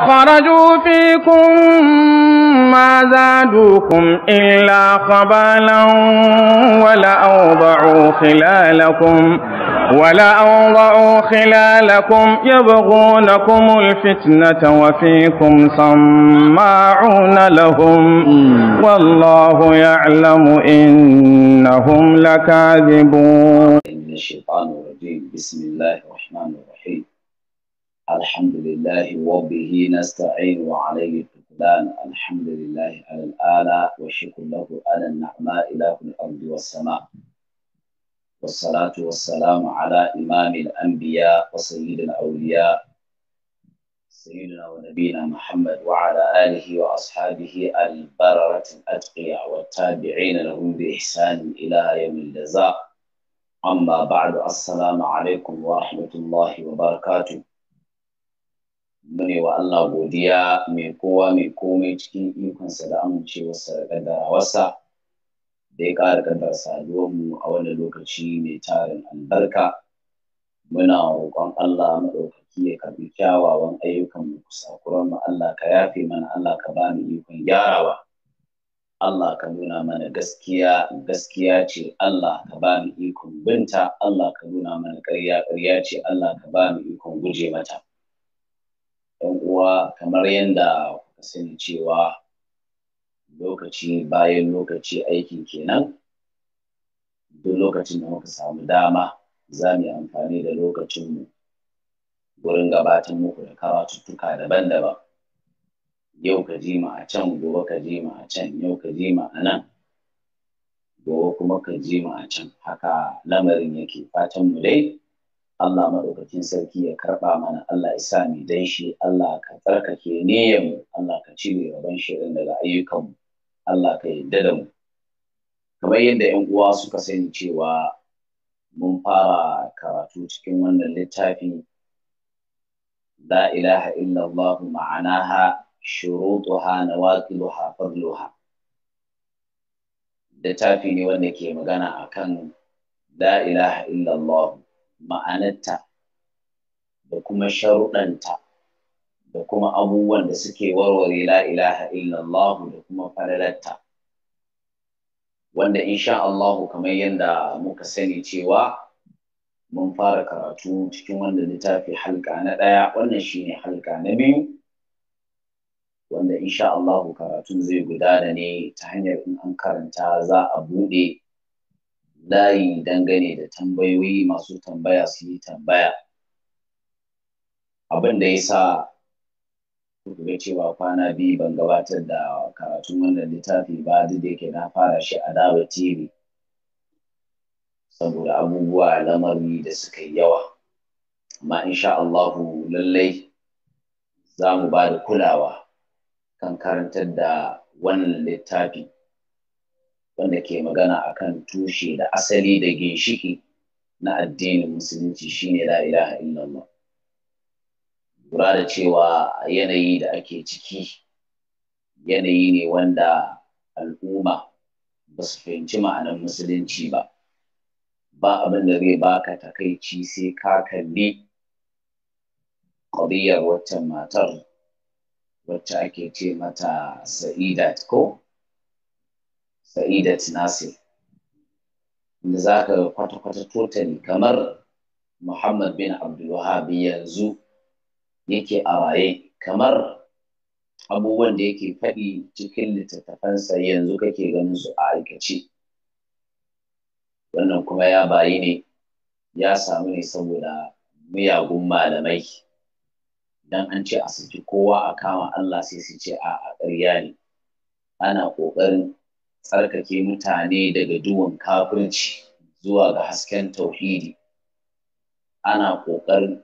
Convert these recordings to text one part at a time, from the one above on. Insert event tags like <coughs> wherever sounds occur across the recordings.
خرجوا فيكم ما زادوكم إلا خبالا ولأوضعوا خلالكم ولأوضعوا خلالكم يبغونكم الفتنة وفيكم سماعون لهم والله يعلم إنهم لكاذبون من الشيطان الرجيم بسم الله الرحمن الرحيم الحمد لله وبه نستعين وعليه التكلان الحمد لله على الآلاء والشكر له على النعماء إله الأرض والسماء والصلاة والسلام على إمام الأنبياء وسيد الأولياء سيدنا ونبينا محمد وعلى آله وأصحابه البررة الأتقياء والتابعين لهم بإحسان إلى يوم الجزاء أما بعد السلام عليكم ورحمة الله وبركاته mune wa Allah godiya mai kowa mai komai cikin ikonsa da amincewarsa da kaddarawarsa da ya ƙara kaddara saduwanmu a wannan lokaci mai tarin albarka muna roƙon Allah maɗaukaki ya karbi kyawawan ayyukanmu kusakuran mu Allah ka yafe mana Allah ka ba mu ikon gyarawa Allah ka nuna mana gaskiya gaskiya ce Allah ka ba mu ikon binta Allah ka nuna mana ƙarya ƙarya ce Allah ka ba mu ikon guje mata kuwa kamar yadda kuka sani cewa lokaci bayan lokaci aiki kenan duk lokacin da muka samu dama za mu yi amfani da lokacinmu wurin gabatar muku da karatuttuka daban-daban yau ka ji a can gobe ka ji a can yau ka ji a nan gobe kuma ka ji a can haka lamarin yake fatan mu dai Allah madaukakin sarki ya karɓa mana Allah ya sa mu dan shi Allah ka tsarkake niyyarmu Allah ka cire rabon shirin daga mu Allah ka yadda da mu kamar yadda ƴan uwa suka sani cewa mun fara karatu cikin wannan littafi la ilaha illallah ma'anaha shurutuha nawaqiluha fadluha littafi ne wanda ke magana akan la ilaha illallah ma'anarta da kuma sharuɗanta da kuma abubuwan da suke warware la ilaha illallah da kuma falalarta wanda insha Allah kamar yadda muka sani cewa mun fara karatu cikin wanda littafi halka na ɗaya wannan shine halka na biyu wanda insha Allah karatun zai gudana ne ta hanyar in an karanta za a buɗe layi dangane da tambayoyi masu tambaya su yi tambaya abin da ya sa ga cewa kwana biyu ban gabatar da karatun wannan littafi ba duk da yake na fara shi a dawa tv saboda abubuwa lamari da suka yi yawa amma insha Allahu lallai za mu ba da kulawa kan karantar da wannan littafi wanda ke magana a kan tushe da asali da ginshiki na addinin musulunci shine la ilaha illallah lura da cewa yanayi da ake ciki yanayi ne wanda al'umma ba su fahimci ma'anar musulunci ba ba abin da zai baka takaici sai ka kalli ƙwariyar wacce matar wacce ake ce mata sa'idat ko sa'idat nasir inda za ka kwata-kwata totally kamar muhammad bin abdulwahabi yanzu yake a raye kamar abubuwan da yake faɗi cikin littattafansa yanzu kake ganin su a aikace wannan kuma ya bayi ne ya samu ne saboda miyagun malamai dan an ce a saki kowa a kama Allah sai su ce a a ƙarya ne ana ƙoƙarin tsarkake mutane daga duwan kafirci zuwa ga hasken tauhidi ana ƙoƙarin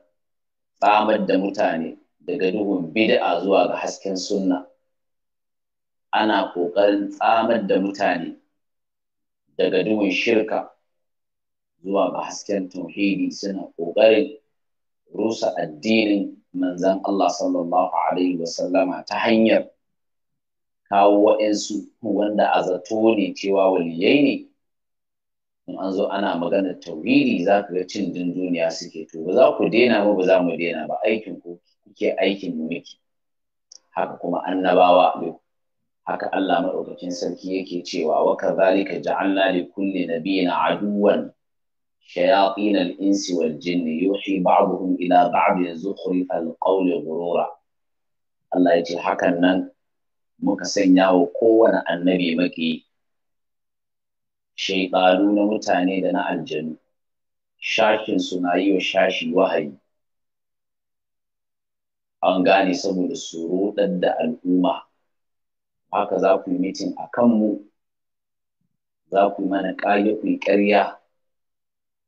tsamar da mutane daga duhun bid'a zuwa ga hasken sunna ana ƙoƙarin tsamar da mutane daga duhun shirka zuwa ga hasken tauhidi suna ƙoƙarin rusa addinin manzan Allah sallallahu alaihi wasallama ta hanyar kawo wa'insu wanda a zato ne cewa waliyai ne in an zo ana magana tauhidi za ka ga cin dunduniya suke to ba za ku daina ba ba za mu daina ba aikin ku kuke aikin mu muke haka kuma annabawa ne haka Allah madaukakin sarki yake cewa wa zalika ja'alna li kulli nabiyyin aduwan shayatin al-insi wal jinni yuhi ba'dhum ila ba'd yazkhuru al-qawli ghurura Allah yace ce hakan nan muka sanya wa kowane annabi maki shaiɗanu na mutane da na aljanu shashin suna yi wa shashi wahayi an gane saboda surudar da al'umma haka za ku yi mitin a kanmu za ku yi mana ƙage ku yi ƙarya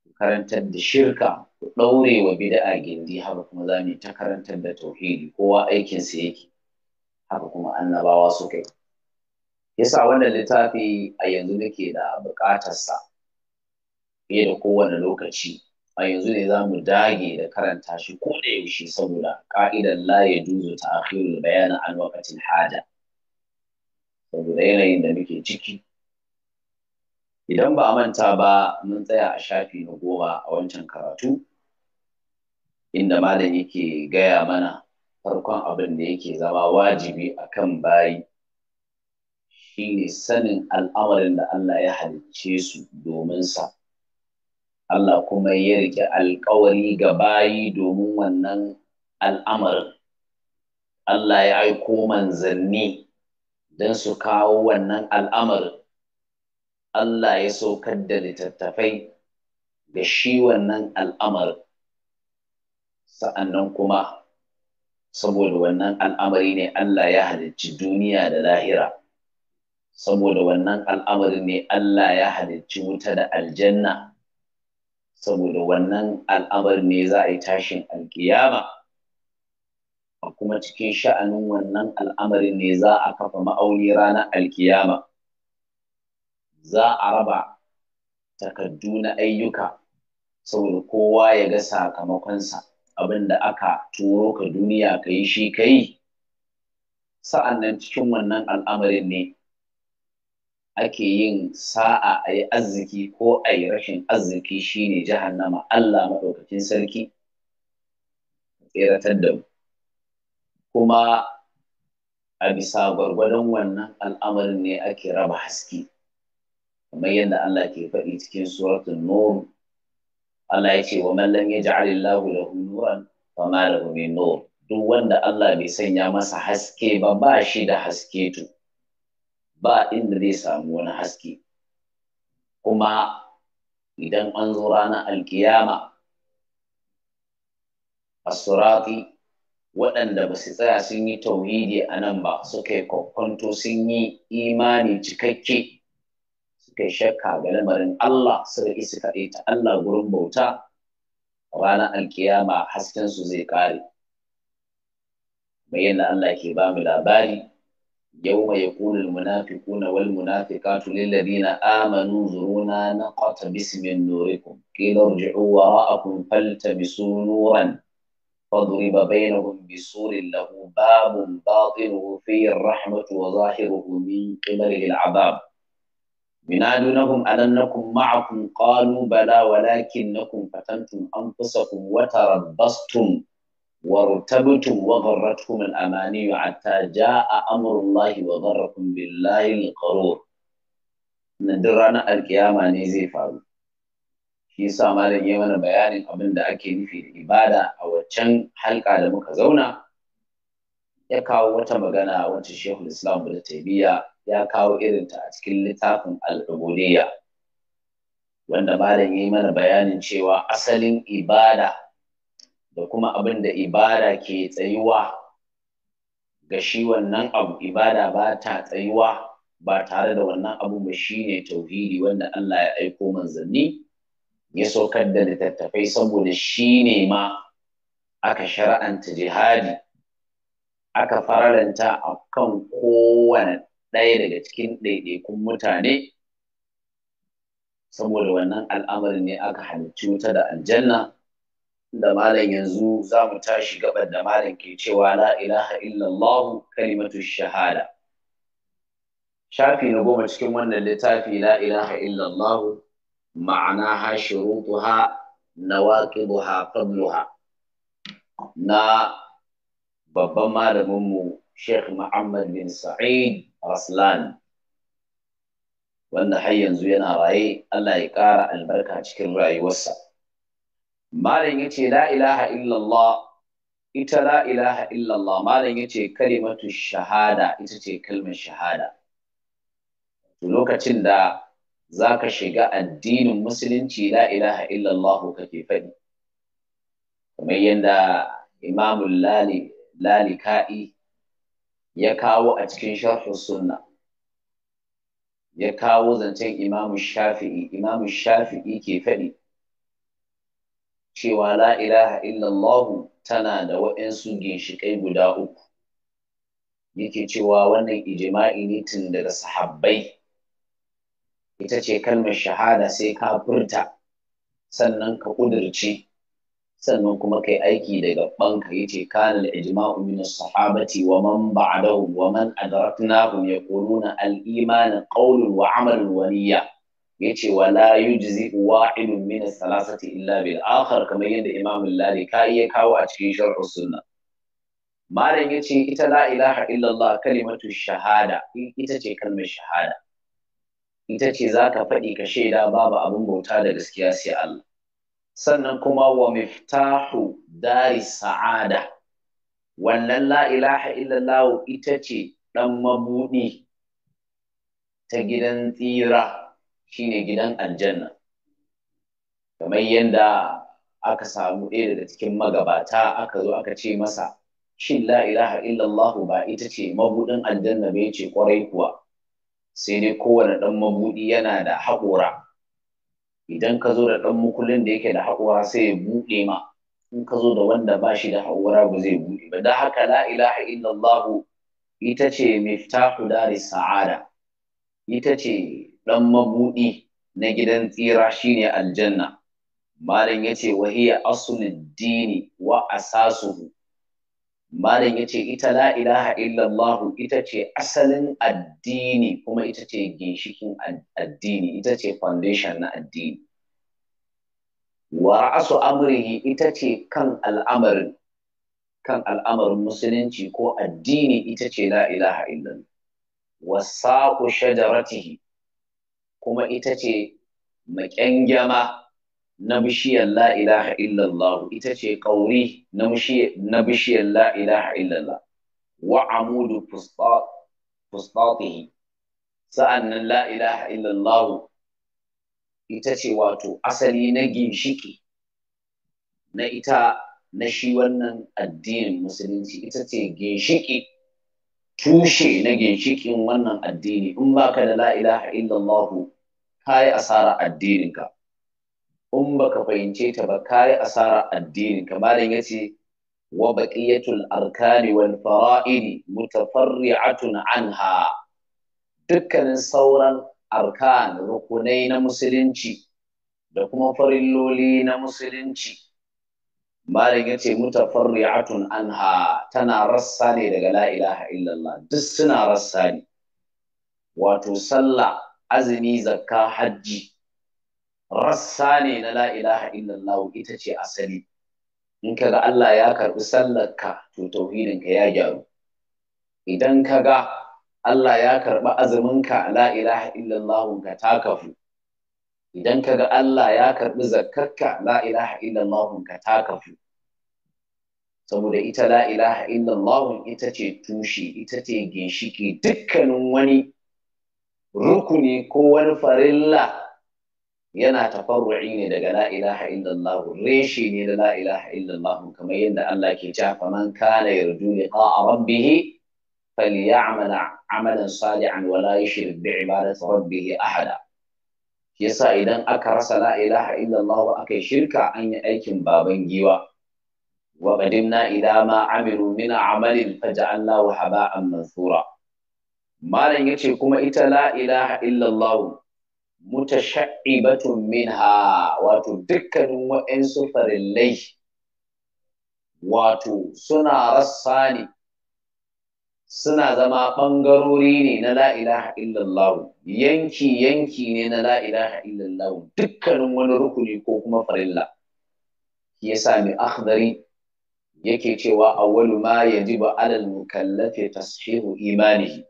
ku karantar da shirka ku ɗaure wa bida'a gindi haka kuma za mu ta karantar da tauhidi kowa aikinsa yake haka kuma annabawa suka yi yasa wannan littafi a yanzu nake da buƙatarsa fiye da kowane lokaci a yanzu ne za mu dage da karanta shi ko da yaushe saboda ƙa'idan la ya juzu ta akhirul bayani an waqatil haja saboda yanayin da muke ciki idan ba a manta ba mun tsaya a shafi na goma a wancan karatu inda malam yake gaya mana farkon abin da yake zama wajibi a kan bayi shine sanin al'amarin da Allah ya halicce su domin sa Allah kuma ya rike alkawari ga bayi domin wannan al'amarin Allah ya aiko manzanni don su kawo wannan al'amarin Allah ya saukar da littattafai da shi wannan al'amarin sa'annan kuma saboda wannan al'amari ne Allah ya halicci duniya da lahira saboda wannan al'amari ne Allah ya halicci wuta da aljanna saboda wannan al'amari ne za a yi tashin alkiyama a kuma cikin sha'anin wannan al'amari ne za a kafa ma'auni ranar alkiyama za a raba takardu na ayyuka saboda kowa ya ga sakamakonsa abin da aka turo ka duniya ka yi shi ka yi sa'an nan cikin wannan al'amarin ne ake yin sa'a a yi arziki ko a yi rashin arziki shine jahannama Allah maɗaukakin sarki tseratar da mu kuma a bisa gwargwadon wannan al'amarin ne ake raba haske kamar yadda Allah ke faɗi cikin suratun nuru Allah ya ce wa man lam yaj'alillahu lahu nuran ma lahu min nur duk wanda Allah bai sanya masa haske ba ba shi da haske to ba inda zai samu wani haske kuma idan an zo ranar alkiyama asurati waɗanda ba su tsaya sun yi tauhidi a nan ba suka yi kwakwanto sun yi imani cikakke kai shakka ga lamarin Allah suka isa kaɗai ta Allah gurin bauta ranar alkiyama hasken su zai kare bayyana Allah ke bamu labari yau mai yaqulu almunafiquna wal munafiqatu lil ladina amanu zuruna naqata bismin nurikum qila irji'u wara'akum faltabisu nuran فضرب بينهم بسور له باب باطنه فيه الرحمة وظاهره من قبله العذاب ينادونهم ألنكم معكم قالوا بلى ولكنكم فتنتم أنفسكم وتربصتم وارتبتم وغرتكم الأماني حتى جاء أمر الله وغركم بالله القرور ندرانا القيامة نزي فارو shi yasa malam ya mana bayanin abin da ake nufi da ibada a waccan halka da muka zauna ya kawo wata magana wacce Sheikhul Islam Ibn Taymiyyah ya kawo irinta a cikin littafin al'ubudiyya wanda malam ya yi mana bayanin cewa asalin ibada da kuma abin da ibada ke tsayuwa ga shi wannan abu ibada ba ta tsayuwa ba tare da wannan abu ba shine tauhidi wanda Allah ya aiko manzanni ya saukar da littattafai saboda shi ne ma aka shar'anta jihadi aka fararanta a kan kowane ɗaya daga cikin ɗaiɗaikun mutane saboda wannan al'amarin ne aka halarci wuta da aljanna da malam yanzu za mu tashi gaɓar da malam ke cewa la ilaha illallah kalimatu shahada shafi na goma cikin wannan littafi la ilaha illallah ha shurutuha nawaqibuha qabluha na babban malaminmu Sheikh Muhammad bin Sa'id Raslan wanda har yanzu yana raye Allah ya ƙara albarka cikin rayuwarsa malam yace la ilaha illallah ita la ilaha illallah malam yace kalimatu shahada ita ce kalmar shahada to lokacin da zaka shiga addinin musulunci la ilaha illallah kake faɗi kamar yadda Imamul Lali ka'i. ya kawo a cikin sharhu sunna ya kawo zancen imamu shafi'i imamu shafi'i ke faɗi cewa la ilaha illallahu tana da waɗansu ginshiƙai guda uku yake cewa wannan ijima'i ne tun daga sahabbai ita ce kalmar shahada sai ka furta sannan ka ƙudurce sannan kuma kai aiki da banka ka ce kana ijmau min sahabati wa man ba'dahum wa man adraknahum yaquluna al-iman qawlun wa 'amalun wa niyya yace wa la yujzi wa'idun min salasati illa bil akhar kamar yadda Imam Lali ka iya kawo a cikin sharh sunna malam yace ita la ilaha illallah kalimatu shahada ita ce kalmar shahada ita ce zaka faɗi ka shaida babu abin bauta da gaskiya sai Allah sannan kuma wa miftahu dari sa'ada wannan la ilaha illallah ita ce dan mabudi ta gidan tsira shine gidan aljanna kamar yadda aka samu ɗaya daga cikin magabata aka zo aka ce masa shin la ilaha illallah ba ita ce mabudin aljanna bai ce kwarai kuwa sai dai kowane dan mabudi yana da haƙora idan ka zo da ɗan mukulin da yake da haƙura sai ya buɗe ma in ka zo da wanda ba shi da haƙura ba zai buɗe ba da haka la ilaha illallah ita ce miftahu dari sa'ada ita ce ɗan mabuɗi na gidan tsira shine aljanna malam yace wahiya aslud dini wa asasuhu malam ya ce ita la ilaha illallah ita ce asalin addini kuma ita ce ginshikin addini ita ce foundation na addini wa ra'asu amrihi ita ce kan al'amarin kan al'amarin musulunci ko addini ita ce la ilaha illallah wasaqu shajaratihi kuma ita ce maƙyangyama na bishiyar la ilaha illallah ita ce kauri na bishiyar la ilaha illallah wa amudu fustatihi sa'annan la ilaha illallah ita ce wato asali na ginshiki na ita na shi wannan addinin musulunci ita ce ginshiki tushe na ginshikin wannan addini in baka da la ilaha illallah kayi asara addininka in baka fahimce ta ba kayi asara addini kamar yace wa baqiyatul arkani wal fara'idi mutafarri'atun anha dukkanin sauran arkan rukunai na musulunci da kuma farilloli na musulunci malam yace mutafarri'atun anha tana rassa ne daga la ilaha illallah duk suna rassa ne wato sallah azumi zakka hajji rassa ne na la ilaha illallah ita ce asali in kaga Allah ya karbi sallarka to tauhidinka ya gyaru idan kaga Allah ya karbi azuminka la ilaha illallah ka ta kafu idan kaga Allah ya karbi zakarka la ilaha illallah ka ta kafu saboda ita la ilaha illallah ita ce tushe ita ce ginshiki dukkanin wani rukuni ko wani farilla yana tafarru'i ne daga la ilaha illallah reshi ne da la ilaha illallah kamar yadda Allah ke cewa faman kana yarju liqa'a rabbih falyamal 'amalan salihan wa la yushrik bi ibadati rabbih ahada yasa idan aka rasa la ilaha illallah wa aka shirka an yi aikin baban giwa wa qadimna ila ma 'amilu min 'amalin faj'alnahu haba'an mansura malam yace kuma ita la ilaha illallah mutashaibatun minha wato dukkanin waɗansu farillai wato suna rassa ne suna zama ɓangarori ne na la'ilaha illallahu yanki yanki ne na la'ilaha illallahu dukkanin wani rukuni ko kuma farilla ya sami akhdari yake cewa awwalu ma yajibu alal mukallafi tashihu imanihi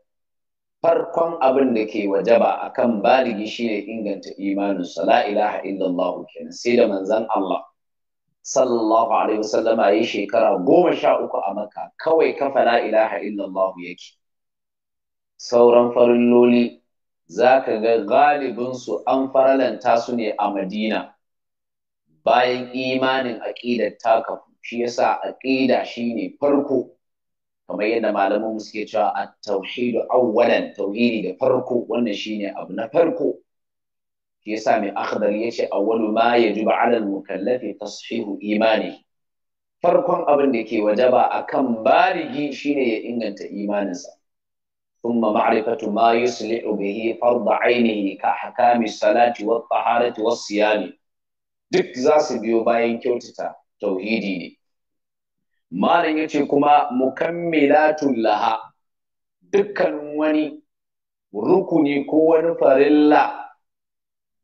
farkon abin da ke wajaba akan baligi shi shine inganta imaninsa la ilaha illallah kenan sai da manzon Allah sallallahu alaihi wasallama yi shekara goma sha uku a maka kawai kafa la ilaha illallah yake sauran loli, za ka ga galibinsu an faralanta su ne a madina bayan imanin aƙidar takafu shi yasa aƙida shine farko kamar yadda malaman mu suke cewa at-tauhidu awwalan tauhidi da farko wannan shine abu na farko shi yasa mai akhdar yace awwalu ma yajibu 'ala al-mukallafi tashihu imani farkon abin da ke wajaba akan baligi shine ya inganta imaninsa thumma ma'rifatu ma yuslihu bihi fard 'ainihi ka hakami salati wa taharati was siyami duk zasu biyo bayan kyautata tauhidi ne malam ya ce kuma mukammilatun laha dukkan wani rukuni ko wani farilla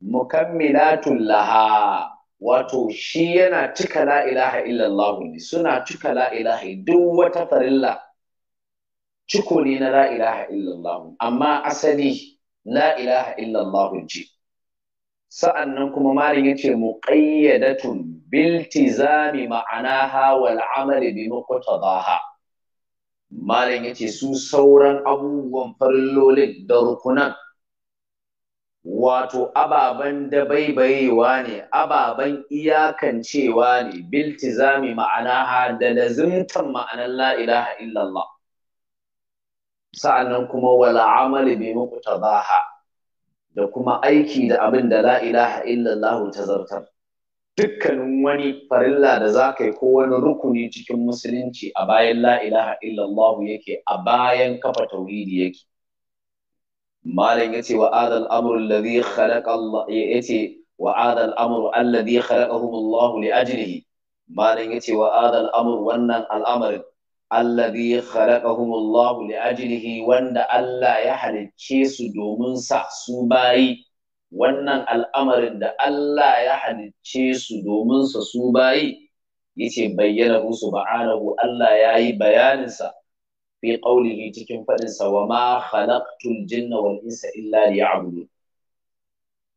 mukammilatun laha wato shi yana cika la ilaha illallah ne suna cika la ilaha duk wata farilla ciko ne na la ilaha illallah amma asali la ilaha illallah ce sa'annan kuma malin mu ƙayyadatun biltizami ma'anaha wal amali bi muqtadaha malin ce su sauran abubuwan farillolin da rukunan wato ababen dabaibayewa ne ababen iyakancewa ne biltizami ma'anaha da lazimtan ma'anar la'ilaha ilaha sa’an sa'annan kuma wal amali bi ha da kuma aiki da abin da la ilaha illallah ta zartar dukkanin wani farilla da za ka yi ko wani rukuni cikin musulunci a bayan la ilaha illallah yake a bayan kafa tauhidi yake malam ce wa adal amur alladhi khalaqa Allah ya yace wa adal amru alladhi khalaqahum Allah li ajrihi malam ce wa adal Amur wannan al'amarin alladhi khalaqahumullahu li ajlihi wanda Allah ya halicce su domin sa su bayi wannan al'amarin da Allah ya halicce su domin sa su bayi yace bayyana hu subhanahu Allah yayi bayanin sa fi qawlihi cikin fadin sa wa ma khalaqtul jinna wal insa illa liya'budun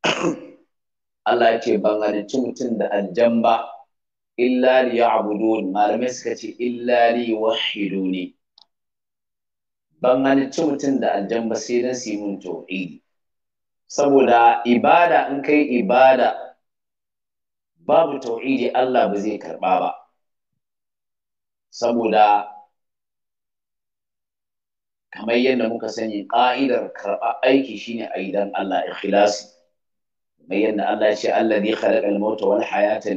<coughs> Allah yace ban halicci mutum da aljan ba illa li ya'budun malamai suka ce illa li wahiduni ban ci mutum da aljan ba sai dan su mun tauhidi saboda ibada in kai ibada babu tauhidi Allah ba zai karba ba saboda kamar yadda muka sani ƙa'idar karɓar aiki shine a idan Allah ikhlasi Allah yadda Allah ya ce alladhi khalaqal mauta wal hayata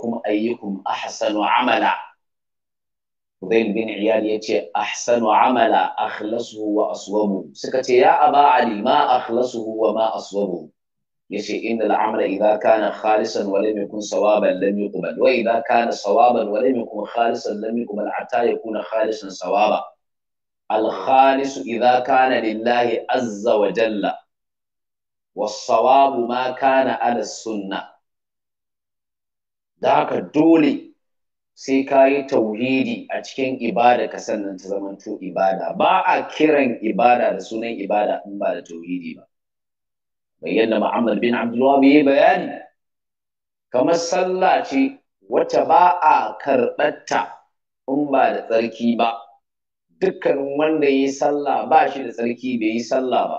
kuma ayyukum ahsanu amala Ubayl bin Iyad ya ce ahsanu amala akhlasuhu wa aswabu suka ce ya aba ali ma akhlasuhu wa ma aswabu Ya inna inda amala idan kana khalisan wa lam yakun sawaban lam yuqbal wa idan kana sawaban wa lam yakun khalisan lam yuqbal hatta yakuna khalisan sawaba al-khalis idha kana lillahi azza wa jalla wasawabu ma kana ala sunna da haka dole sai ka yi tauhidi a cikin ibada ka sannan ta zamanto ibada ba a kiran ibada da sunan ibada in ba da tauhidi ba yadda Muhammad bin Abdullah bai bayani kamar sallah ce wata ba a karɓarta in ba da tsarki ba dukkanin wanda ya yi sallah ba shi da tsarki bai yi sallah ba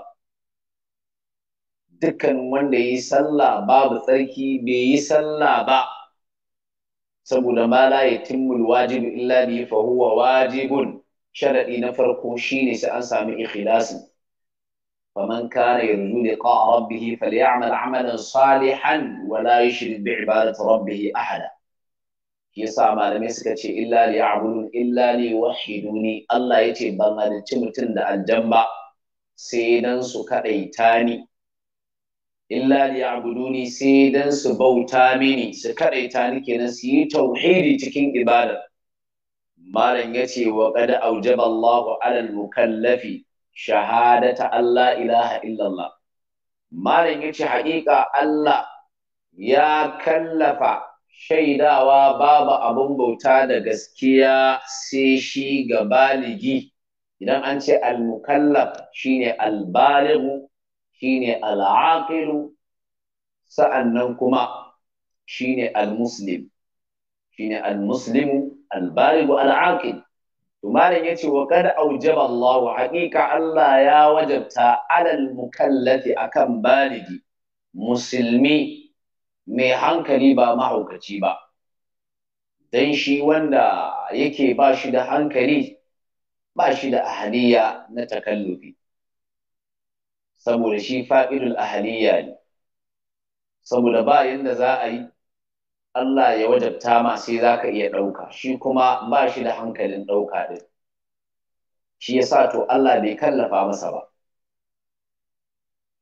Dukkan wanda ya yi sallah babu tsarki bai yi sallah ba saboda ma la yatimmul wajibu illa bi fa huwa wajibun sharadi na farko shine sai an sami ikhlasi faman kana yarju liqa'a rabbih falyamal amalan salihan wa la yushrik bi ibadati rabbih ahada yasa malamai suka ce illa li ya'budun illa li wahiduni Allah yace ban halicci mutum da aljamma. sai dan su kadaita ni illa liya'buduni sai dan su bauta mini su karaita ni kenan su yi tauhidi cikin ibada malam ce wa qad aujaba Allahu 'ala al-mukallafi shahadata Allah ilaha illallah malam ya ce haƙiƙa Allah ya kallafa shaidawa babu abun bauta da gaskiya sai shi ga baligi idan an ce al-mukallaf shine al-balighu shine al'aqilu sa'annan kuma shine al-muslim shine al-muslimu al-balighu al-aqil to malam yace wa qad aujaba Allahu haƙiƙa Allah ya wajabta alal mukallafi akan baligi musulmi mai hankali ba mahaukaci ba Don shi wanda yake ba shi da hankali ba shi da ahaliya na takallufi saboda shi fa'idul ahaliya ne saboda ba yanda za a yi Allah ya wajabta ma sai za ka iya ɗauka shi kuma ba shi da hankalin ɗauka ɗin shi ya sa to Allah bai kallafa masa ba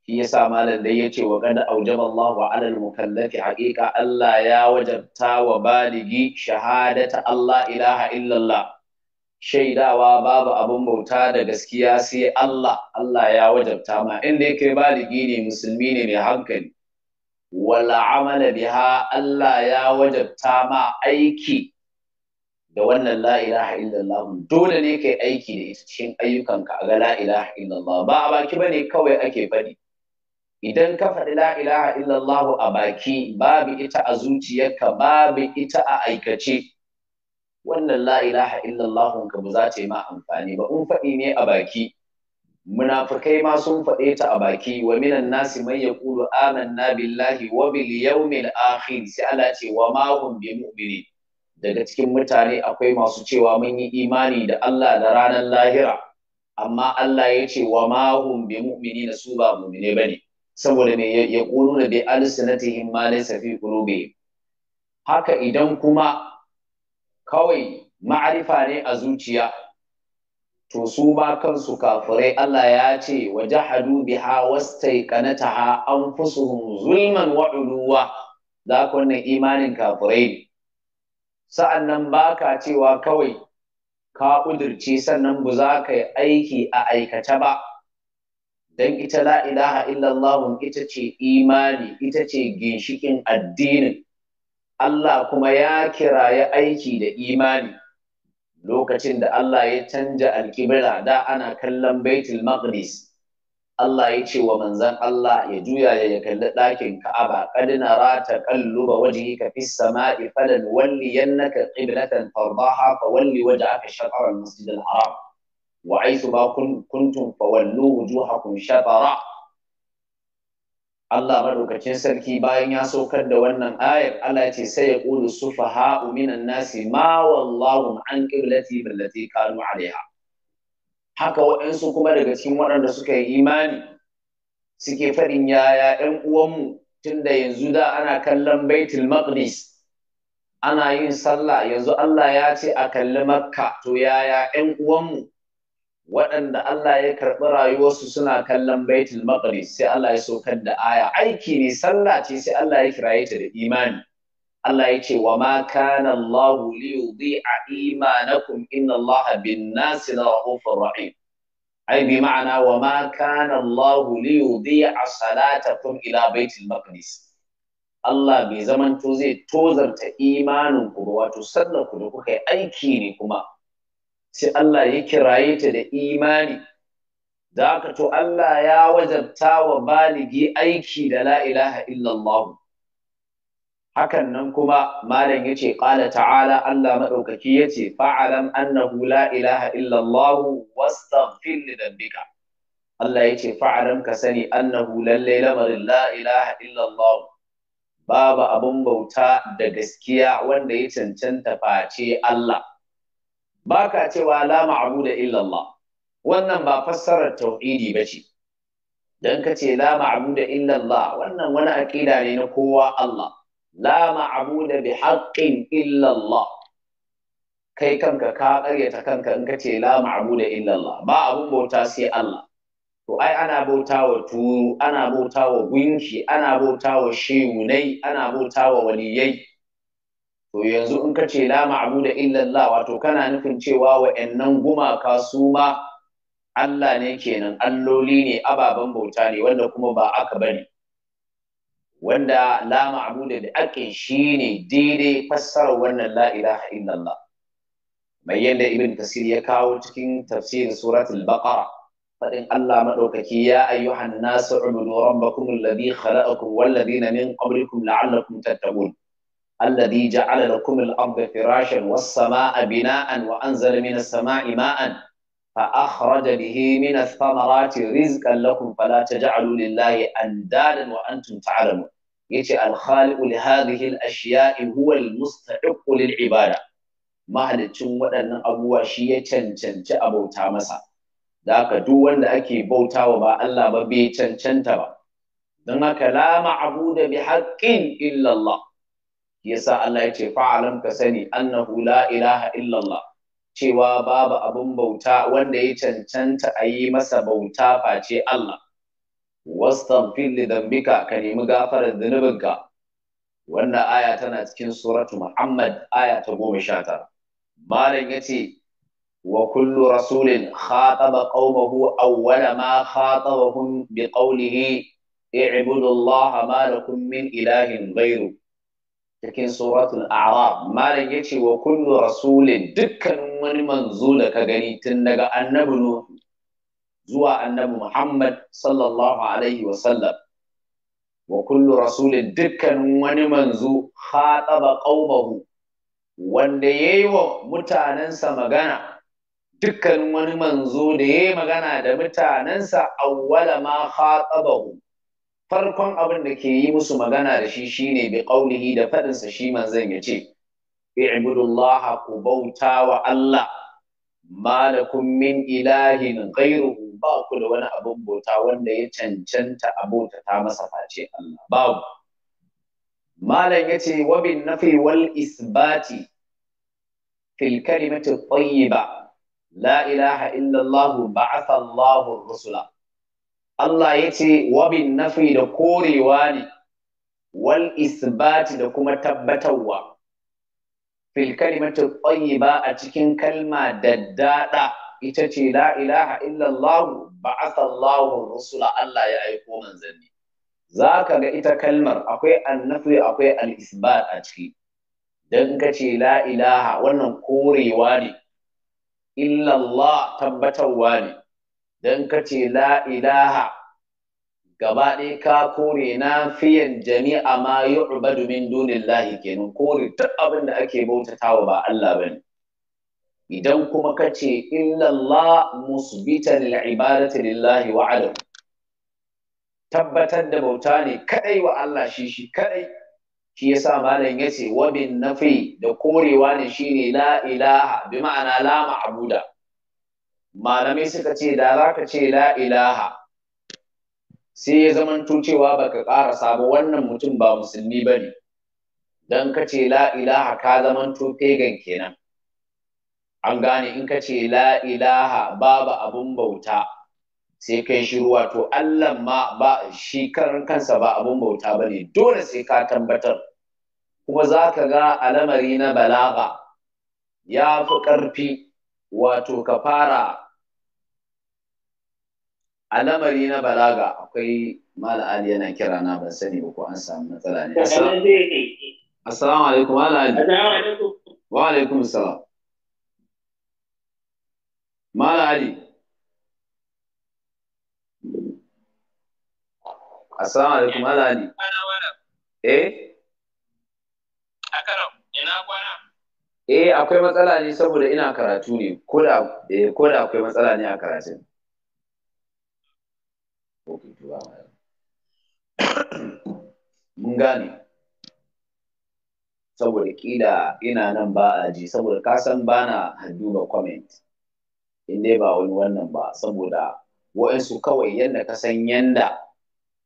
shi ya sa malam dai ya ce wa kada aujaba Allah wa alal mukallafi haƙiƙa Allah ya wajabta wa baligi shahadata Allah ilaha illallah shaidawa babu abin bauta da gaskiya sai Allah Allah ya wajabta ma inda yake baligi ne musulmi ne mai hankali wala amala biha Allah ya wajabta ma aiki da wannan la ilaha illallah dole ne kai aiki da ita cikin ayyukanka a ga la ilaha illallah ba a baki bane kawai ake faɗi idan ka faɗi la ilaha illallah a baki babu ita a zuciyarka babu ita a aikace wannan la ilaha illallah ka ba za ta yi ma amfani ba in faɗi ne a baki munafikai ma sun faɗe ta a baki wa minan nasi man yaqulu amanna billahi wa bil yawmil akhir sai Allah ce wa ma hum bi daga cikin mutane akwai masu cewa mun yi imani da Allah da ranar lahira amma Allah ya ce wa ma hum bi na su ba mu'mine bane saboda me da bi alsinatihim ma laysa fi qulubihim haka idan kuma kawai ma'arifa ne a zuciya to su ba kansu kafirai Allah ya ce wa jahadu biha an anfusuhum zulman wa uluwa da wannan imanin kafirai ne sa'annan baka cewa kawai ka ƙudurce sannan ba za ka yi aiki a aikata ba dan ita la ilaha illallah ita ce imani ita ce ginshikin addinin Allah kuma ya kiraye aiki da imani lokacin da Allah ya canja alkibira da ana kallon baitul maqdis Allah ya ce wa manzan Allah ya juya ya kalli ɗakin Ka'aba qad nara taqalluba wajhika fis sama'i falan walliyannaka qiblatan tardaha fa walli wajhaka shatara al-masjid al-haram wa aythu ma kuntum fawallu wujuhakum shatara Allah madaukakin sarki bayan ya saukar da wannan ayar Allah ya ce sai ya qulu sufaha minan nasi ma wallahu an qiblati allati kanu alaiha haka waɗansu kuma daga cikin waɗanda suka yi imani suke faɗin yaya ƴan uwanmu tunda yanzu da ana kallon Baitul Maqdis ana yin sallah yanzu Allah ya ce a kalli Makka to yaya ƴan uwanmu waɗanda Allah ya karɓi rayuwarsu suna kallon baitul maqdis sai Allah ya sokar da aya aiki ne sallah ce sai Allah ya kiraye ta da imani Allah ya ce wa ma kana Allah li yudhi'a imanakum inna Allah bin nasi ra'ufur rahim ai bi ma'ana wa ma kana Allah li yudhi'a salatakum ila baitul maqdis Allah bai zamanto zai tozarta imanin ku ba wato sallar ku da kuka yi aiki ne kuma sai Allah ya kiraye ta da imani da haka to Allah ya wajabta wa baligi aiki da la ilaha illallah hakan nan kuma malam yace qala ta'ala Allah madaukaki yace fa'alam annahu la ilaha illallah wastaghfir li dhanbika Allah yace fa'alam ka sani annahu lallai lamarin la ilaha illallah babu abun bauta da gaskiya wanda ya cancanta face Allah baka cewa la ma'buda illallah wannan ba fassarar tauhidi ba ce dan ka ce la ma'buda illallah wannan wani aqida ne na kowa Allah la ma'buda bi haqqin illallah kai kanka ka karyata kanka in kace ce la ma'buda illallah ba abun bauta sai Allah to ai ana bauta wa turu ana bauta wa gunki ana bauta bautawa shehunai ana bauta wa waliyai to yanzu in ka ce la ma'buda illallah wato kana nufin cewa wa'annan gumaka su ma Allah ne kenan alloli ne ababen bauta ne wanda kuma ba aka bane wanda la ma'buda da ake shi ne daidai fassarar wannan la ilaha illallah mai yadda ibn kasir ya kawo cikin tafsirin suratul baqara faɗin Allah maɗaukaki ya ayyuhan nasu ubudu rabbakum alladhi khalaqakum wal min qablikum la'allakum tattaqun alladhi ja'ala lakum al-ardha firashan was bina'an wa anzala minas samaa'i ma'an fa akhraja bihi min ath-thamarati rizqan lakum fala taj'alu lillahi andadan wa antum ta'lamun yace al-khaliqu li hadhihi al-ashya'i ibada mahalicin waɗannan abubuwa shi ya cancanci a bauta masa da haka duk wanda ake bautawa ba Allah ba bai cancanta ba don haka la ma'budu bi haqqin illa yasa Allah ya ce fa'alam ka sani annahu la ilaha illallah cewa babu abin bauta wanda ya cancanta a yi masa bauta face Allah wastaghfir li dhanbika ka nemi gafarar zunubinka wannan aya tana cikin suratu Muhammad aya ta goma sha tara malam yace wa kullu rasulin khataba qaumahu awwala ma khatabahum bi qawlihi i'budu Allah ma lakum min ilahin ghayru cikin suratul a'raf malam yace wa kullu rasulin dukkanin wani manzo da ka gani tun daga annabi nuh zuwa annabi muhammad sallallahu alaihi wa sallam wa kullu rasulin dukkanin wani manzo khataba qaumahu wanda yayi wa mutanensa magana dukkanin wani manzo da yayi magana da mutanensa awwala ma khatabahu farkon abin da ke yi musu magana da shi shine bi qaulihi da faɗinsa shi manzon ya ce i'budullah ku bauta wa Allah malakum min ilahin gairu ba ku da wani abin bauta wanda ya cancanta abota ta masa face Allah babu malam ce wa bin nafi wal isbati fil kalimati tayyiba la ilaha Illallahu Allah ba'atha Allahu rusula Allah ya ce wabin nafi da korewa ne wal isbati da kuma tabbatarwa fil kalimatul tayyiba a cikin kalma daddada ita ce la ilaha illallah ba'atha Allahu rusula Allah ya aiko manzanni zaka ga ita kalmar akwai annafi akwai al-isbat a ciki dan ka ce la ilaha wannan korewa ne illallah tabbatarwa ne dan kace la ilaha gaba ɗaya ka kore na fiyan jami'a ma yu'badu min dunillahi kenan kore duk abin da ake bautatawa ba Allah bane idan kuma kace illallah musbitan lil ibadati lillahi wa tabbatar da bauta ne kadai wa Allah shi shi kadai shi yasa malam yace wa bin nafi da korewa ne shine la ilaha bi ma'ana la ma'buda malamai suka ce da za ka ce la ilaha sai ya zamanto cewa ka ƙara sabo wannan mutum ba musulmi ba ne don ka ce la ilaha ka zamanto pagan kenan an gane in ka ce la ilaha babu abun bauta sai kai shiru wato Allah ma ba shi karan kansa ba abun bauta ba ne dole sai ka tambatar kuma za ka ga alamari na balaga ya fi ƙarfi wato ka fara alamari na balaga akwai mala ali yana kira na ban sani ba ko an samu matsala ne assalamu alaikum mala ali wa alaikum salam mala ali assalamu alaikum mala ali eh akaram ina kwana eh akwai matsala ne saboda ina karatu ne koda eh, koda akwai matsala ne a karatun <coughs> mun gane saboda kila ina nan ba a ji saboda kasan ba na duba comment in dai ba wani wannan ba saboda wa'insu kawai yadda ka san yanda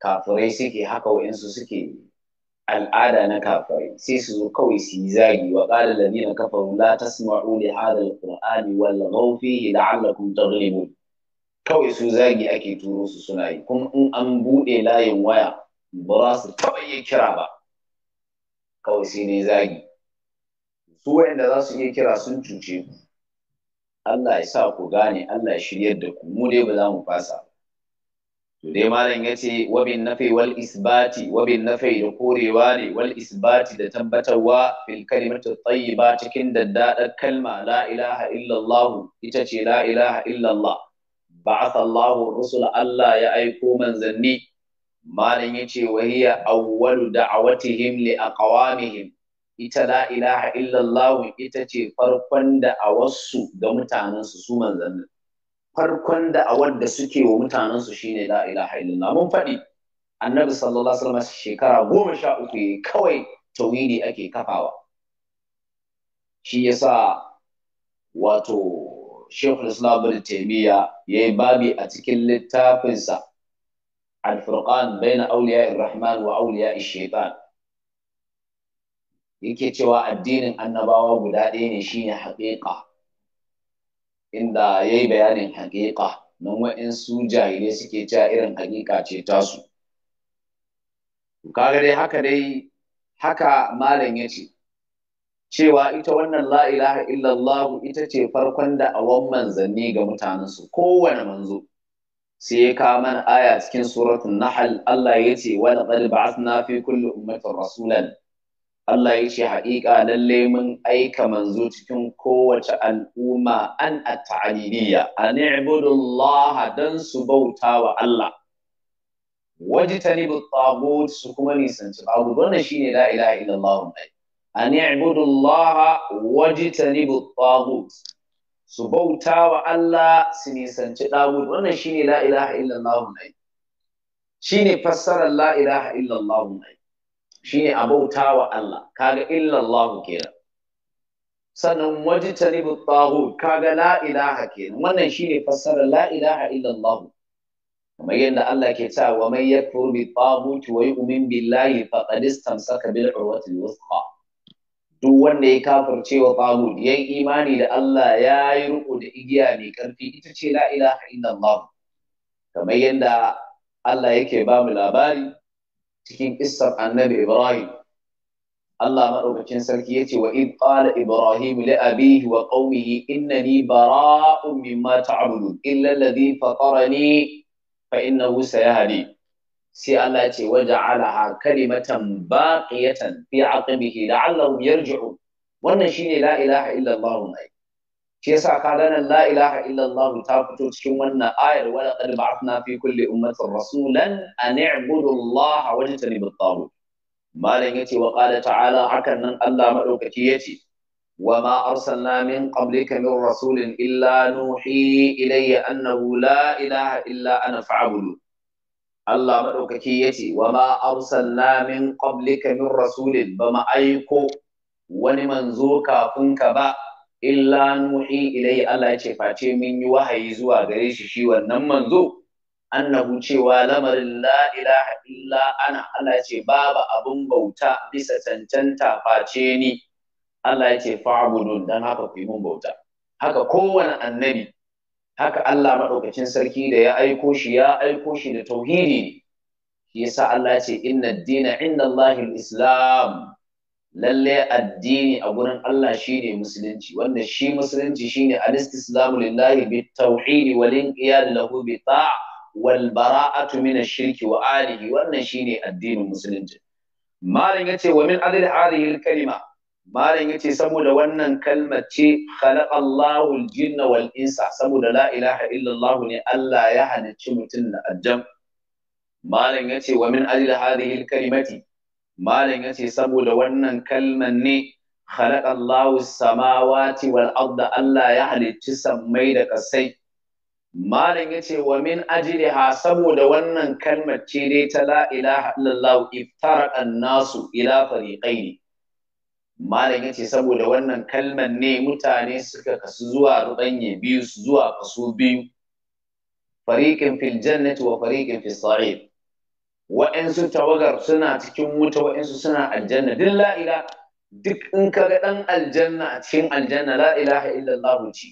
kafirai suke haka wa'insu suke al'ada na kafirai sai su zo kawai su yi zagi wa qala alladhina kafaru la tasma'u li hadha al-qur'ani wal ghaw fihi la'allakum taghlibun kawai su zagi ake turo su suna yi kuma in an buɗe layin waya ba za su taɓa iya kira ba kawai sai dai zagi su wayanda za su iya kira sun cuce ku Allah ya sa ku gane Allah ya shiryar da ku mu dai ba za mu fasa to dai malam yace wa bin nafi wal isbati wa bin nafi da korewa ne wal isbati da tabbatarwa fil kalimatu tayyiba cikin daddadar kalma la ilaha illallah ita ce la ilaha illallah ba'atha Allahu rusul Allah ya aiko manzanni malam yace wa hiya awwalu da'watihim li aqwamihim ita la ilaha illallah ita ce farkon da da'awarsu ga mutanen su su manzannin farkon da da'awar da suke wa mutanen su shine la ilaha illallah mun faɗi annabi sallallahu alaihi wasallam shekara goma sha uku kawai tauhidi ake kafawa shi yasa wato Sheikhul Islam taimiyya, ya yayi babi a cikin littafinsa Al-Furqan baina auliya rahman wa auliya shaitan yake cewa addinin annabawa guda ɗaya ne shine haƙiƙa inda yayi bayanin haƙiƙa nan wa'insu jahilai suke cewa irin haƙiƙa ce tasu kaga dai haka dai haka malam ya ce cewa ita wannan la ilaha illallah ita ce farkon da awan manzanni ga mutanensu kowane manzo sai ya kama aya cikin suratul nahl Allah ya ce wa laqad ba'athna fi kulli ummatin rasulan Allah ya ce haƙiƙa lalle mun aika manzo cikin kowace al'umma an at-ta'aliliya an ibudullah dan su bauta wa Allah wajtanibu at-taghut su kuma nisanci taghut wannan shine la ilaha illallah an i'budu Allah wajtanibu at su bauta wa Allah su nisanci wannan shine la ilaha illallah shine fassarar la ilaha illallah shine a Allah kaga illallah kenan sannan wajtanibu at-taghut kaga la kenan wannan shine fassarar la ilaha illallah kamar yadda Allah ke cewa wa may yakfur bi at-taghut wa yu'min billahi duk wanda ya kafirce wa tagut yayi imani da Allah ya yi riko da igiya mai karfi ita ce la ilaha illallah kamar yadda Allah yake ba mu labari cikin kissar annabi Ibrahim Allah maɗaukacin sarki yace wa id qala Ibrahim li abihi wa qaumihi innani bara'un mimma ta'budun illa alladhi fatarani fa innahu sayahdi sai Allah ce waja'alaha kalimatan baqiyatan fi aqibihi la'allahum yarji'u wannan shine la ilaha illa Allah ne shi yasa la ilaha illa Allah ta fito cikin wannan ayar wa laqad ba'athna fi kulli ummatin rasulan an i'budu Allah wa tajtanibu at-taghut malam yace wa qala ta'ala hakan nan Allah madaukaki yace wa ma arsalna min qablika min rasulin illa nuhi ilayya annahu la ilaha illa ana fa'budu Allah maɗaukaki ya ce wa ma arsalna min qablika min rasulin ba ma wani manzo kafin ka ba illa nuhi ilai Allah ya ce face min yi wahayi zuwa gare shi shi wannan manzo annahu cewa lamarin la ilaha illa ana Allah ya ce babu abun bauta bisa cancanta face ni Allah ya ce fa'budun dan haka ku mun bauta haka kowane annabi haka Allah maɗaukacin sarki da ya aiko shi ya aiko shi da tauhidi shi yasa Allah ce inna dina inda Allahil Islam lalle addini a gurin Allah shine musulunci wanda shi musulunci shine al-istislamu lillahi bit tauhidi wal inqiyad lahu bi ta' wal bara'atu min ash-shirki wa alihi wannan shine addinin musulunci malin yace wa min adil hadhihi al-kalima malam yace saboda wannan kalmar ce khalaqallahu al-jinna wal insa saboda la ilaha illallah ne Allah ya halicci mutum da aljan malam yace wa min ajli hadhihi al-kalimati malam yace saboda wannan kalmar ne khalaqallahu as-samawati wal arda Allah ya halicci sammai da kasai malam yace wa min ha saboda wannan kalmar ce dai ta la ilaha illallah iftara an-nasu ila fariqaini malam ya ce saboda wannan kalmar ne mutane suka kasu zuwa rubanye biyu su zuwa kaso biyu Fariƙin fil jannati wa fariƙin fis sa'id wa'ansu tawagar suna cikin wuta wa'ansu suna aljanna duk la'ila duk in ka ga dan aljanna a cikin aljanna la ilaha illallah ce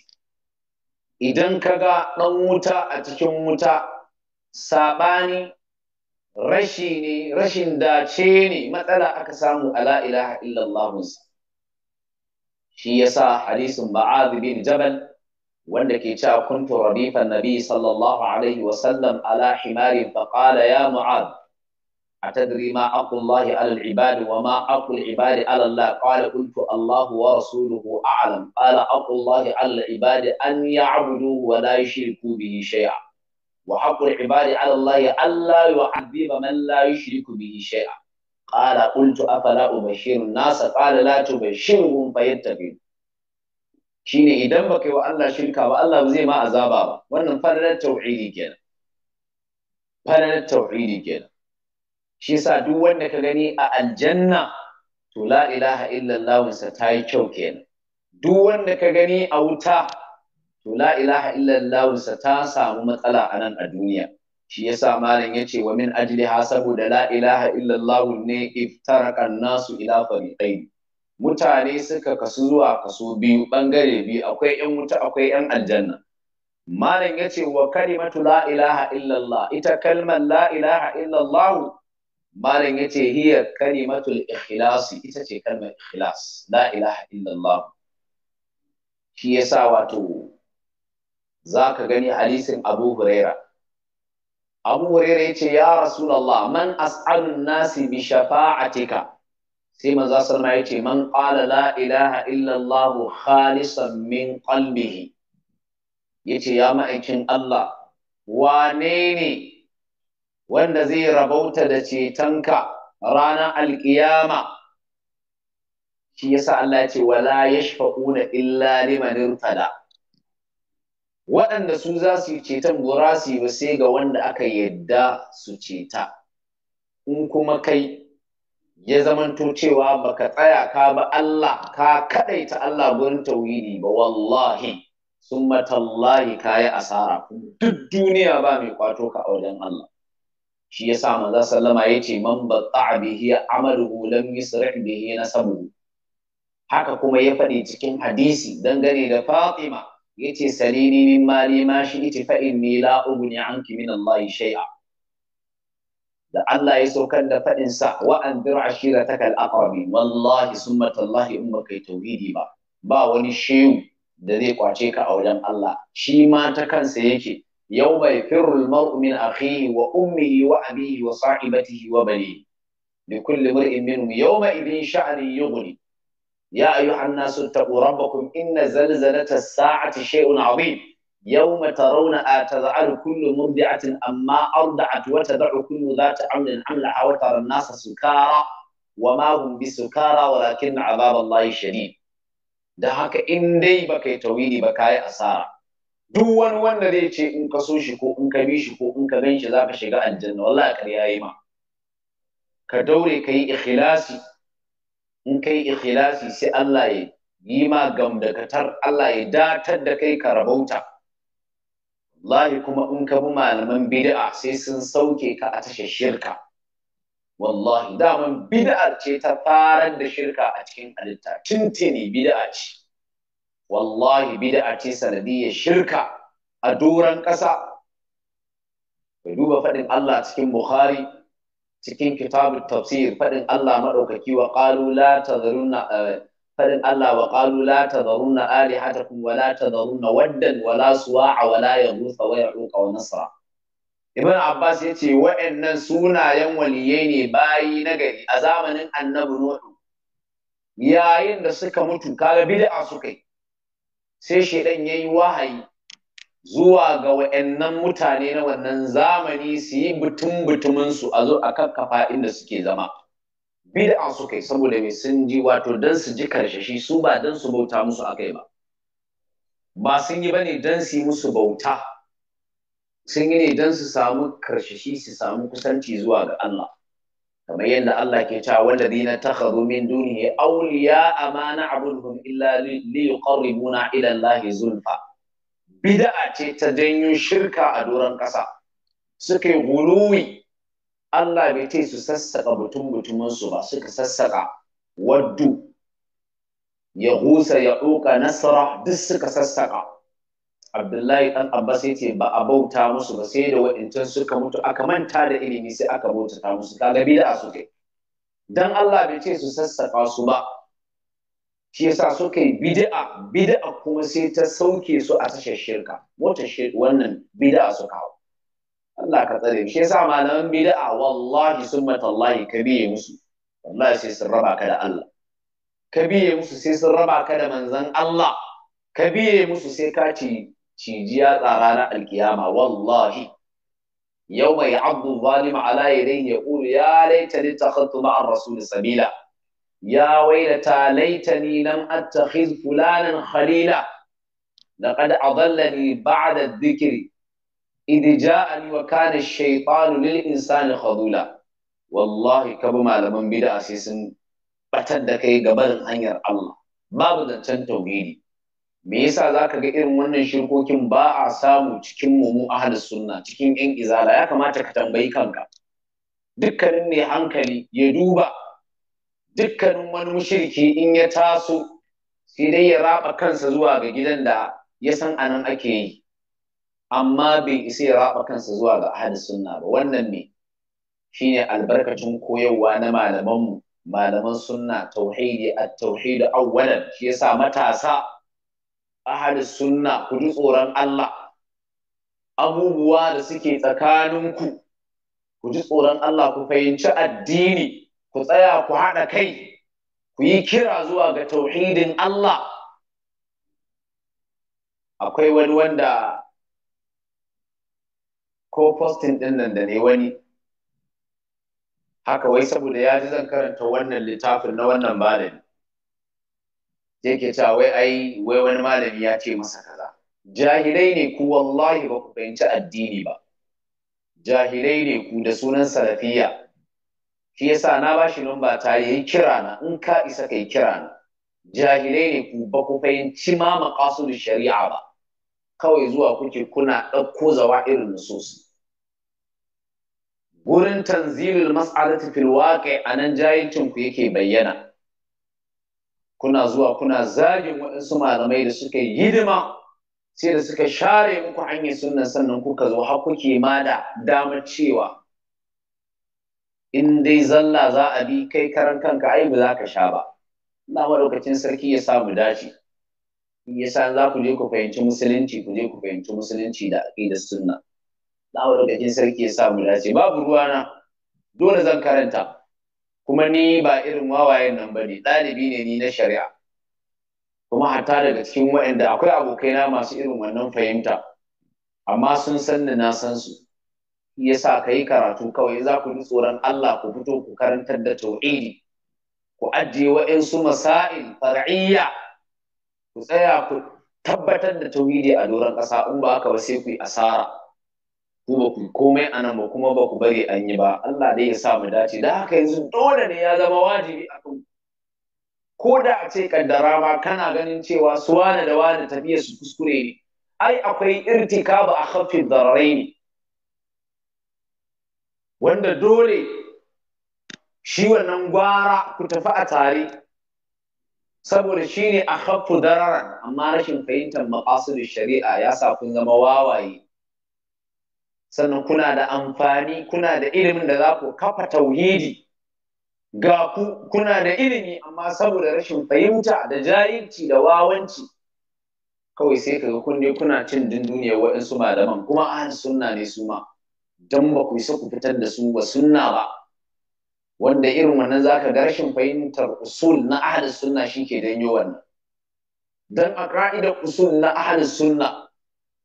idan ka ga dan wuta a cikin wuta sabani rashi ne rashin dace ne matsala aka samu ala ilaha illallah shi yasa hadisin ma'adh bin jabal wanda ke cewa kuntu radifan nabi sallallahu alaihi wa sallam ala himarin fa qala ya mu'adh atadri ma aqul ala al ibad wa ma aqul ibad ala allah qala qultu allah wa rasuluhu a'lam qala aqul ala al ibad an ya'budu wa la yushriku bihi shay'a wa haqqul ibadi ala Allah alla yu'adhiba man la yushriku bihi shay'a qala qultu afala ubashirun nasa qala la tubashirhum fayattabi'u shine idan baka yi wa Allah shirka ba Allah zai ma azaba ba wannan falalar tauhidi kenan falalar tauhidi kenan shi yasa duk wanda ka gani a aljanna to la ilaha illallah sa ta yi kyau kenan duk wanda ka gani a wuta to la ilaha illallah sa ta samu matsala a nan a duniya shi yasa malam yace wa min ha saboda la ilaha illallah ne iftaraka nasu ila fariqai mutane suka kasu zuwa kaso biyu bangare biyu akwai yan wuta akwai yan aljanna malam yace wa kalimatu la ilaha illallah ita kalmar la ilaha illallah malam yace hiya kalimatul ikhlas ita ce kalmar ikhlas la ilaha illallah shi yasa wato za ka gani hadisin abu huraira abu huraira ya ce ya rasulallah man as'alun nasi bi shafa'atika sai manzo sallama ya ce man qala la ilaha illallah khalisan min qalbihi yace ya ma'aikin Allah wane ne wanda zai rabauta da cetonka ranar alkiyama shi yasa Allah ya ce wala yashfa'una illa liman irtada waɗanda su za su yi ceton gurasi su ba sai ga wanda aka yadda su ceta in kuma kai ya zamanto cewa baka tsaya ka ba Allah ka kaɗaita Allah gurin tauhidi ba wallahi summa tallahi yi asara duk duniya ba mai kwato ka a wajen Allah shi yasa maza sallama yace man batta bihi amaluhu lam yusrih bihi nasabu haka kuma ya faɗi cikin hadisi dangane da Fatima yace salini min mali ma shi ita fa inni la ughni anki min Allah shay'a da Allah ya saukar da fadin sa wa anzir ashirataka al-aqrabin wallahi summa tallahi in baka yi tauhidi ba ba wani shehu da zai kwace ka a wajen Allah shi ma ta kansa yake ummihi wa abihi wa sahibatihi wa وأبيه وصاحبته kulli لكل امرئ منهم يومئذ شأن يغني ya ayu hanna sun taɓo ramba kuma ina zalzala ta sa'a ta sha'u na abin yau ma rauna a ta za'a da a tun amma a da a tuwa ta za'a za ta amna da amna a wata ran nasa su kara wa ma kun bi wa lakin na azaban layi da haka in dai ba ka yi tawi ba ka yi asara duk wani wanda zai ce in ka so ko in ka bi shi ko in ka ganshi za ka shiga aljanna wallahi a ƙarya ya Ka daure ka yi ikhilasi in kai ikhlasi sai Allah ya yi ma gamdakatar Allah ya datar da kai ka rabauta wallahi kuma in ka bi malaman bid'a sai sun sauke ka a tashar shirka wallahi daman bid'a ce ta farar da shirka a cikin halitta tuntuni bid'a ce wallahi bid'a ce sanadiyyar shirka a doron ƙasa ka duba faɗin Allah cikin Bukhari cikin kitabut tafsir fadin Allah madaukaki wa qalu la tadharunna eh, fadin Allah wa qalu la tadharunna alihatakum wa la waddan wa la suwa'a wa la yaghutha wa ya'uqa wa nasra Ibn Abbas ya ce sunayen waliyai ne bayi na gari a zamanin annabi Nuhu yayin da suka mutu kaga bid'a suka yi sai shedan yayi wahayi zuwa ga wa'annan mutane na wannan zamani su yi butun butuminsu a zo a kakkafa inda suke zama bid'a suka yi saboda mai sun ji wato don su ji karshashi su ba don su bauta musu kai ba ba sun yi bane don su yi musu bauta sun yi ne don su samu karshashi su samu kusanci zuwa ga Allah kamar yadda Allah ke cewa ta takhadhu min dunihi awliya amana abuduhum illa li yuqarribuna ila Allah zulfa bid'a ce ta janyo shirka a doron ƙasa suka yi guluwi Allah bai ce su sassaka mutum mutuminsu ba suka sassaka waddu ya gusa ya ɗoka nasara duk suka sassaka Abdullahi ɗan Abbas yace ce ba a bauta musu ba sai da waɗancan suka mutu aka manta da ilimi sai aka bauta musu kaga bid'a suke dan Allah bai ce su sassaka su ba shi yasa suka yi bid'a bid'a kuma sai ta sauke su a tashar shirka wata wannan bid'a su kawo Allah ka tsare shi yasa malaman bid'a wallahi summatallahi ka biye musu wallahi sai sun raba ka da Allah ka biye musu sai sun raba ka da manzon Allah ka biye musu sai ka ci cijiya tsara na alkiyama wallahi yau mai abdu zalima ala yadayhi yaqulu ya laitani takhadtu ma'a rasul sabila ya wai da talaita ni nan attakhiz fulanan khalila laqad adallani ba'da dhikri id ja'ani wa kana ash-shaytanu lil insani khadula wallahi kab malaman bid'a sai sun batar da kai gaban hanyar Allah babu zancen tauhidi me yasa zaka ga irin wannan shirkokin ba a samu cikin mumu mu ahlus sunna cikin yan izala ya kamata ka tambayi kanka dukkanin mai hankali ya duba dukkanin wani mushriki in ya taso sai dai ya raba kansa zuwa ga gidan da ya san anan ake yi amma bai isa ya raba kansa zuwa ga ahli sunna ba wannan ne shine albarkacin koyarwa na malamanmu malaman sunna tauhidi at-tauhid awwalan shi yasa matasa ahli sunna ku ji tsoron Allah abubuwa da suke tsakaninku ku ji tsoron Allah ku fahimci addini ku tsaya ku haɗa kai ku yi kira zuwa ga tauhidin Allah akwai wani wanda ko postin ɗin nan da ne wani haka wai saboda ya ji zan karanta wannan littafin na wannan malami sai ke cewa wai ai wai wani malami ya ce masa kaza jahilai ne ku wallahi ba ku fahimci addini ba jahilai ne ku da sunan salafiyya shi yasa na bashi lamba ta yi kira na in ka isa kai kira na jahilai ne ku ba ku fahimci ma da shari'a ba kawai zuwa kuke kuna ɗauko zawa irin nususi gurin tanzilul mas'alati fil waqi anan jahilcin ku yake bayyana kuna zuwa kuna zagin waɗansu malamai da suka yi hidima sai da suka share muku hanyar sunan sannan kuka zo har kuke ma da damar cewa in dai zalla za a bi kai karan kanka ai ba za ka sha ba Allah lokacin sarki ya sa mu dace sa za ku je ku fahimci musulunci ku je ku fahimci musulunci da da sunna Allah lokacin sarki ya sa mu dace babu ruwana dole zan karanta kuma ni ba irin wawayen nan ba ne, dalibi ne ni na shari'a kuma hatta daga cikin waɗanda akwai abokaina masu irin wannan fahimta amma sun san da na san su ya sa ka yi karatu kawai za ku ji tsoron Allah ku fito ku karantar da tauhidi ku ajiye wa'insu masa'il far'iyya ku tsaya ku tabbatar da tauhidi a doron ƙasa in ba haka ba sai ku yi asara ku ba ku komai a nan ba kuma ba ku bari an yi ba Allah dai ya sa mu dace da haka yanzu dole ne ya zama wajibi a kan ko da a ce kaddara ma kana ganin cewa su wane da wane tafiya su kuskure ne ai akwai ba a khaffin dararai ne wanda dole shi wannan gwara ku tafi a tare saboda shi ne a hafu dararan amma rashin fahimtar maƙasudin shari'a ya sa kun zama wawaye sannan kuna da amfani kuna da ilimin da za ku kafa tauhidi ga ku kuna da ilimi amma saboda rashin fahimta da jahilci da wawanci kawai sai ka kun kunne kuna cin dunduniyar waɗansu malaman kuma an sunna ne su ma don ba ku isa ku fitar da su ba sunna ba wanda irin wannan zaka ga rashin fahimtar usul na ahlus sunna shike don wannan dan a ka'idar usul na ahlus sunna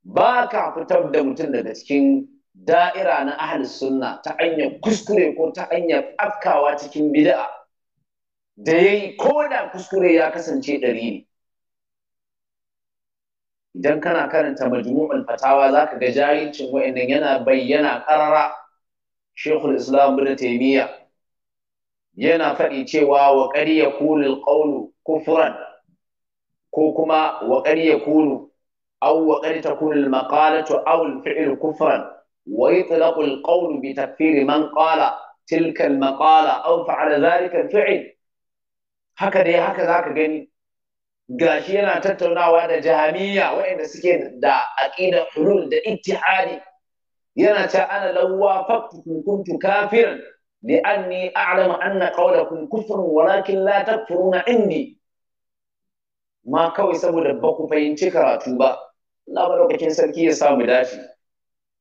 ba ka fitar da mutum daga cikin da'ira na ahlus sunna ta hanyar kuskure ko ta hanyar afkawa cikin bid'a da yayi ko da kuskure ya kasance ɗari ne idan kana karanta majmu'ul fatawa zaka ga jahilcin wa'annan yana bayyana karara Sheikhul Islam Ibn Taymiyyah yana faɗi cewa wa qad yakulu qawlu kufran ko kuma wa qad yakulu aw wa qad takunu al-maqalatu aw al-fi'lu kufran wa yutlaqu al-qawlu bi takfiri man qala tilka al-maqala aw fa'ala dhalika al haka dai haka zaka gani gashi yana tattaunawa da jahamiya waɗanda suke da aqida hulul da ittihadi yana ta ana lawa faktukum kuntu kafiran li anni a'lamu anna qawlakum kufr walakin la takfuruna inni ma kawai saboda ba ku fahimci karatu ba Allah madaukakin sarki ya samu dace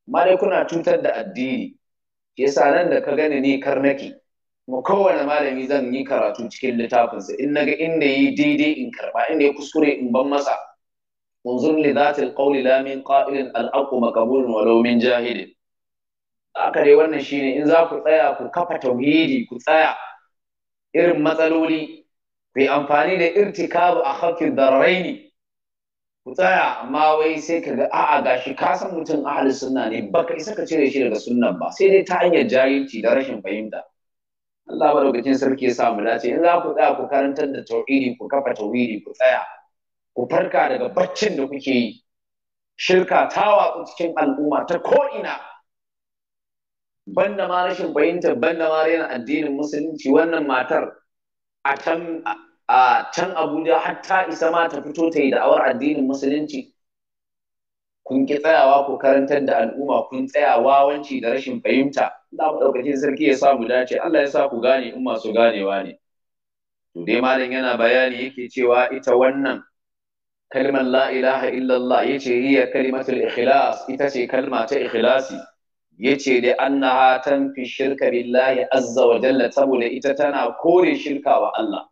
ma dai kuna cutar da addini yasa nan da ka gani ne karnaki kuma kowane malami zan yi karatu cikin littafinsa in naga inda yi daidai in karba inda ya kuskure in ban masa unzur li zatil qawli la min qa'ilin al aqu maqbulun walau min jahilin ka dai wannan shine in za ku tsaya ku kafa tauhidi ku tsaya irin matsaloli ku yi amfani da irtikabu a haƙƙin dararaini ku tsaya amma wai sai ka ga a'a gashi ka san mutum ahli sunna ne baka isa ka cire shi daga sunnan ba sai dai ta hanyar jahilci da rashin fahimta Allah madaukakin sarki ya sa mu dace in za ku tsaya ku karantar da tauhidi ku kafa tauhidi ku tsaya ku farka daga baccin da kuke yi shirka ta watsu cikin al'umma ta ko'ina banda ma rashin bayyanta banda ma raina addinin musulunci wannan matar a can a can Abuja har ta isa ma ta fito ta yi da'awar addinin musulunci kun ki tsayawa ku karantar da al'umma kun tsaya wawanci da rashin fahimta Allah maɗaukakin sarki ya sa mu dace Allah ya sa ku gane in masu ganewa ne to dai malam yana bayani yake cewa ita wannan kalmar la ilaha illallah yace hiya kalimatul ikhlas ita ce kalma ta ikhlasi yace da annaha tanfi shirka billahi azza wa jalla saboda ita tana kore shirka wa Allah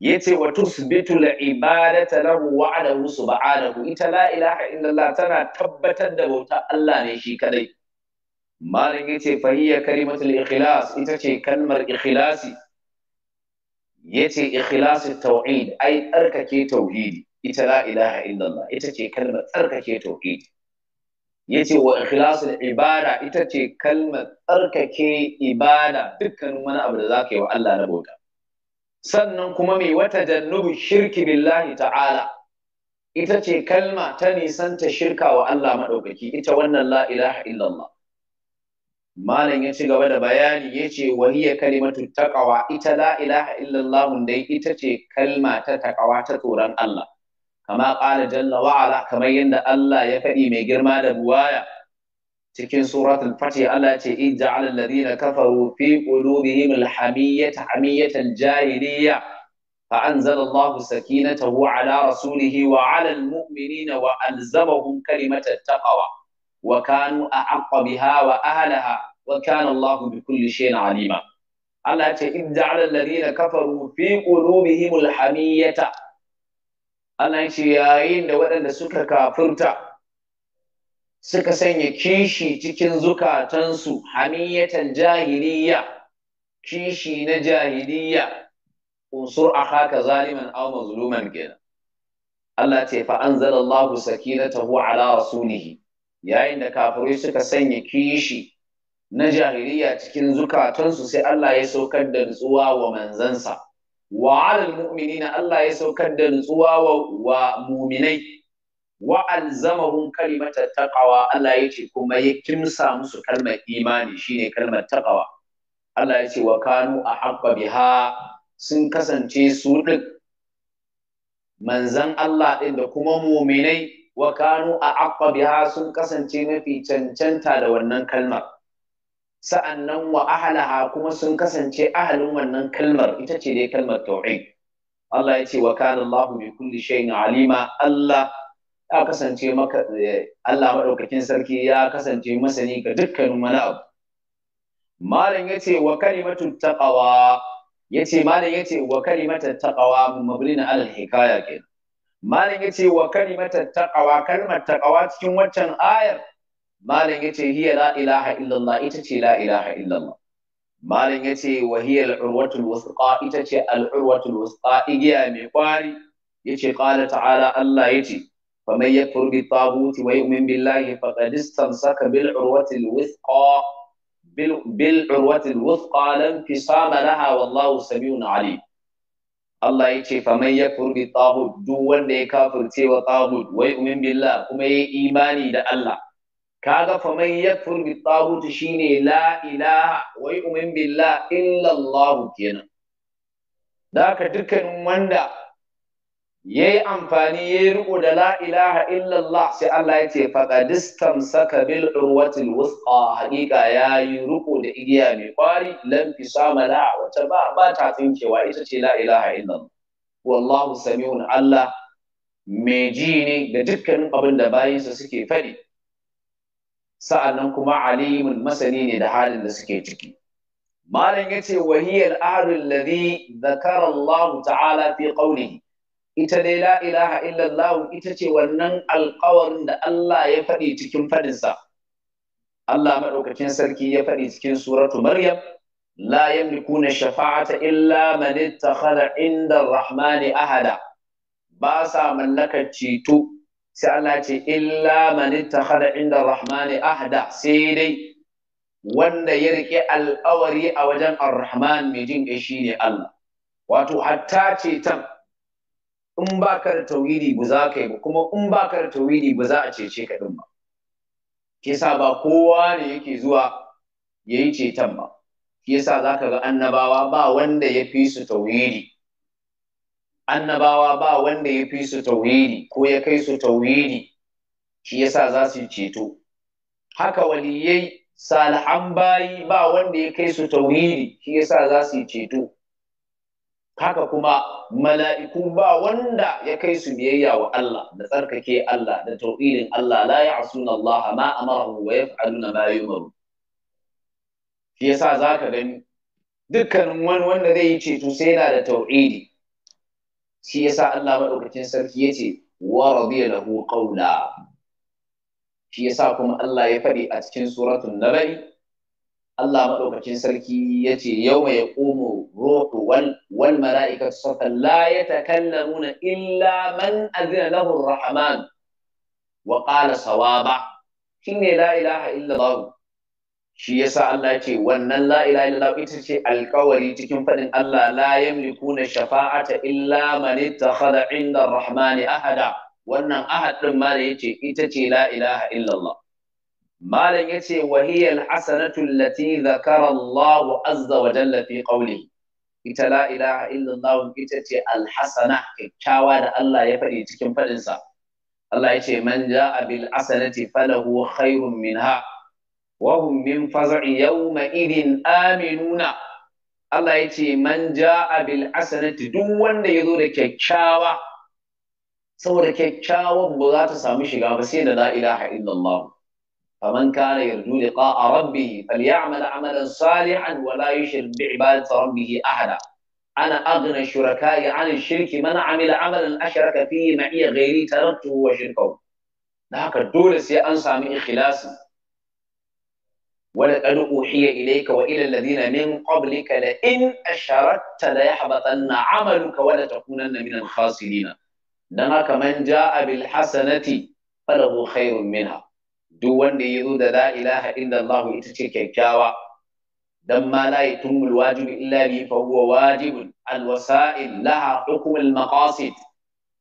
yace wa tusbitu al ibadata lahu ala subhanahu ita la ilaha illallah tana tabbatar da bauta Allah ne shi kadai malam yace fa hiya kalimatul ikhlas ita ce kalmar ikhlasi ce ikhlasu tauhid ai tsarkake tauhidi ita la ilaha illallah ita ce kalmar tsarkake Ya ce wa ikhlasul ibada ita ce kalmar tsarkake ibada dukkanin wani abu da zaka yi wa Allah na bauta sannan kuma mai wata jannubu shirki billahi ta'ala ita ce kalma ta nisanta shirka wa Allah maɗaukaki ita wannan la ilaha illallah malam ya ci gaba da bayani ya ce wahiyar kalimatu taƙawa, ita la ilaha illallah dai ita ce kalma ta taqawa ta tsoron Allah kama qala jalla wa kamar yadda Allah ya faɗi mai girma da buwaya cikin suratul fatih Allah ce in ja'ala alladhina kafaru fi qulubihim alhamiyyata hamiyyatal jahiliyya fa anzala Allah sakinatahu ala rasulihi wa ala almu'minina wa alzamahum kalimatat taqwa Wakanu kanu a'aqqa biha wa ahliha wa kana Allahu bi kulli shay'in halima. Allah ce in ja'ala kafar kafaru fi qulubihim ce yayin da waɗanda suka kafirta suka sanya kishi cikin zukatansu hamiyatan jahiliya kishi na jahiliya unsur akhaka zaliman aw mazluman kenan Allah ce fa anzalallahu sakinatahu ala rasulihi yayin da kafirai suka sanya kishi na jahiliya cikin zukatansu sai Allah ya saukar da nutsuwa wa manzansa wa alal mu'minina Allah ya saukar da nutsuwa wa muminai wa alzamahum kalimata taqwa Allah ya ce kuma ya kimsa musu kalmar imani shine kalmar taƙawa. Allah ya ce wa kanu ahabba biha sun kasance su ɗin manzan Allah ɗin da kuma muminai wa kanu a aqqa sun kasance mafi cancanta da wannan kalmar sa'annan wa ahalaha kuma sun kasance ahalin wannan kalmar ita ce dai kalmar tauhid Allah ya ce wa kana Allahu bi kulli shay'in alima Allah ya kasance maka Allah madaukakin sarki ya kasance masani ga dukkanin wani abu malam ce wa kalimatu taqwa yace malam ce wa kalimatu taqwa mabrina al hikaya kenan malam yace wa kalimatat taqwa kalmar taqwa cikin waccan ayar malam yace hiya la ilaha illallah ita ce la ilaha illallah malam yace wa hiya al-urwatul wuthqa ita ce al-urwatul wuthqa igiya mai kwari yace qala ta'ala Allah yace faman ya bi taguti wa yu'min billahi Fa faqad saka bil urwatil wuthqa bil urwatil wuthqa lam fisama laha wallahu samiun alim Allah ya ce fa man yakfur bi tahud duk wanda ya kafirce wa tahud wai umin billah kuma yayi imani da Allah kaga man yakfur bi tahud shine la ilaha wai umin billah illa Allah kenan da haka dukkan wanda Ya yi amfani ya yi riko da la ilaha illallah sai Allah ya ce faɗaɗistan saka bil A haƙiƙa ya yi riko da igiya mai ƙwari, lamfi, sama la wata ba ba ta tsinkewa ita ce lailaha illallah wallahu samiun Allah mai ji ne da dukkanin abin da bayansa suke faɗi? sa'annan kuma alimin masani ne da halin da suke ciki malam yace wahiyar ahlul Allah ta'ala fi qawlihi ita dai la ilaha illallah ita ce wannan alkawarin da Allah ya faɗi cikin faɗinsa. Allah maɗaukacin sarki ya faɗi cikin suratu Maryam la shafa'a shafa'ata illa man ittakhadha inda rahmani ahada ba sa mallakar ceto sai Allah ce illa man ittakhadha inda rahmani ahada sai dai wanda ya rike alkawari a wajen ar mai jin gashi ne Allah wato hatta ce ceton in ba ka da tauhidi ba za ka yi ba kuma in ba ka da tauhidi ba za a cece ka din ba kisa sa ba kowa ne yake zuwa ya yi ceton ba shi sa za ka ga annabawa ba wanda ya fi su tauhidi annabawa ba wanda ya fi su tauhidi ko ya kai su tauhidi shi yasa za su ceto haka waliyai salihan bayi ba wanda ya kai su tauhidi shi yasa za su ceto haka kuma mala'iku ba wanda ya kai su biyayya wa Allah da tsarkake Allah da tauhidin Allah la na Allah ma amarahu wa yaf'aluna ma ya shi za ka gani dukkanin wani wanda zai yi ceto sai yana da tauhidi shi sa Allah maɗaukacin sarki ya ce, wa ya lahu Fi shi sa kuma Allah ya faɗi a cikin suratun nabai Allah maɗaukakin sarki ya ce yau mai ƙomo roƙo wal mala'ika safa la ya takallamuna illa man azina lahu rahman wa qala sawaba shine la ilaha illa Allah shi yasa Allah ce wannan la ilaha illa ita ce alƙawari cikin faɗin Allah la yamlikuna shafa'ata illa man ittakhadha inda ar-rahmani ahada wannan ahad ɗin ma da yace ita ce la ilaha illa Allah malam yace wa hiya alhasanatu lati dhakara Allah azza wa jalla fi ita la ilaha illa ita ce alhasana kyakkyawa da Allah ya faɗi cikin faɗin sa Allah ce man jaa bil hasanati falahu khairun minha wa hum min faz'i yawma idin aminuna Allah ya ce man jaa bil hasanati duk wanda ya zo da kyakkyawa saboda kyakkyawan ba za ta samu shiga ba sai da la ilaha illa فمن كان يرجو لقاء ربه فليعمل عملا صالحا ولا يشرك بعبادة ربه أحدا أنا أغنى الشركاء عن الشرك من عمل عملا أشرك فيه معي غيري تركته وشركه ذاك الدول سي أنسى من إخلاصي ولقد أوحي إليك وإلى الذين من قبلك لئن أشركت ليحبطن عملك ولتكونن من الخاسرين لنا كمن جاء بالحسنة فله خير منها duk wanda ya zo da la ilaha illallah ita ce kyakkyawa dan ma la yatimul wajibi illa bi fa huwa wajibun al wasa'il laha hukm al maqasid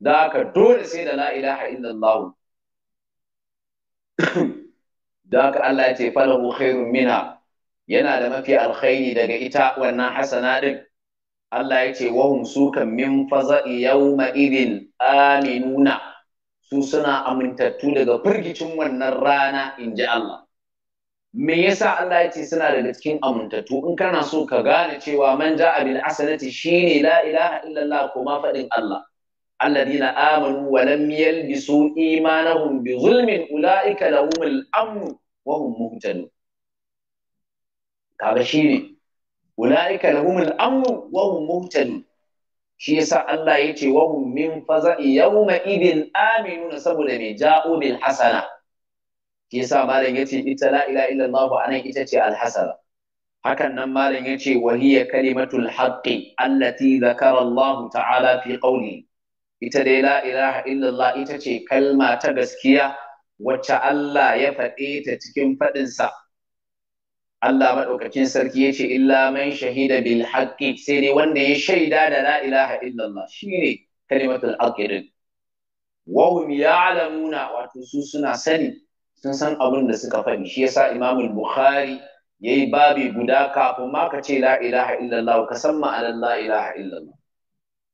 ka dole sai da la ilaha illallah <coughs> ka Allah ya ce falahu khairun minha yana da mafi alkhairi daga ita wannan hasana din Allah ya ce wahum sukan min faza'i yawma idin aminuna su suna amintattu daga firgicin wannan rana in ji Allah me yasa Allah ya ce suna daga cikin amintattu in kana so ka gane cewa man abin bil hasanati shine la ilaha illallah kuma faɗin Allah Allah alladina amanu wa lam yalbisu imanahum bi zulmin ulaika lahum al-amn wa hum muhtadun kaga ne. ulaika lahum al-amn wa hum muhtadun shi yasa Allah ya ce wahum min faza'i yawma idin na saboda mai ja'u bil hasana shi yasa malam ya ce ita la ilaha illallah anan ita ce al hasana hakan nan malam yace wa hiya kalimatul haqqi allati zakara Allah ta'ala fi qawli ita dai la ilaha illallah ita ce kalma ta gaskiya wacce Allah ya faɗe ta cikin faɗinsa Allah maɗaukakin sarki ya ce illa man shahida bil haƙƙi sai dai wanda ya shaida da la ilaha illallah shine kalimatul aqirin wa hum ya'lamuna wato su suna sani sun san abin da suka faɗi shi yasa Imam Bukhari yayi babi guda kafin maka ce la ilaha illallah ka san ma'anar la ilaha illallah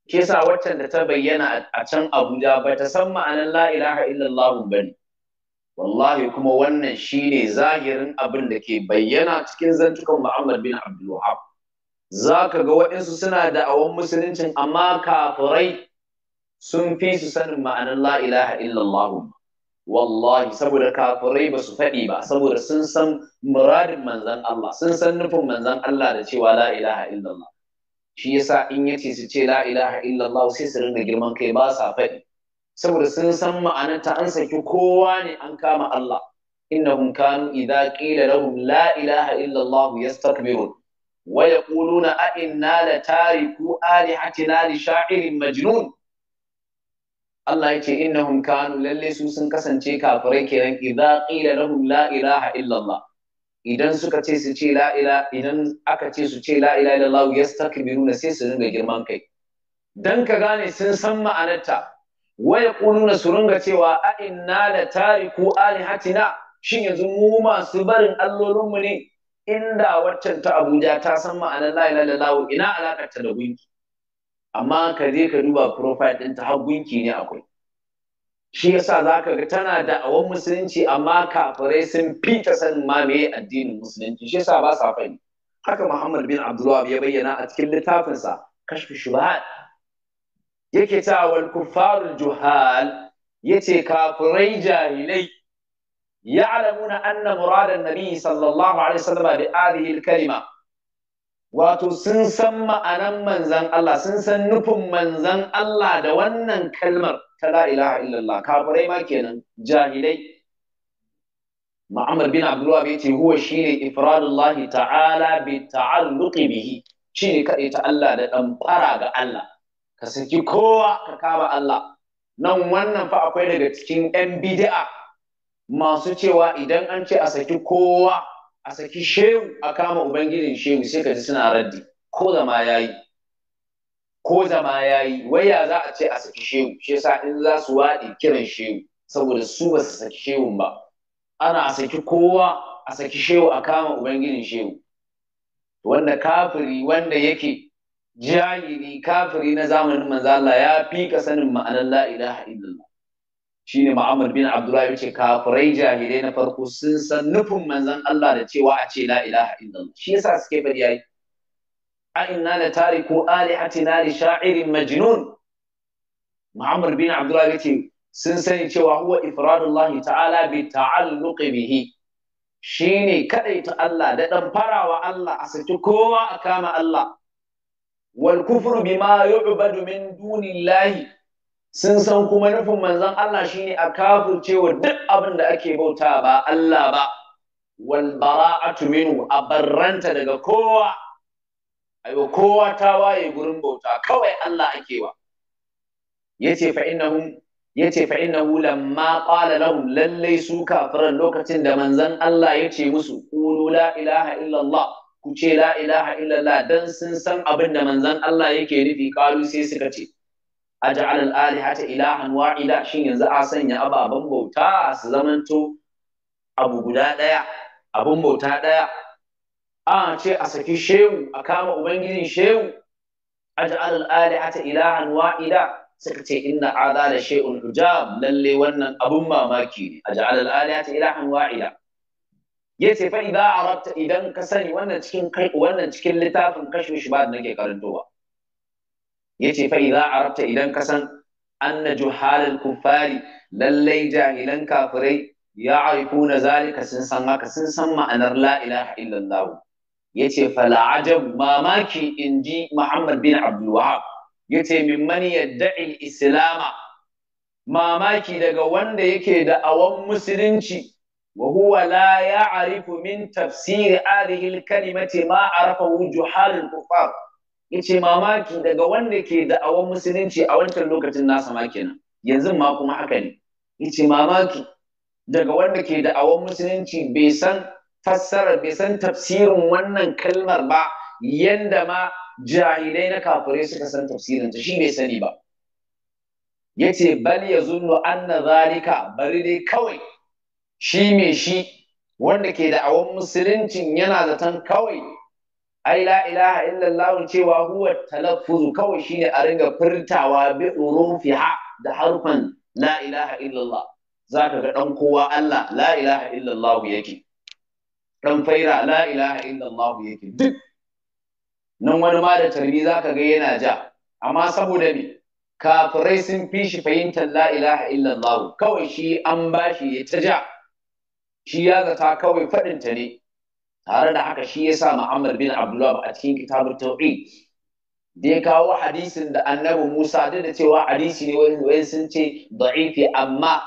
shi sa waccan da ta bayyana a can Abuja ba ta san ma'anar la ilaha illallah bane wallahi kuma wannan shine zahirin abin da ke bayyana cikin zantukan Muhammad bin Abdul Wahab zaka ga waɗansu suna da da'awan musuluncin amma kafirai sun fi su sanin ma'anar la ilaha illallah wallahi saboda kafirai ba su faɗi ba saboda sun san muradin manzan Allah sun san nufin manzan Allah da cewa la ilaha illallah shi yasa in yace su ce la ilaha illallah sai su rinda girman kai ba sa faɗi saboda sun san ta an saki kowa ne an kama Allah innahum kanu idza qila lahum la ilaha illa Allah yastakbirun wa yaquluna a inna la tariku alihatina li sha'irin majnun Allah yace innahum kanu lalle su sun kasance kafirai kenan idza qila lahum la ilaha illa Allah idan suka ce su ce la ila idan aka ce su ce la ila illa Allah yastakbiruna sai su dinga girman kai dan ka gane sun san ma'anarta wa yaquluna su ringa cewa a inna la tariku alihatina shin yanzu mu masu barin allolinmu ne inda waccan ta Abuja ta san ma'anar la ilaha illallah ina alakarta ta da gunki amma ka je ka duba profile ta har gunki ne akwai shi yasa zaka ga tana da awon musulunci amma kafirai sun fita sanin ma meye addinin musulunci shi yasa ba sa fahimta haka Muhammad bin Abdullah ya bayyana a cikin littafinsa kashfi shubahat yake ta wal kuffarul juhal yace kafirai jahilai ya'lamuna anna muradan nabi sallallahu alaihi wasallam bi hadhihi kalima wato sun san ma'anan manzan Allah sun san nufin manzan Allah da wannan kalmar ta la ilaha illallah kafirai ma kenan jahilai Muhammad bin Abdullah bai ce huwa shine ifradullahi ta'ala bi ta'alluqi bihi shine kadai ta Allah da dan fara ga Allah ka saki kowa ka kama Allah nan wannan fa akwai daga cikin 'yan bid'a masu cewa idan an ce a saki kowa a saki shehu a kama ubangijin shehu sai ka ji suna raddi ko zama yayi ko zama yayi wai ya za a ce a saki shehu shi yasa in za su waɗe kiran shehu saboda su ba su saki shehu ba ana a saki kowa a saki shehu a kama ubangijin shehu wanda kafiri wanda yake jahili kafiri na zamanin manzo ya fi ka sanin ma'anar la ilaha illallah shine Muhammad bin Abdullah yace kafirai jahilai na farko sun san nufin manzon Allah da cewa a ce la ilaha illallah shi yasa suke bari yayi a inna la tariku alihatina li sha'irin majnun Muhammad bin Abdullah yace sun sani cewa huwa ifradullah ta'ala bi bihi shine kadaita Allah da dan farawa Allah a saki kowa a kama Allah wal kufru bima yu'badu min dunillahi sun san kuma nufin manzon Allah shine a cewa duk abin da ake bauta ba Allah ba wal bara'atu minhu a barranta daga kowa ayo kowa ta waye gurin bauta kawai Allah ake wa yace fa innahu yace fa innahu lamma qala lahum lallai su kafiran lokacin da manzon Allah yace musu qulu la ilaha illallah ku ce la ilaha illallah dan sun san abin da manzon Allah yake nufi kalu sai suka ce aj'al al-alihata ilahan wa'ida shin yanzu a sanya ababen bauta su zamanto abu guda daya abun bauta daya a ce a saki shehu a kama ubangijin shehu aj'al al-alihata ilahan wa'ida suka ce inna adala shay'un hujab lalle wannan abun mamaki ne aj'al al-alihata ilahan wa'ida Ya ce fa a arabta idan ka sani wannan cikin wannan cikin littafin kashfu shubhat nake karantowa ce fa a arabta idan ka san anna Juhalil kuffari lallai jahilan kafirai ya'rifuna zalika sun san haka sun san ma'anar la ilaha illallah ce fala ajab mamaki in ji muhammad bin abdul wahab yace mimman yad'i islama mamaki daga wanda yake da awan musulunci وهو لا يعرف من تفسير هذه الكلمة ما عرفه جحال الكفار yace mamaki daga wanda ke da'awar musulunci a wancan lokacin nasa ma kenan yanzu ma kuma haka ne yace mamaki daga wanda ke da'awar musulunci bai san fassarar bai san tafsirin wannan kalmar ba yanda ma jahilai na kafirai suka san tafsirin ta shi bai sani ba yace bal yazunnu anna zalika bari dai kawai shi mai shi wanda ke da awon musuluncin yana zaton kawai ai la ilaha illallah cewa huwa talaffuzu kawai shine a ringa furtawa bi urufiha da harfan la ilaha illallah zaka ga dan kowa Allah la ilaha illallah yake dan faira la ilaha illallah yake duk nan wani ma da tarbi zaka ga yana ja amma saboda me kafirai sun fi shi fahimtar la ilaha illallah kawai shi an bashi ya ta ja shi ya zata kawai faɗinta ne tare da haka shi ya sa Muhammad bin Abdullah a cikin kitabun tauhid da ya kawo hadisin da annabi Musa duk da cewa hadisi ne wani sun ce da'ifi amma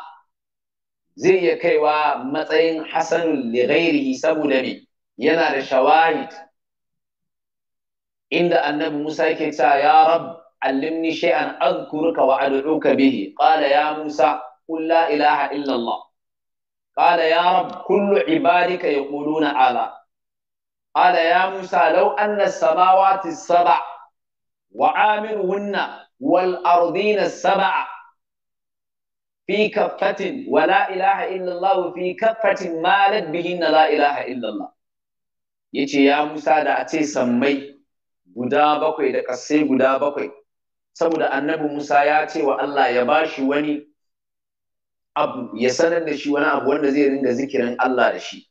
zai iya kaiwa matsayin hassan li saboda me yana da shawahid inda annabi Musa yake cewa ya rab allimni shay'an adhkuruka wa ad'uka bihi qala ya Musa qul la ilaha قال يا رب كل عبادك يقولون على قال يا موسى لو أن السماوات السبع وعاملهن والأرضين السبع في كفة ولا إله إلا الله في كفة مالت بهن لا إله إلا الله يجي يا موسى da a ce sammai guda bakwai da ƙasai guda bakwai saboda annabi Musa ya ce wa Allah abu ya sanar da shi wani abu wanda zai ringa zikirin Allah da shi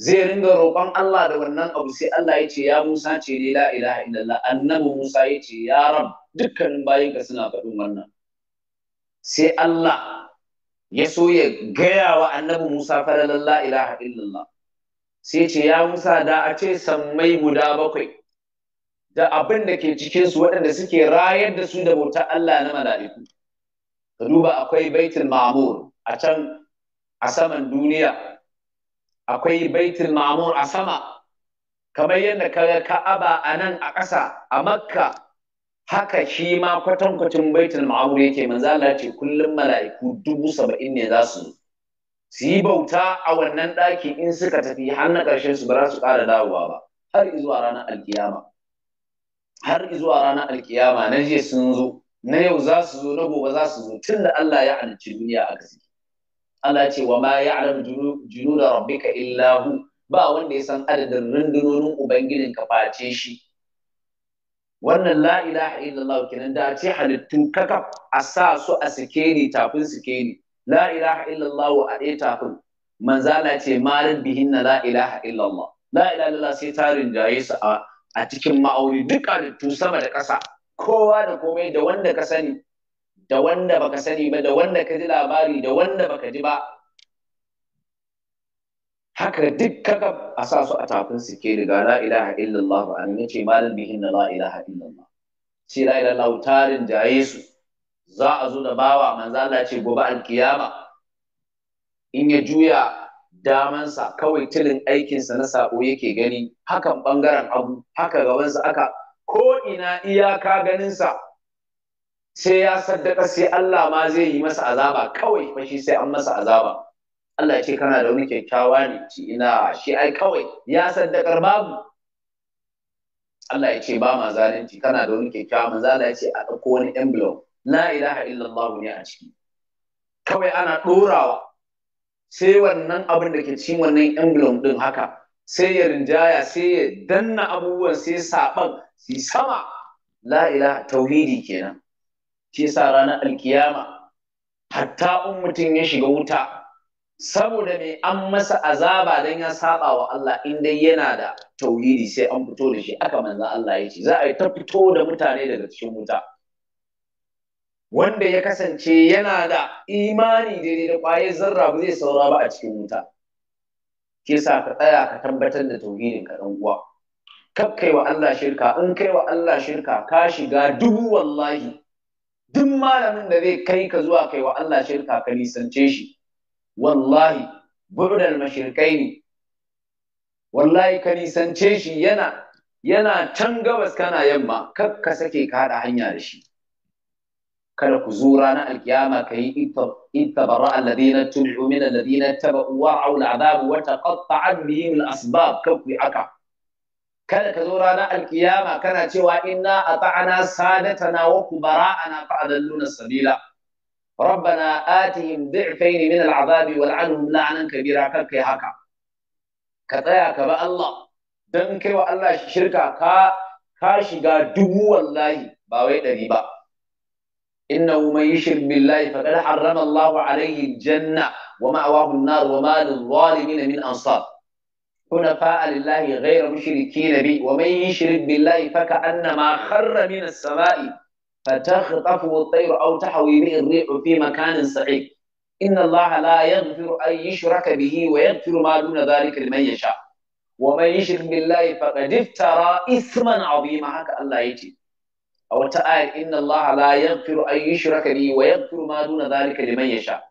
zai ringa roƙon Allah da wannan abu sai Allah ya ce ya Musa ce ne la ilaha illallah annabi Musa ya ce ya rab dukkanin bayanka suna faɗin wannan sai Allah ya so ya gaya wa annabi Musa falalan la ilaha illallah sai ce ya Musa da a ce sammai guda bakwai da abin da ke cikinsu waɗanda suke rayar da su da bautar Allah na mala'iku ka duba akwai baitul ma'mur a can a saman duniya akwai baitul ma'mur a sama kamar yadda kaga ka'aba a nan a ƙasa a makka haka shi ma kwatankwacin baitul ma'mur yake manzo ce kullum mala'iku dubu saba'in ne za su su yi bauta a wannan ɗaki in suka tafi har na ƙarshen su ba za su ƙara dawowa ba har izuwa ranar alkiyama har izuwa ranar alkiyama na je sun zo na yau za su zo na gobe za su zo tun da Allah ya halicci duniya a gaske Allah ce wa ma ya ya'lam da rabbika illa hu ba wanda ya san adadin rundunonin ubangijin ka face shi wannan la ilaha illallah kenan da ce halittu kaka a sa su a sikeri tafin sikeri la ilaha illallah a ɗaya tafin manzala ce malin bihinna la ilaha illallah la ilaha illallah sai tarin jaye su a cikin ma'auni duk halittu sama da ƙasa kowa da komai da wanda ka sani da wanda baka sani ba da wanda ka ji labari da wanda baka ji ba haka duk kaka a sa su a tafin suke daga la ilaha illallah ba an ce malam bihin na la ilaha illallah sai la ilaha illallah tarin su za a zo da bawa manzo Allah ce gobe alkiyama in ya juya damansa kawai tilin aikinsa na sako yake gani hakan bangaren abu haka gabansa aka ko ina iyaka ganinsa sai ya saddaka sai Allah ma zai yi masa azaba kawai fa shi sai an masa azaba Allah ya ce kana da wani kyakkyawa ne ci ina shi ai kawai ya saddakar babu Allah ya ce ba ma zalunci kana da wani kyakkyawa manzo Allah ya ce a ɗauko wani emblem la ilaha illallah ne a ciki kawai ana ɗorawa sai wannan abin da ke cikin wannan emblem din haka sai ya rinjaya sai ya danna abubuwan sai saban su sama la tauhidi kenan shi sa ranar alkiyama hatta in mutum ya shiga wuta saboda mai an masa azaba dan ya saba wa Allah in dai yana da tauhidi sai an fito da shi aka manzo Allah ya ce za a yi ta fito da mutane daga cikin wuta wanda ya kasance yana da imani daidai da kwaye zarra ba zai saura ba a cikin wuta ke sa ka tsaya ka tabbatar da tauhidin ka dan uwa kai wa Allah shirka in kai wa Allah shirka ka shiga dubu wallahi duk malamin da zai kai ka zuwa kai wa Allah shirka ka nisance shi wallahi bu'dal mashirkai ne wallahi ka nisance shi yana yana can gabas kana yamma kar ka sake ka haɗa hanya da shi kada ku zo ranar alkiyama ka yi ittabara alladhina tubi'u min alladhina taba'u wa'u al'adabu wa taqatta'at bihim al-asbab kar ku yi haka kada ka zo ranar alkiyama kana cewa inna ata'ana sadatana wa kubara'ana fa'adalluna sabila rabbana atihim du'faini min al'azabi wal'anhum la'anan kabira kar kai haka ka tsaya ka ba Allah dan kai wa Allah shirka ka ka shiga dubu wallahi ba wai ɗari ba innahu man yushrik billahi faqad harrama Allahu alayhi al-janna wa ma'wahu an-nar wa ma lil-zalimin min ansar حنفاء لله غير مشركين به ومن يشرك بالله فكأنما خر من السماء فتخطفه الطير أو تحوي به الريح في مكان صعيد إن الله لا يغفر أن يشرك به ويغفر ما دون ذلك لمن يشاء ومن يشرك بالله فقد افترى إثما عظيما هكا الله يجي أو تعالى إن الله لا يغفر أن يشرك به ويغفر ما دون ذلك لمن يشاء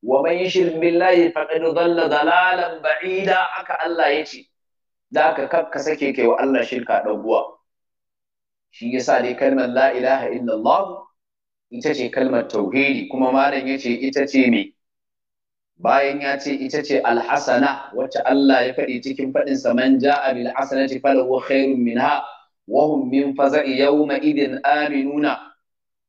wa man yushrik billahi faqad dhalla dalalan ba'ida aka Allah yace da ka kakka sake kai wa Allah shirka dan shi yasa dai kalmar la ilaha illallah ita ce kalmar tauhidi kuma malam yace ita ce me bayan ya ce ita ce alhasana wacce Allah ya faɗi cikin faɗin sa man ja'a bil hasanati falahu khairun minha wa hum min faza'i yawma idin aminuna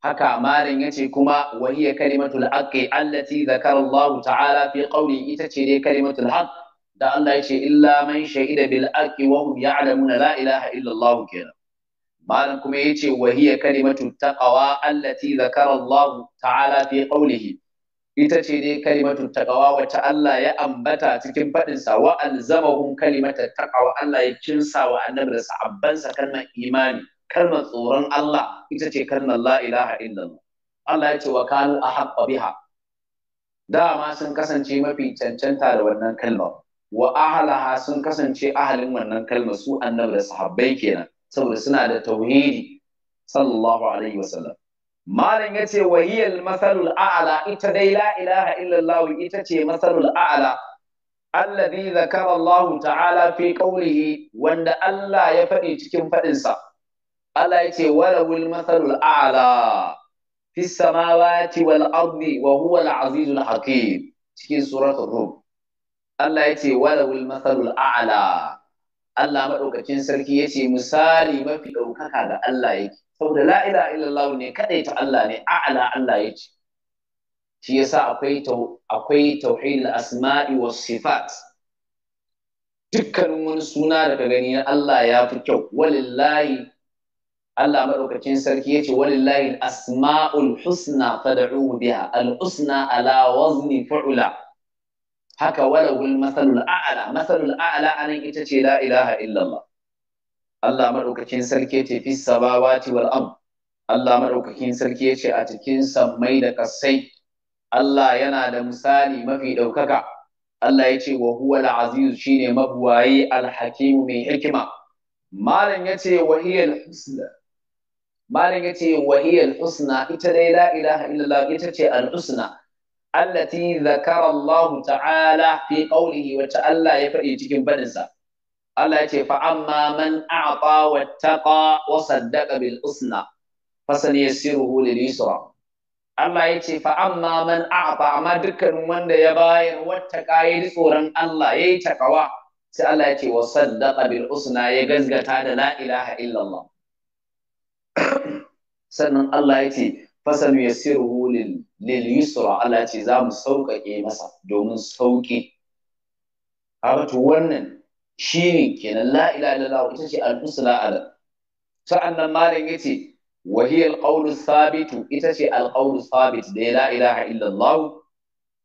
haka malam yace kuma wahiya kalimatul haqqi allati zakara Allah ta'ala fi qawli ita ce dai kalimatul haqq da Allah yace illa man shahida bil haqqi wa hum ya'lamuna la ilaha illa Allah kenan malam kuma yace ce hiya kalimatut taqwa allati zakara Allah ta'ala fi qawlihi ita ce dai kalimatul taqwa wacce Allah ya ambata cikin fadin sa wa alzamahum kalimatul taqwa Allah ya kinsa wa annabi da sa kalmar imani kalmar tsoron Allah ita ce kalmar la ilaha illallah Allah ya ce wa kanu a biha dama sun kasance mafi cancanta da wannan kalma. wa ahalaha sun kasance ahalin wannan kalma su annabi da sahabbai kenan saboda suna da tauhidi sallallahu alaihi wasallam malam yace wa hiya al a'la ita dai la ilaha illallah ita ce masalul a'la alladhi zakara Allah ta'ala fi qawlihi wanda Allah ya faɗi cikin faɗinsa. sa Allah ya ce walawul masalul a'la fi samawati wal ardi wa huwa al azizul hakim cikin suratul rum Allah ya ce walawul masalul a'la Allah madaukakin sarki ya ce misali mafi daukaka ga Allah yake saboda la ilaha illallah ne kadai ta Allah ne a'la Allah yake shi yasa akwai akwai tauhidul asma'i was sifat dukkanin wani suna daga gani na Allah ya fi kyau walillahi Allah madaukakin sarki yace layin asmaul husna fad'uhu biya. al-husna ala wazni fu'la haka walahul masalul a'la masalul a'la nan ita ce la ilaha illallah Allah madaukakin sarki ce fi samawati wal Allah madaukakin sarki ce a cikin sammai da kasai Allah yana da misali mafi ɗaukaka. Allah yace wa huwa aziz shine mabuwayi alhakimu mai hikima malam ce wa hiya husna malam yace wahiyal husna ita dai la ilaha illallah ita ce al husna allati zakara Allah ta'ala fi qawlihi wa ta'ala ya faɗi cikin baninsa Allah yace fa amma man a'ta wattaqa wa saddaqa bil husna fasanyassiruhu lil yusra Allah yace fa amma man a'ta amma dukkanin wanda ya bayar wattaqa yayi tsoron Allah yayi takawa sai Allah yace wa saddaqa bil husna ya gazgata da la ilaha illallah sannan Allah ya ce fasanu ya siru lil yusra Allah ya ce za mu sauƙaƙe masa domin sauƙi haka to wannan shine kenan la ilaha illallah ita ce al-husna ala sa'annan malam yace wa hiya al-qawlu sabit ita ce al-qawlu thabit da la ilaha illallah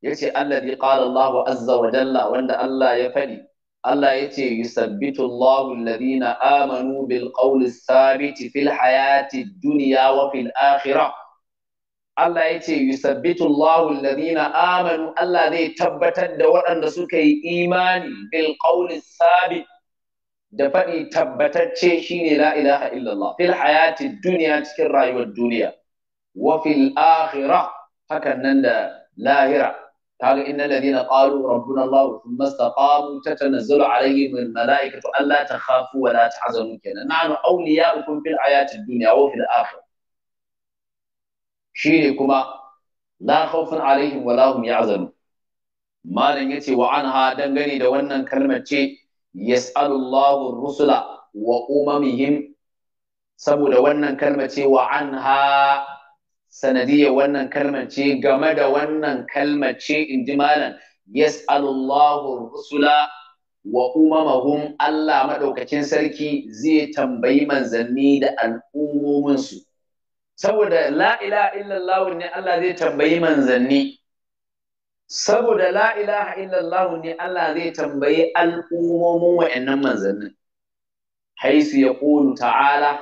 yace alladhi qala Allah azza wa jalla wanda Allah ya faɗi Allah ya ce yusabbitu Allahu alladhina amanu bil qawli sabiti fil hayati dunya wa fil akhirah Allah ya ce yusabbitu Allahu alladhina amanu Allah zai tabbatar da waɗanda suka yi imani bil qawli sabit da faɗi tabbatacce shine la ilaha illallah fil hayati dunya cikin rayuwar duniya wa fil akhirah hakan nan da lahira kaga innal ladina qalu rabbuna Allah thumma istaqamu tatanazzalu alaihim al malaikatu alla takhafu wa la tahzanu kenan nahnu awliya'ukum fil ayati dunya wa fil akhirah shine kuma la khawfun alaihim wa la hum yahzanun malam yace wa anha dangane da wannan kalmar ce yas'alu Allahu rusula wa umamihim saboda wannan kalmar ce wa anha sanadiyar wannan kalmar ce game da wannan kalmar ce in ji malam yas'alullahu rusula wa umamahum Allah maɗaukacin sarki zai tambayi manzanni da al'ummominsu. Saboda ilaha illallahu ne Allah zai tambayi manzanni, saboda la'ilaha illallahu ne Allah zai tambayi al'ummomin wa'yannan manzannin. Haisu ya ta'ala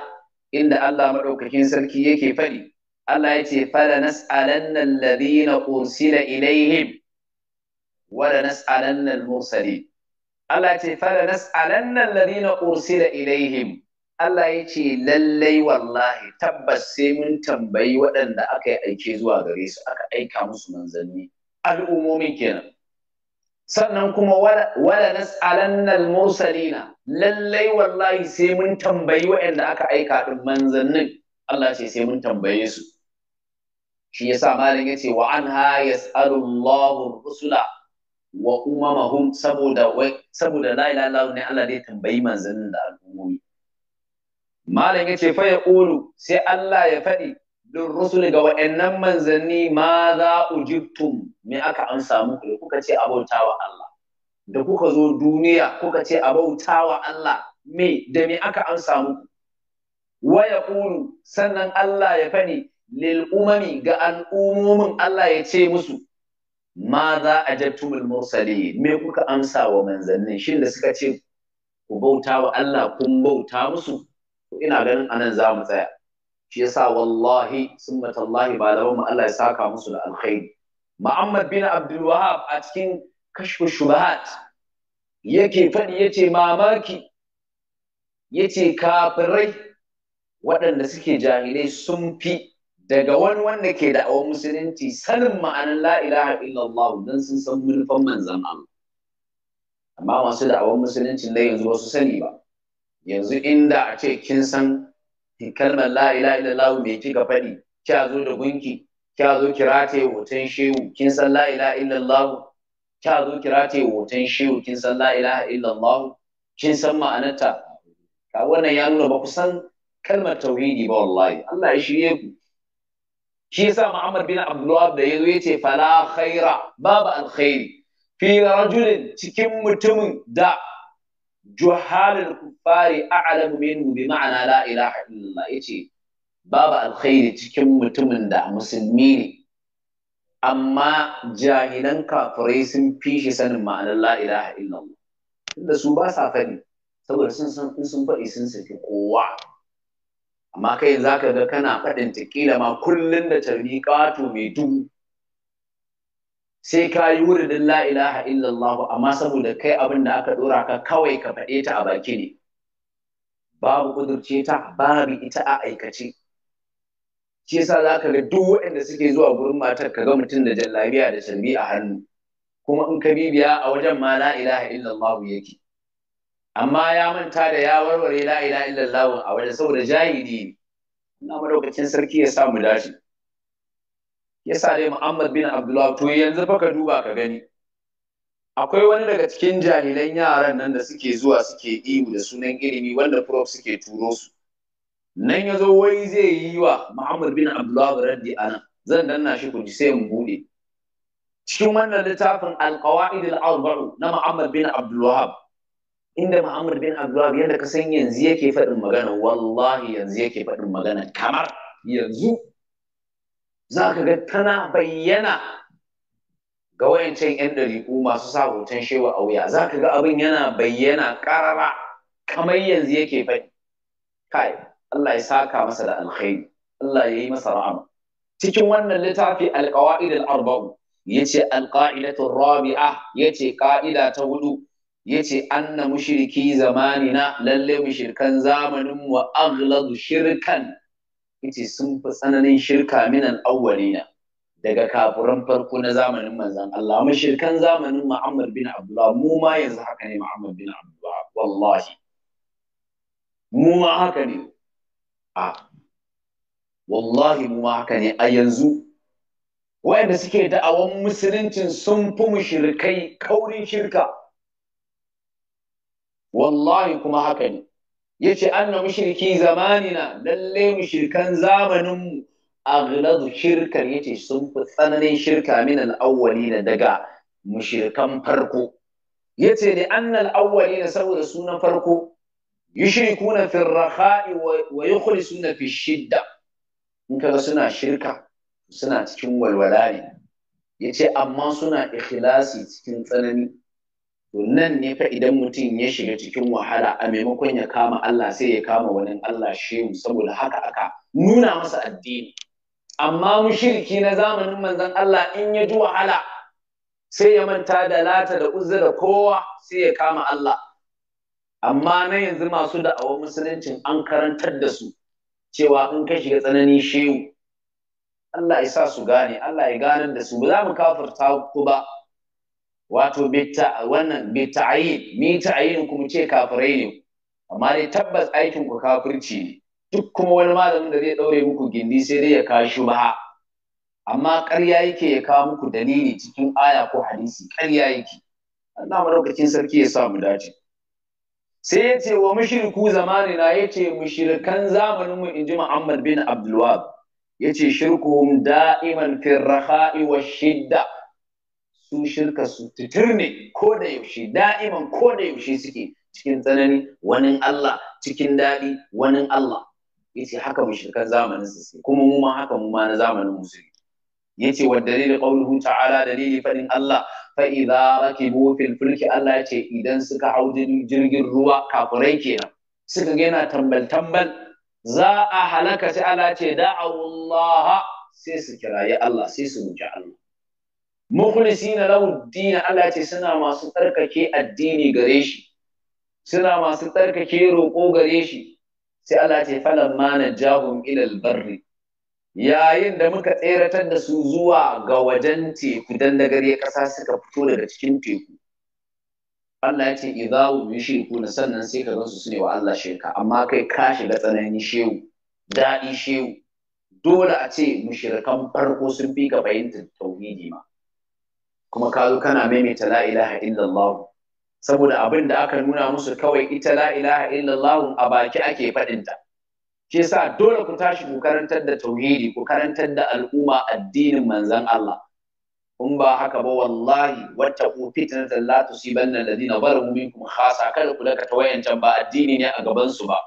inda Allah madaukakin sarki yake faɗi. Allah ya ce nan fala nas'alanna alladhina ursila ilaihim wala nas'alanna nan mursalin Allah ya ce nan fala nas'alanna alladhina ursila ilaihim Allah ya ce lallai wallahi tabbas sai mun tambayi waɗanda aka yi aike zuwa gare su aka aika musu manzanni al'ummomin kenan sannan kuma wala nas'alanna al-mursalina lallai wallahi sai mun tambayi waɗanda aka aika din manzannin Allah ce sai mun tambaye su shi yasa malam yace wa anha yas'alu Allahu rusula wa umamahum saboda wai saboda la ilaha illallah ne Allah zai tambayi manzannin da al'ummomi malam yace fa ya qulu sai Allah ya faɗi lin rusul ga wa'annan manzanni ma za ujibtum me aka amsa muku da kuka ce abautawa Allah da kuka zo duniya kuka ce abautawa Allah me da me aka amsa muku Waya qulu sannan Allah ya faɗi lil umami ga al'umomin Allah ya ce musu ma za a jattumul mursali me kuka amsa wa manzannin shin da suka ce ku bauta wa Allah kun bauta musu to ina ganin anan za mu tsaya shi yasa wallahi summatallahi mu. Allah ya saka musu da alkhairi Muhammad bin Abdul Wahhab a cikin kashfu shubahat yake faɗi yace mamaki yace kafirai waɗanda suke jahilai sun fi daga wani wanda ke da awon musulunci sanin ma'anar la'ilaha illallah don sun san manufan manzan Allah amma masu awon musulunci na yanzu wasu sani ba yanzu inda a ce kin san kalmar la'ilaha illallah me kika faɗi kya zo da gunki kya zo kira ta hoton shehu kin san la'ilaha illallah kya zo kira ta hoton shehu kin san la'ilaha illallah kin san ma'anarta ka wannan ya nuna ba ku san kalmar tauhidi ba wallahi Allah ya shirye ku shi yasa Muhammad bin Abdullah da yazo yace fala khaira babu alkhairi fi rajulin cikin mutumin da juhalul kuffari a'lam minhu bi ma'ana la ilaha illallah yace babu alkhairi cikin mutumin da musulmi ne amma jahilan kafirai sun fi shi sanin ma'anar la ilaha illallah tunda su ba sa faɗi saboda sun san in sun faɗi sun saki kowa amma kai za ka ga kana faɗin tikila ma kullum da tarbi ƙato mai duhu sai ka yi wuridin la ilaha illallah amma saboda kai abin da aka ɗora ka kawai ka faɗe ta a baki ne babu ƙudurce ta babu ita a aikace shi yasa za ka ga duk waɗanda suke zuwa gurin matar ka ga mutum da jallabiya da tarbi a hannu kuma in ka bibiya a wajen ma la ilaha illallah yake amma ya manta da ya warware la illa Allah a wajen saboda jahili ne ina madaukakin sarki ya samu dace yasa dai Muhammad bin Abdullah to yanzu fa ka duba ka gani akwai wani daga cikin jahilan yaran nan da suke zuwa suke ihu da sunan ilimi wanda prof suke turo su nan ya zo wai zai yi wa Muhammad bin Abdullah raddi ana, zan danna shi ku ji sai mu bude cikin wannan littafin al al-qawaid al-arba'u na Muhammad bin Abdulwahab inda Muhammad bin Abdullah yadda ka san yanzu yake faɗin magana wallahi yanzu yake faɗin magana kamar yanzu za ka ga tana bayyana ga wayancan 'yan ɗariƙu masu sa hoton shewa a wuya za ka ga abin yana bayyana ƙarara kamar yanzu yake faɗi kai Allah ya saka masa da alkhairi Allah ya yi masa ra'ama. cikin wannan littafi alƙawa'id al-arba'u yace alqa'idatu rabi'a yace ƙa'ida ta hudu yace anna mushriki na lalle mushrikan zamanin wa aghladu shirkan yace sun fi tsananin shirka minan awwalina daga kafuran farko na zamanin manzon Allah mushrikan zamanin Muhammad bin Abdullah mu ma yanzu haka ne Muhammad bin Abdullah wallahi mu ma haka ne a wallahi mu ma haka ne a yanzu wayanda suke da da'awan musuluncin sun fi mushrikai kaurin shirka wallahi kuma haka ne yace anna mushriki zamanina lalle mushrikan zamanin mu aghladu shirkan yace sun fi tsananin shirka min al-awwalina daga mushrikan farko yace ne anna al-awwalina saboda sunan farko yushrikuna fi ar-rakha'i wa yukhlisuna fi shidda in kaga suna shirka suna cikin walwala ne yace amma suna ikhlasi cikin tsanani nan ne fa idan mutum ya shiga cikin wahala a maimakon ya kama Allah sai ya kama wani Allah shehu saboda haka aka nuna masa addini amma mushriki na zamanin manzon Allah in ya ji wahala sai ya manta da lata da uzza da kowa sai ya kama Allah amma na yanzu masu da'awar musuluncin an karantar da su cewa in ka shiga tsanani shehu Allah ya sa su gane Allah ya ganar da su ba za mu kafarta ku ba wato wannan bi ta'ayin ni ta'ayin ku mu ce kafirai ne amma dai tabbas aikin ku kafirci ne duk kuma wani malamin da zai daure muku gindi sai dai ya kashi ba amma ƙarya yake ya kawo muku dalili cikin aya ko hadisi ƙarya yake Allah madaukakin sarki ya sa mu dace sai ya ce wa mushriku zamanina ya ce mushrikan zamanin mu inji Muhammad bin abdulwahab ya ce shirkuhum da'iman fi raha'i wa shidda Sun shirka su titir ne ko da yaushe da'iman ko da yaushe suke cikin tsanani wani Allah cikin daɗi wani Allah yace haka shirka zamanin su kuma mu ma haka mu ma na zamanin musulmi yace wa dalilin qawluhu ta'ala dalili faɗin Allah fa idza rakibu fil fulki Allah yace idan suka hau jirgin ruwa kafirai kenan suka ga yana tambal tambal za a halaka sai Allah ce Allah sai su ya Allah sai su muji Allah na na dina Allah ce suna masu tsarkake addini gare shi suna masu tsarkake roƙo gare shi sai Allah ce mana najahum ila barri. yayin da muka tseratar da su zuwa ga wajen teku dan da gare ƙasa suka fito daga cikin teku Allah ya ce idza shirku na sannan sai ka gansu su ne wa Allah shirka amma kai ka shiga tsananin shehu daɗi shehu dole a ce kan farko sun fi ka fahimtar tauhidi ma kuma ka zo kana maimaita la ilaha illallah saboda abin da aka nuna musu kawai ita la ilaha illallah a baki ake faɗinta shi yasa dole ku tashi ku karantar da tauhidi ku karantar da al'umma addinin manzan Allah in ba haka ba wallahi wata ku fitnatan la tusibanna alladhina zalamu minkum khasa kada ku wayan tawayancan ba addini ne a gaban su ba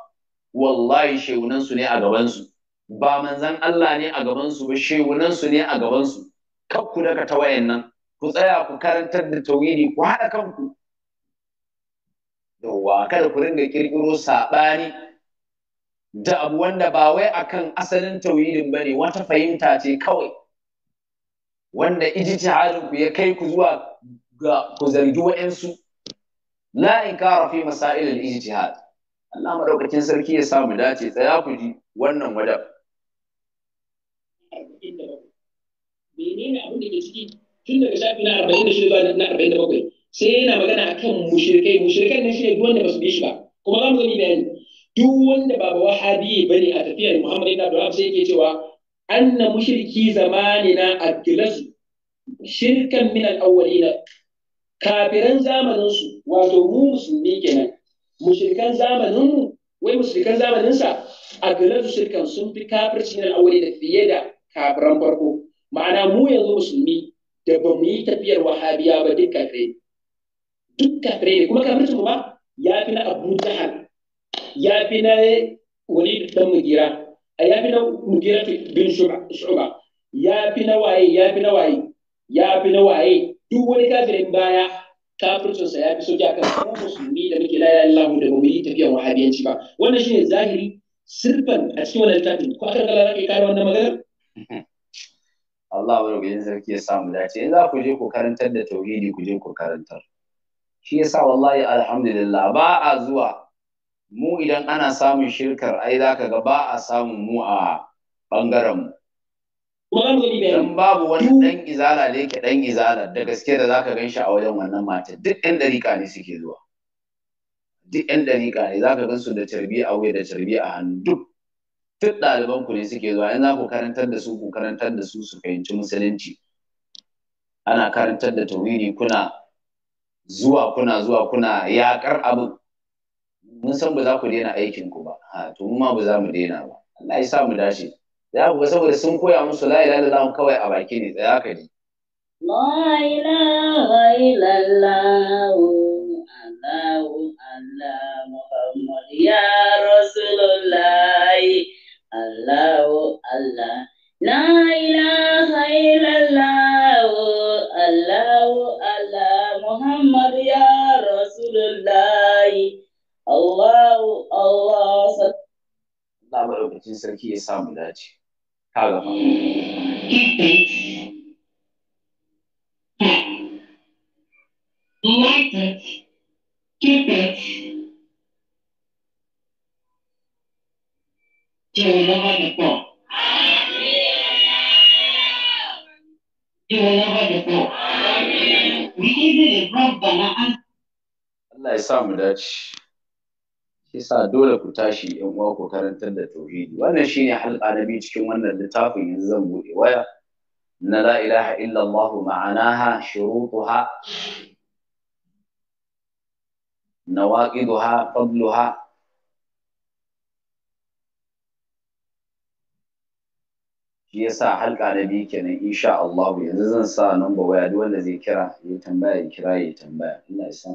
wallahi shehunan su ne a gaban su ba manzon Allah ne a gaban su ba shehunan su ne a gaban su kakku daga tawayan nan ku tsaya ku karantar da tauhidi ku haɗa kanku yawwa kada ku ringa kirkiro saɓani da abu wanda ba wai akan asalin tauhidin bane wata fahimta ce kawai wanda ijtihadin ku ya kai ku zuwa ga ku zargi wa'ansu la inkara fi masail al-ijtihad Allah madaukakin sarki ya samu dace tsaya ku ji wannan wada menene abin da ke ciki tun daga shafi na arba'in da shida na arba'in da bakwai sai yana magana a kan mushirikai. Mushirikai ne shine duk wanda ba su bi shi ba kuma za mu zami bayani duk wanda ba ba wahabi bane a tafiyar Muhammadu ibn Abdul sai yake cewa anna mushriki zamanina adlasu shirkan min al-awwalina kafiran zamanin su wato mu musulmi kenan mushrikan zamanin mu wai mushrikan zamanin sa adlasu shirkan sun fi kafirci min al-awwalina fiye da kafiran farko ma'ana mu yanzu musulmi da ba mu yi tafiyar wahabiya ba duk kafirai duk kafirai ne kuma su ba ya fi na abu jahal ya fi na wani dan mugira ya fi na mugira bin shuba ya fi na waye ya fi na waye ya fi na waye duk wani kafirin baya kafircinsa ya fi soja kan kuma musulmi da muke la ilaha da mu yi tafiyar wahabiyanci ba wannan shine zahiri sirfan a cikin wannan littafin ko aka kala kai kare wannan maganar mhm. Allah wa rabbi sarki ya samu dace in za ku je ku karantar da tauhidi ku je ku karantar shi yasa wallahi alhamdulillah ba a zuwa mu idan ana samun shirkar ai za ka ga ba a samun mu a bangaren mu dan babu wani dan izala da yake dan izala da gaske da zaka ganshi shi a wajen wannan mata duk ɗan dariƙa ne suke zuwa duk ɗan dariƙa ne zaka gansu da tarbiya a da tarbiya a hannu duk duk ɗaliban ku ne suke zuwa in za ku karantar da su ku karantar da su su fahimci musulunci ana karantar da tauhidi kuna zuwa kuna zuwa kuna yaƙar abin mun san ba za ku daina aikin ku ba ha to mu ma ba za mu daina ba Allah ya sa mu dace za ku ga saboda sun koya musu la ilaha illallah kawai a baki ne tsaya ka ji la ilaha illallah Allahu Allah Muhammad ya sarki ya samu E tem Sa dole ku tashi yan uwa ku karantar da tauhidi wannan shine halqa na biyu cikin wannan littafin yanzu zan bude waya na la ilaha illa Allah ma'anaha shurutuha nawaqiduha fadluha shi yasa halka na biyu kenan insha Allah yanzu zan sa number waya duk wanda zai kira ya tambaya ya kira ya tambaya Allah ya sa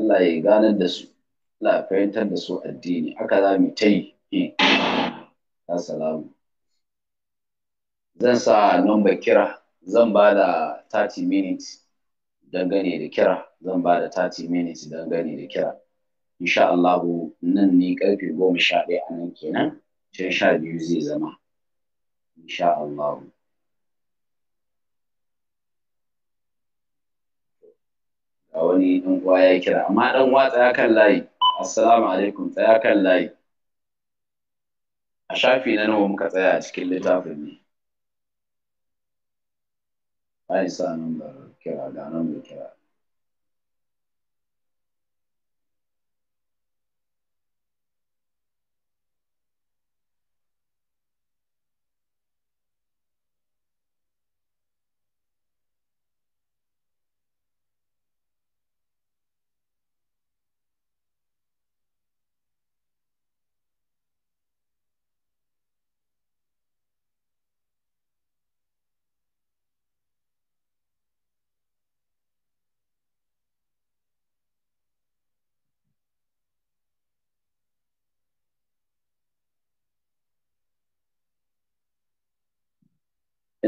Allah ya ganar da su Allah fahimtar da su addini haka za mu ta yi assalamu zan sa number kira zan ba da 30 minutes dangane da kira zan ba da 30 minutes dangane da kira insha Allah nan ne karfe goma sha ɗaya a nan kenan can sha biyu zai zama insha Allah ga wani ɗan uwa ya kira amma ɗan watsa ya kan layi assalamu alaikum tsaya kan layi a shafi na nawa muka tsaya a cikin littafin ne ai sa nan da kira da nan da kira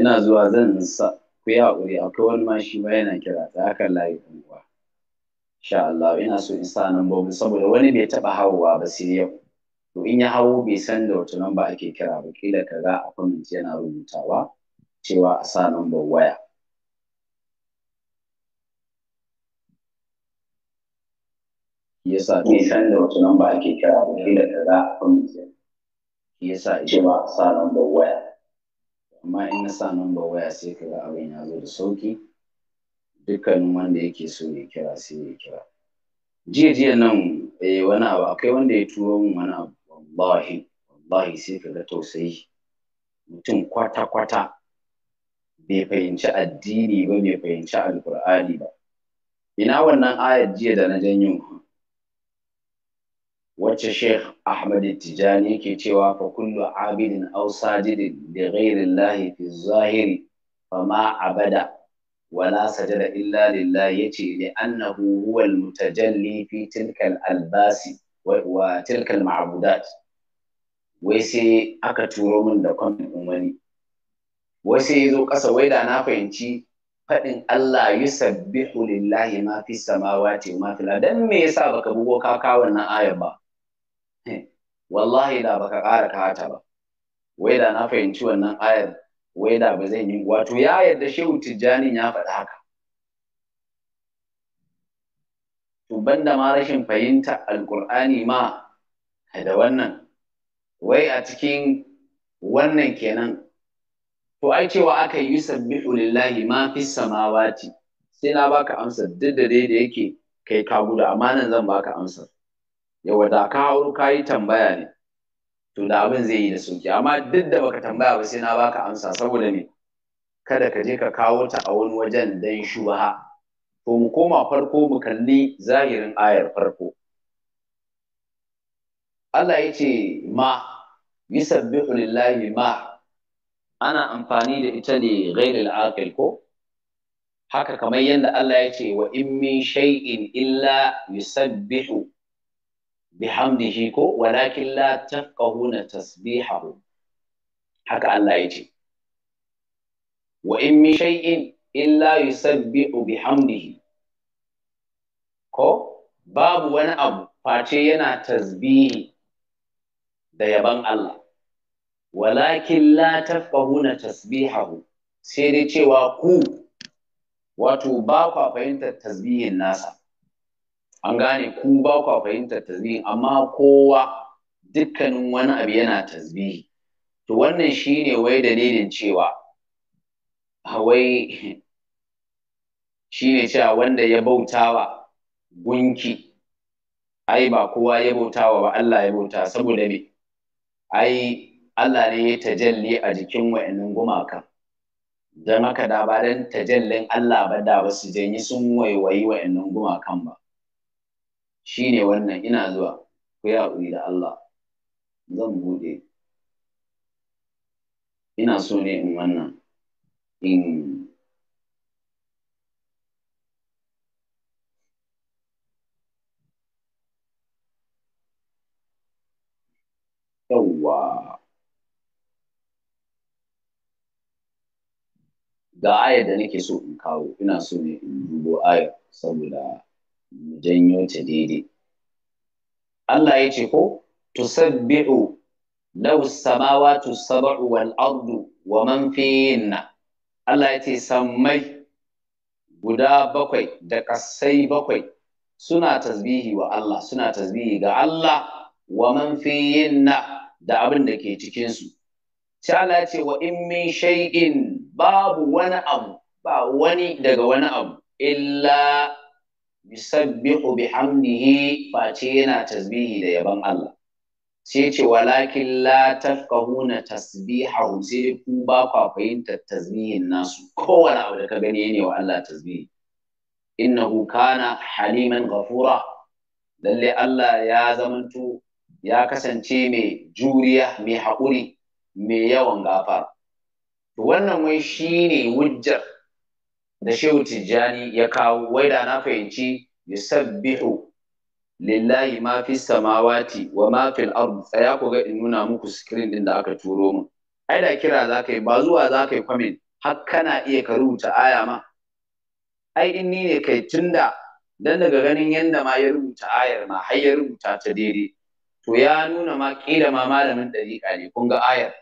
ina zuwa zan sa ku yi haƙuri akwai wani ma shi ma yana kira ta haka layi kuwa insha Allah ina so in sa nan nambobi saboda wani bai taɓa hawowa ba sai yau to in ya hawo bai san da wata namba ake kira ba kila ka ga a comment yana rubutawa cewa a sa nan waya yasa bai san da wata namba ake kira ba kila ka ga a comment yasa cewa a sa nambar waya amma in na sa number waya sai ka ga abin ya zo da sauki dukkanin wanda yake so ya kira sai ya kira jiya jiya nan eh wani abu akwai wanda ya turo min wani abu wallahi wallahi sai ka ga tausayi mutum kwata kwata bai fahimci addini ba bai fahimci alkur'ani ba ina wannan ayar jiya da na janyo wacce Sheikh Ahmad Tijani yake cewa fa kullu abidin aw sajidin li ghayri fi zahiri fa ma abada wala sajada illa lillah yace li annahu huwa al-mutajalli fi tilka al-albasi wa tilka al-ma'budat wai sai aka turo min da kwamin umarni." wai sai yazo ƙasa, wai da na fahimci faɗin Allah yi sabbihu lillahi ma fi samawati ma fi dan me yasa baka bugo ka kawo wannan ayar ba wallahi da baka ƙara kata ba wai da na fahimci wannan ayar wai da ba zan yi wato ya yarda shehu Tijjani ya faɗa haka to banda ma rashin fahimta alƙur'ani ma da wannan wai a cikin wannan kenan to ai cewa aka yi sabbihu lillahi ma fis samawati sai na baka amsa duk da dai da yake kai ka gudu amma nan zan baka amsar yawa da ka hauro ka yi tambaya ne to da abin zai yi da sauki amma duk da baka tambaya ba sai na baka amsa saboda ne kada ka je ka kawo ta a wani wajen dan shubaha to mu koma farko mu kalli zahirin ayar farko Allah ya ce ma yusabbihu lillahi ma ana amfani da ita ne ghairil aqil ko haka kamar yadda Allah ya ce wa in min shay'in illa yusabbihu bihamdihi ko walakin la tafqahuna tasbihahu haka Allah ya wa in min shay'in illa yusabbihu bihamdihi ko babu wani abu face yana tasbihi da yaban Allah walakin la tafqahuna tasbihahu sai dai cewa ku wato ba kwa fahimtar tasbihin nasa an gane ku ba kwa fahimtar tasbihi amma kowa dukkanin wani abu yana tasbihi to wannan shine wai dalilin cewa wai shine cewa wanda ya bautawa gunki ai ba kowa ya bautawa ba Allah ya bauta saboda me ai Allah ne ya tajalli a jikin wa'annan gumaka don haka da ba dan tajallin Allah ba da ba su janyi sun waiwayi wa'annan gumakan ba shine wannan ina zuwa ku yi haƙuri da Allah zan buɗe ina so ne in wannan in yawwa ga ayar da nake so in kawo ina so ne in dubo ayar saboda mu janyo ta daidai Allah ya ce ko tusabbi'u lahu samawa sab'u wal ardu wa man fihinna Allah ya ce sammai guda bakwai da ƙasai bakwai suna tasbihi wa Allah suna tasbihi ga Allah wa man fihinna da abin da ke cikinsu. Sai Allah ce wa in min shay'in babu wani abu ba wani daga wani abu illa yusabbihu bihamdihi face yana tasbihi da yaban Allah sai ce walakin la tafqahuna tasbihahum sai ku ba kwa fahimta tasbihin nasu kowane abu da ka gani ne wa Allah tasbihi innahu kana haliman ghafura lalle Allah ya zamanto ya kasance mai juriya mai haƙuri mai yawan gafara wannan wai shine hujjar da shehu tijjani ya kawo wai da na fahimci yusabbihu lillahi ma fi samawati wa ma fil ard tsaya ku ga in nuna muku screen din da aka turo mu ai da kira zakai yi ba zuwa zakai yi comment har kana iya ka rubuta aya ma ai in ni ne kai tunda dan daga ganin yanda ma ya rubuta ayar ma har ya rubuta ta daidai to ya nuna ma kila ma malamin dariƙa ne kun ga ayar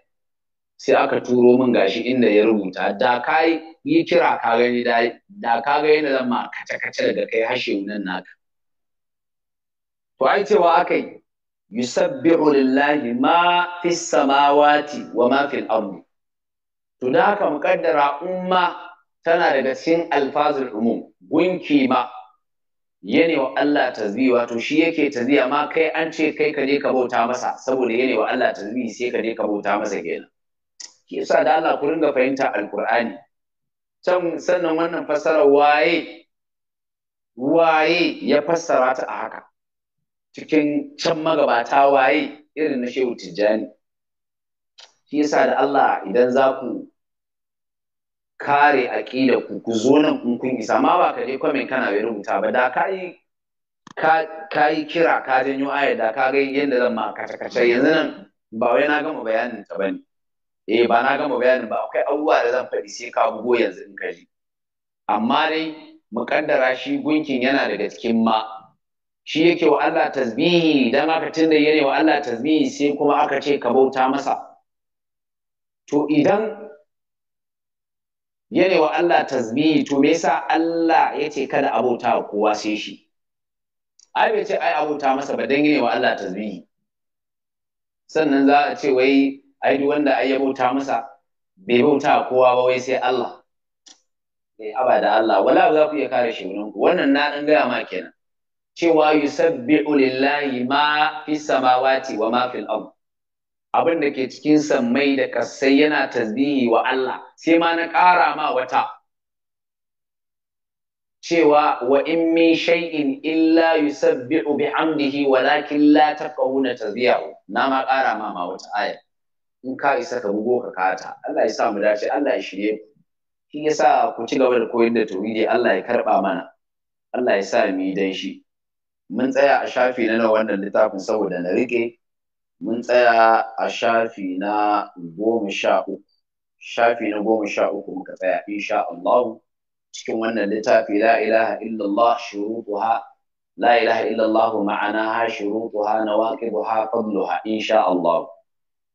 sai aka turo min gashi inda ya rubuta da ka yi kira ka gani da ka ga yana zama kace-kace daga kai hashe nan naka to ai cewa akai yusabbihu lillahi ma fis samawati wa ma fil ardi to da haka muqaddara umma tana daga cikin alfazul umum gunki ma yene wa Allah tasbih wato shi yake tasbiya ma kai an ce kai ka je ka bauta masa saboda yene wa Allah tazbi sai ka je ka bauta masa kenan Ke sa da Allah ku ringa fahimta alqur'ani can sannan wannan fassara waye waye ya fassara ta a haka cikin can magabata waye irin na shehu tijjani shi yasa da Allah idan za ku kare aƙida ku ku zo nan in kun isa ma ba ka je kwamen kana bai rubuta ba da ka yi ka yi kira ka janyo ayyada, da ka ga yadda zan ma kace kace yanzu nan ba wai na gama bayanin ta bane eh ba na gama bayanin ba akwai abubuwa da zan faɗi sai ka bugo yanzu in ka ji amma dai muƙaddara shi gunkin yana daga cikin ma shi yake wa Allah tasbihi dan aka tunda yana wa Allah tasbihi sai kuma aka ce ka bauta masa to idan yana wa Allah tasbihi to me yasa Allah yace kada abota kowa sai shi ai bai ce ai abota masa ba dan yana wa Allah tasbihi sannan za a ce wai ai duk wanda ai ya bauta masa bai bauta kowa ba wai sai Allah eh aba da Allah wala za ku iya kare shi ku wannan na dan gaya ma kenan cewa yusabbihu lillahi ma fi samawati wa ma fil ard abin da ke cikin sammai da kasai yana tasbihi wa Allah sai ma na kara ma wata cewa wa in min shay'in illa yusabbihu bihamdihi walakin la taqawuna tazbihu na ma kara ma ma wata aya in ka isa ka bugo ka kata Allah ya sa mu dace Allah ya shirye mu shi yasa ku ci gaba da koyon da tauhidi Allah ya karba mana Allah ya sa mu yi dan shi mun tsaya a shafi na wannan littafin saboda na rike mun tsaya a shafi na goma sha uku shafi na goma sha uku muka tsaya insha Allah cikin wannan littafi la ilaha illallah shurutuha la ilaha illallah ma'anaha shurutuha nawaqibuha qabluha insha Allah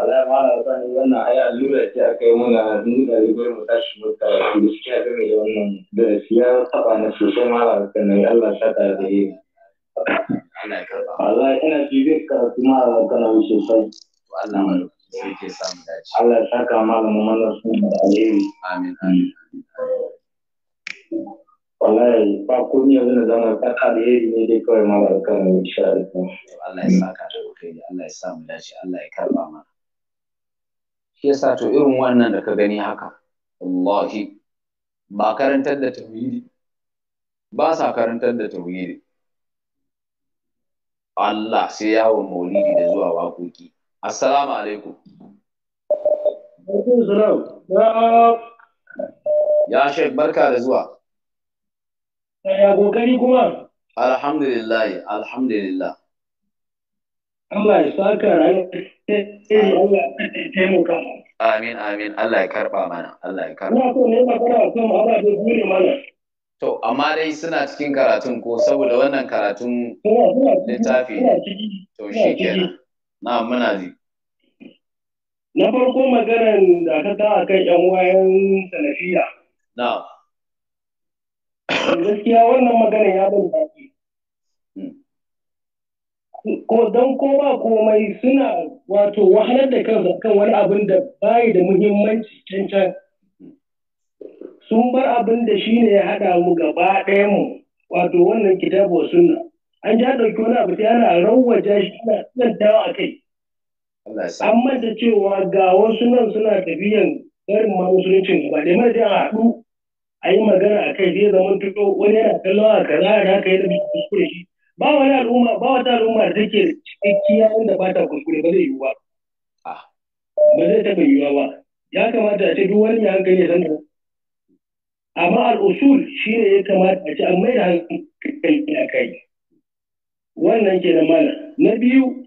ala ma na san wannan ai allura ce a kai muna ni mu tashi mu karatu gaskiya game da wannan da ya saba na sosai malam ne, Allah saka da yi Allah ina jibin karatu malam kana sosai Allah mai sai ke samu dace Allah ya saka malam mana su da alheri amin amin wallahi ba komai yanzu na zama kan ne dai kawai ma barkan insha Allah Allah ya saka da kai Allah ya sa mu dace Allah ya karba mana ke yasa to irin wannan da ka gani haka wallahi ba karantar da tauhidi ba sa karantar da tauhidi Allah sai yawon maulidi da zuwa waƙoƙi assalamu alaikum ya shek barka da zuwa ya kokari kuma alhamdulillah alhamdulillah Allah ya saka ranar ya Amin amin Allah ya karba mana Allah ya karba. Ina so ne magana kan Allah ya jure mana. To amma dai suna cikin karatun ko saboda wannan karatun littafi to shi kenan. Na muna ji. Na farko maganar da ka ta kan yan wayan salafiya. Na. Gaskiya wannan magana ya ban daɗi. Hmm. ko don ko ba komai suna wato wahalar da kansu kan wani abin da bayi da muhimmanci can can sun bar abin da shi ne ya haɗa mu gaba ɗaya mu wato wannan kitabu suna an ja ɗauki wani abu sai ana rawaja shi na tsantawa a kai an manta cewa ga wasu nan suna tafiyan barin ma musuluncin ba da mai a haɗu a yi magana a kai zai zama tuto wani yana kallon a kaza da haka yana kuskure shi ba wani al'umma ba wata al'umma da take cikakkiya inda ba ta kuskure ba zai yiwu ba ah. ba zai taɓa yiwuwa ba ya kamata a ce duk wani mai hankali ya san amma al'usul shi ne ya kamata a ce an mai da hankali a kai wannan ke da mana na biyu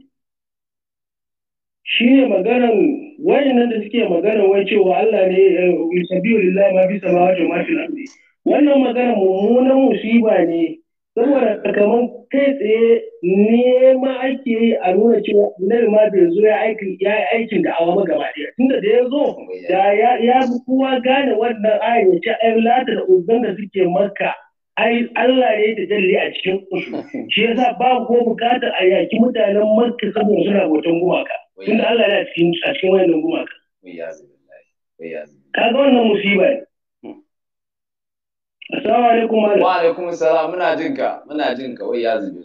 shi ne maganan wayannan da suke maganan wai cewa Allah ne yusabihu lillahi ma fi samawati wa ma fil ardi wannan maganar mummunan musiba ne saboda kamar kai tsaye nema ake yi a nuna cewa annabi ma bai zo ya aikin ya yi aikin da awa gaba ɗaya tunda da ya zo da ya fi kowa gane wannan ayin ya ce ai lata da uzan da suke maka ai Allah ne da jalli a cikin usu shi yasa babu ko bukatar a yaki mutanen makka saboda suna bautan gumaka tunda Allah ne a cikin a cikin wannan gumaka kaga wannan musiba ne Assalamu alaikum malam. Wa alaikum salam muna jin ka muna jin ka wai ya zube.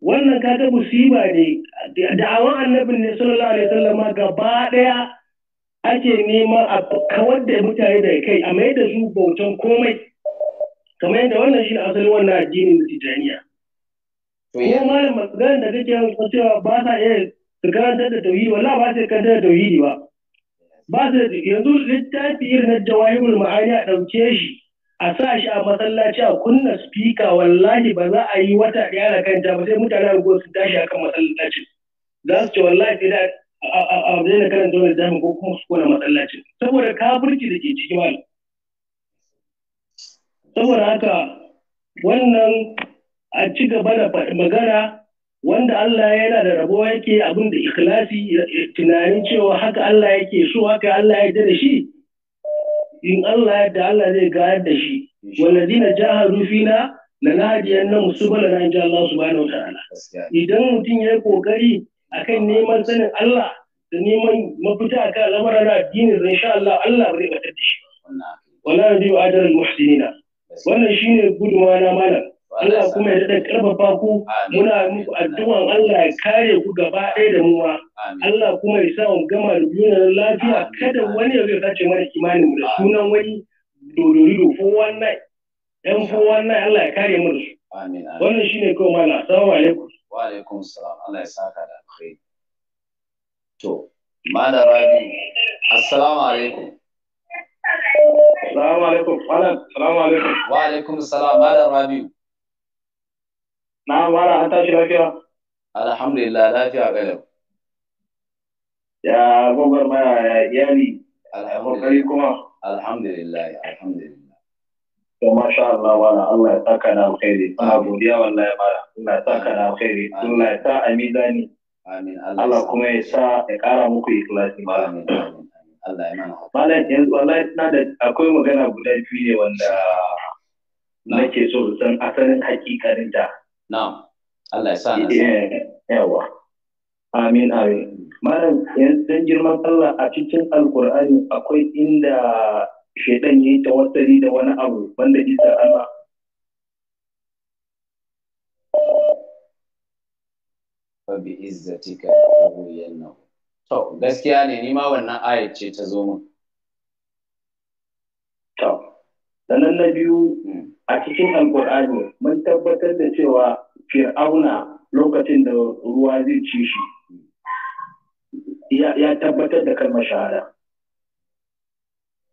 Wannan ka ta musiba ne Da da'awan annabin ne sallallahu alaihi wasallam gaba daya ake neman a kawar da mutane da kai a mai da su bautan komai kamar yadda wannan shi asalin wannan addinin da tijaniya. Ko malam maganar da kake cewa ba sa iya karantar da tauhidi wallahi ba sai karantar da tauhidi ba. ba su da yanzu littafi irin na jawahirul ma'ani a ɗauke shi a sa shi a masallaci a kunna spika wallahi ba za a yi wata ɗaya da kanta ba sai mutane a su tashi akan masallacin za su ce wallahi sai da a daina karanta wani littafin ko kuma su kona masallacin saboda kafirci da ke ciki ba saboda haka wannan a ci gaba da magana wanda Allah yana da rabo yake abin da ikhlasi tunanin cewa haka Allah yake so haka Allah ya da shi in Allah ya Allah zai gayar da shi walladina jahadu fina lanahdiyan na musubala na inja Allah subhanahu ta'ala idan mutum ya yi kokari akan neman sanin Allah da neman mafita akan lamarin addini zai sha Allah Allah bai batar da shi wala nadiyu ajral muhsinina wannan shine gudunmawa na malam Allah kuma ya daɗa ƙarfafa ku muna muku addu'an Allah ya kare ku gaba ɗaya da mu ma Allah kuma ya sa mu gama da duniyar lafiya kada wani ya zai sace mana imanin mu da sunan wani dodorido ko wannan ɗan ko wannan Allah ya kare mu da Amin. wannan shine kawai mana assalamu alaikum wa alaikum salam Allah ya saka da alkhairi to mana rabi assalamu alaikum Salamu alaikum, Malam. alaikum. Wa alaikum salam, da Rabiu. na mara an tashi lafiya alhamdulillah lafiya galau ya gobar ma ya iyali alhamdulillah kuma alhamdulillah alhamdulillah to masha Allah wala Allah ya saka na alkhairi ina godiya wallahi mara Allah ya saka na alkhairi Allah ya sa a mizani amin Allah kuma ya sa ya kara muku ikhlasi amin Allah ya mana malam yanzu wallahi ina da akwai magana guda biyu ne wanda nake so san asalin hakikarin ta na'am Allah ya sa na eh, yawa amin amin malam yanzu, dan girman Allah a cikin Alƙur'ani, akwai inda shaidan yayi tawassali da wani abu wanda isa Allah ka izzatika ughwiyannahu to gaskiya ne ni ma wannan ayat ce ta zo min to sannan na biyu hmm. a cikin Alƙur'ani, mun tabbatar da cewa fir'auna lokacin da ruwa zai ci shi ya tabbatar da kalmar shahada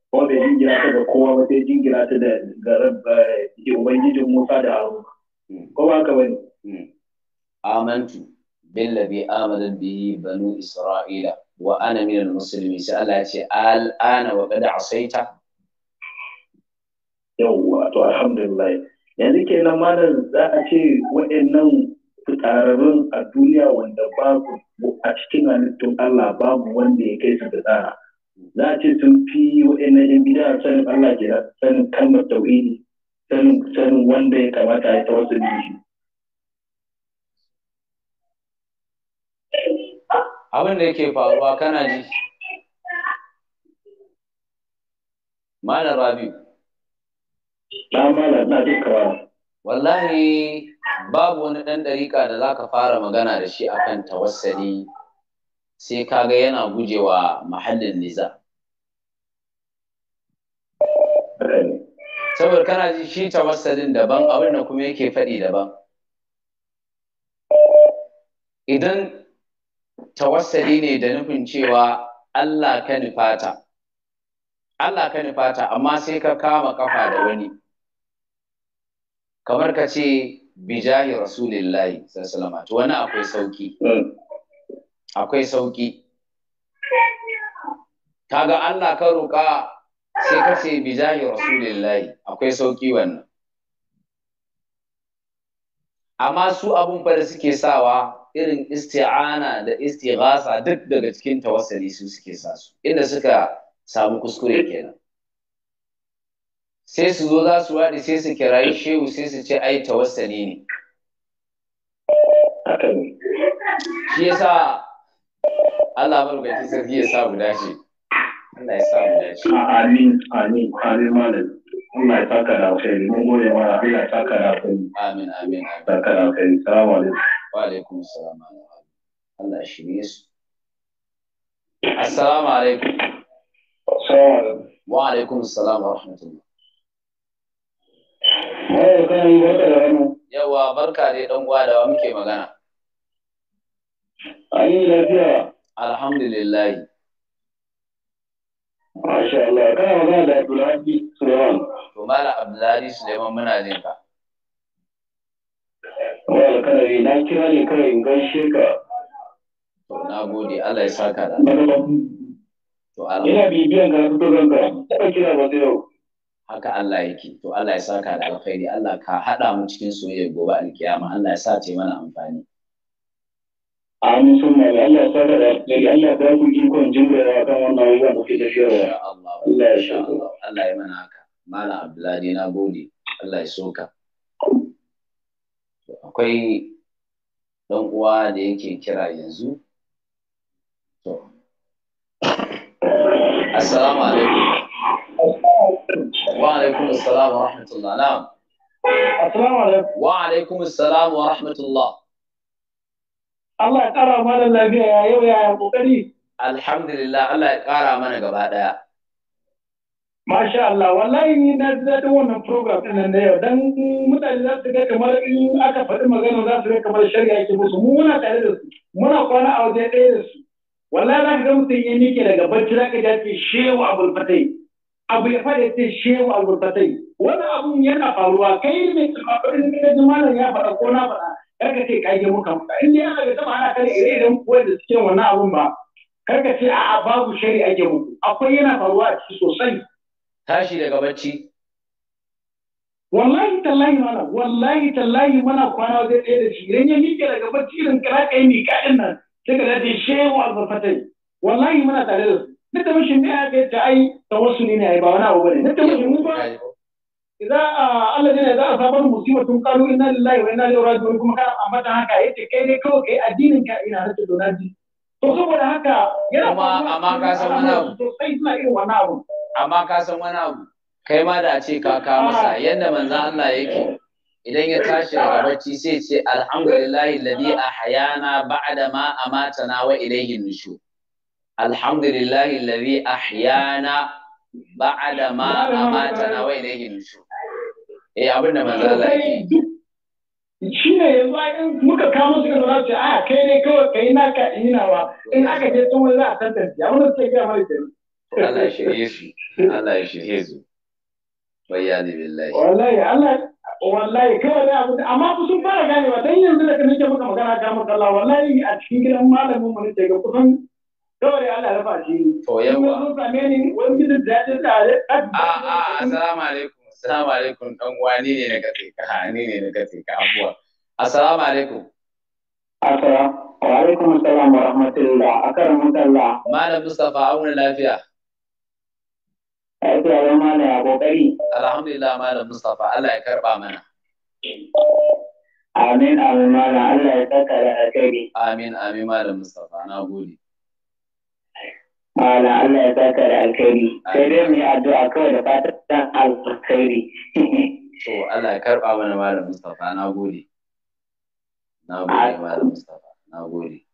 kuma bai jingira ta da kowa ba sai jingira ta da ga ubangijin Musa da Haruna ko ba ka bani? Hmm. amantu billabi amadan bihi banu isra'ila wa ana minal muslimin sai Allah ya ce al'ana wa qad asaita yawwa to alhamdulillah yanzu kenan malam za a ce waɗannan fitararrun a duniya wanda babu a cikin halittun Allah babu wanda ya kai su da tsara za a ce sun fi waɗannan yan bida sanin Allah ke sanin kamar tauhidi sanin sanin wanda ya kamata ya ta wasu shi. Abin da yake faruwa kana ji. Malam Rabiu. Wallahi babu wani ɗan ɗariƙa da za ka fara magana da shi akan tawassali sai kaga yana gujewa mahallin niza. Saboda kana ji shi tawassalin daban abin da kuma yake faɗi daban. Idan tawassali ne da nufin cewa Allah ka nufata, Allah ka nufata amma sai ka kama kafa da wani. kamar ka ce bijahi rasulillahi sallallahu to wani akwai sauki hmm. akwai sauki kaga Allah ka roƙa sai ka ce bijahi rasulillahi akwai sauki wannan amma su abun fa da suke sawa irin isti'ana da istighasa duk daga cikin tawassali su suke sa su inda suka samu kuskure kenan sai su zo za su waɗi sai su kirayi shehu sai su ce ai tawassali ne shi yasa Allah barkatun sarki ya sa mu dace Allah ya sa mu dace amin amin amin malam Allah ya saka da alkhairi mun gode mana Allah ya saka da alkhairi amin amin saka da alkhairi assalamu alaikum wa alaikum assalam Allah shi ne su assalamu alaikum assalamu alaikum wa alaikum assalam wa rahmatullahi. Yawa barka dai dan uwa da muke magana. An yi lafiya. Alhamdulillah. Masha Allah, kana magana da Abdullahi Suleiman. To Malam Abdullahi Suleiman muna jin ka. Wal kanari na kira ne kawai in gaishe ka. To na gode, Allah ya saka da. To Allah. Ina bibiyan ka fito ranka. Ka kira ba zai yau. haka Allah yake to Allah ya saka da alkhairi Allah ka haɗa mu cikin soyayya gobe alkiyama Allah ya sa ce mana amfani amin sun mai Allah ya Allah ya Allah ya Allah mana haka malam gode Allah soka akwai dan uwa da yake kira yanzu to assalamu alaikum وعليكم السلام ورحمة الله نعم السلام عليكم وعليكم السلام ورحمة الله الله يقرا من الله بيا يا يا يا الحمد لله الله يقرا من الله هذا ما شاء الله والله نزل دون بروجرام إن ده دن متى نزلت كده كمال إن أك فتح مجال نزلت كده كمال شريعة كبس مونا تعرف مونا قانا أو ده إيرس والله أنا قدمت يمي كده قبل كده كده شيء وأبو الفتي abu ya fara ce shehu alburkatai wani abun yana faruwa kai mai tsakaɗin da jimalar ya faɗa ko na faɗa karka ce kage muka muka in dai ana ga sama ana kare ire-iren kuwa da suke wannan abun ba karka ce a babu shari'a ake muku akwai yana faruwa a ciki sosai tashi daga bacci wallahi tallahi mana wallahi tallahi mana kwana wajen ɗaya da shi idan ya miƙe daga bacci irin kira kai miƙa ɗin nan sai ka dace shewa albarkatai wallahi muna tare da su duk da mishin ne aka ta ai tawassuli ne ai ba wani abu bane duk da mishin mun ba idza Allah ne za a sabar musibatun qalu inna lillahi wa inna ilaihi raji'un kuma kana ambata haka yace kai ne kawai kai addinin ka ina nake donaji to saboda haka yana kuma amma ka san wani abu sai suna irin wannan abu amma ka san wani abu kai ma da a ce ka ka masa ah. yadda manzon Allah yake idan ya tashi daga bacci sai ce alhamdulillahi alladhi ahyana ba'da ma amatana wa ilayhi nushur alhamdulillahi لله الذي أحيانا بعد ما أماتنا وإليه nushur إيه eh, abin da manzo Allah shi ne yanzu in muka kama su kan ce a kai ne kawai kai na ka wa in aka je tun wani za a tantance a wani suke gaya mara kenan Allah ya shirye su Allah ya shirye su bayyani billahi wallahi Allah wallahi kawai da abu amma ku sun fara ganewa don yanzu da nake muka magana ga maka Allah wallahi a cikin gidan malamin mu nake ga kusan Dole Allah rafa shi. To yawa. wani gidan da ya da A a assalamu alaikum. Assalamu alaikum dan uwa ni ne na katse ka ni ne na katse ka abuwa. Assalamu alaikum. Assalamu alaikum assalam wa rahmatullah. Akaram Allah. Malam Mustafa auna lafiya. Lafiya ya mana ya kokari. Alhamdulillah malam Mustafa Allah ya karba mana. Amin amin malam Allah ya saka da alheri. Amin amin malam Mustafa na gode. Ala Allah ya saka da alkhairi. Sai dai mu yi addu'a kawai da fatan alkhairi. <laughs> To Allah ya karɓa mana Malam Mustapha, na gode. Na gode Malam Mustapha, na gode.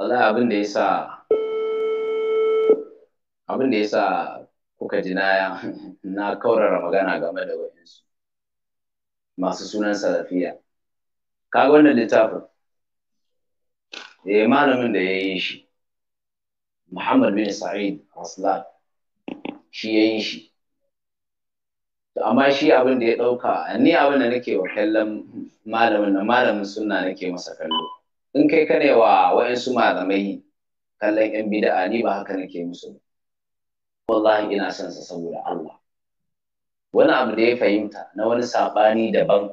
Allah abin da yasa abin da yasa kuka ji na na kaurara magana game da wadansu masu sunan salafiya ga wannan littafin eh malamin da ya yi shi Muhammad bin Sa'id Aslan shi ya yi shi amma shi abin da ya ɗauka ni abin da nake wa kallon malamin na malamin sunna nake masa kallo in kai ka ne wa wa'yansu malamai kallon yan bida'a ni ba haka nake musu ba wallahi ina son sa saboda Allah wani abu da ya fahimta na wani sabani daban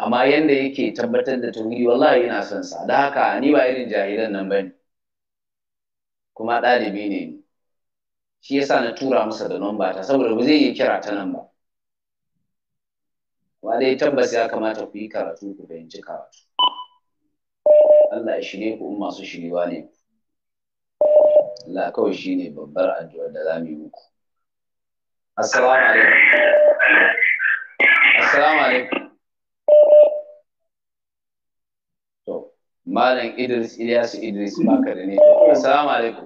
amma yanda yake tabbatar da tauhidi wallahi ina son sa da haka ni ba irin jahilan nan bane kuma ɗalibi ne shi yasa na tura masa da number ta saboda ba zai yi kira ta nan ba wa dai tabbas ya kamata ku yi karatu ku fahimci karatu Allah ya shine ku masu shiriwa ne Allah kawai ne babbar addu'a da za mu yi muku Assalamu alaikum Assalamu alaikum Malam Idris Ilyas Idris baka da ne Assalamu alaikum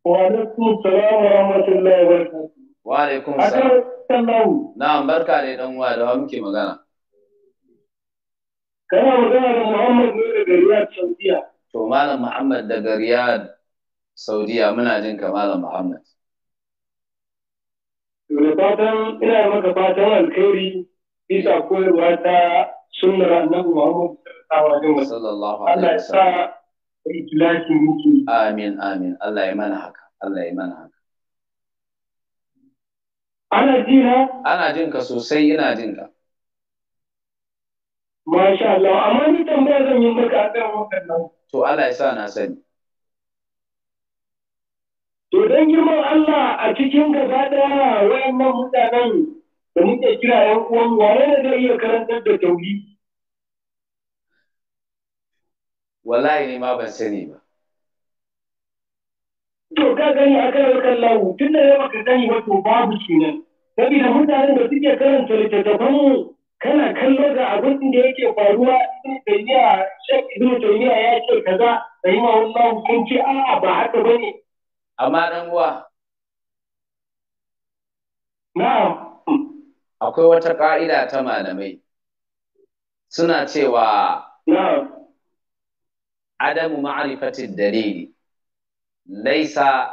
Wa alaikum salam wa rahmatullahi Wa alaikum salam. Na'am barka ne dan uwa da wa muke magana. Kana magana da Muhammad ne daga Riyadh Saudiya. To Malam Muhammad daga Riyadh Saudiya muna jin ka Malam Muhammad. To da fatan ina maka fatan alkhairi bisa koyarwa ta sunnar Annabi Muhammad sallallahu alaihi wasallam. Allah ya sa ikhlasi miki. Amin amin Allah ya mana haka. Allah ya mana haka. Ana jina? Ana jin ka sosai ina jin ka. Masha Allah, amma ni tambaya zan yi maka akan waɗannan. To Allah ya sa na sani. To don girman Allah a cikin gaba ɗaya wayannan mutanen da muke kira ‘yan uwan wane ne zai iya karantar da tauhi? Wallahi ne ma ban sani ba. To ka gani a kan harkar lawu tun da yawa ka gani wato babu kenan. Sabida mutanen da suke karanta littattafan mu kana kallo ga abin da yake faruwa ibn tayyiya shek ibn tayyiya ya ce kaza rahimahullahu kun ce a'a ba haka bane. Amma dan uwa. Na'am. Akwai wata ƙa'ida ta malamai suna cewa Adamu ma'arifatin dalili laisa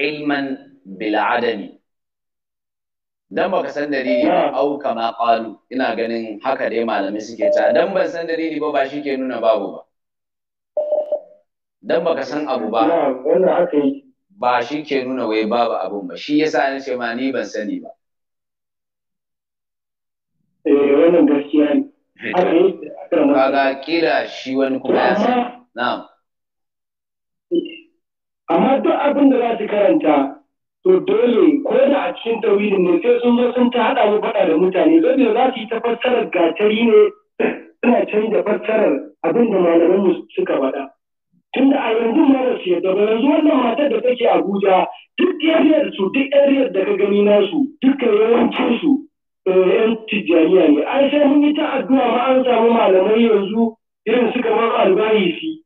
ilman bila adami dan baka san dalili ba au kama qalu ina ganin haka dai malamai suke ta dan ban san dalili ba ba shike nuna babu ba dan baka san abu ba ba shike nuna wai babu abun ba shi yasa ni ce ma ni ban sani ba eh wannan gaskiya ne kaga kila shi wani kuma ya sani na'am amma duk abin da za su karanta to dole ko da a cikin tawhidin ne sai sun zo sun ta hada mu faɗa da mutane da za su yi ta fassarar gatari ne suna canza fassarar abin da malaman mu suka faɗa tunda a yanzu mara su yadda ba yanzu wannan matar da take Abuja duk area su duk area da ka gani nasu duka yawancin su eh, yan tijjaniya ne ai sai mun yi ta addu'a ma an samu malamai yanzu irin suka ma albahisi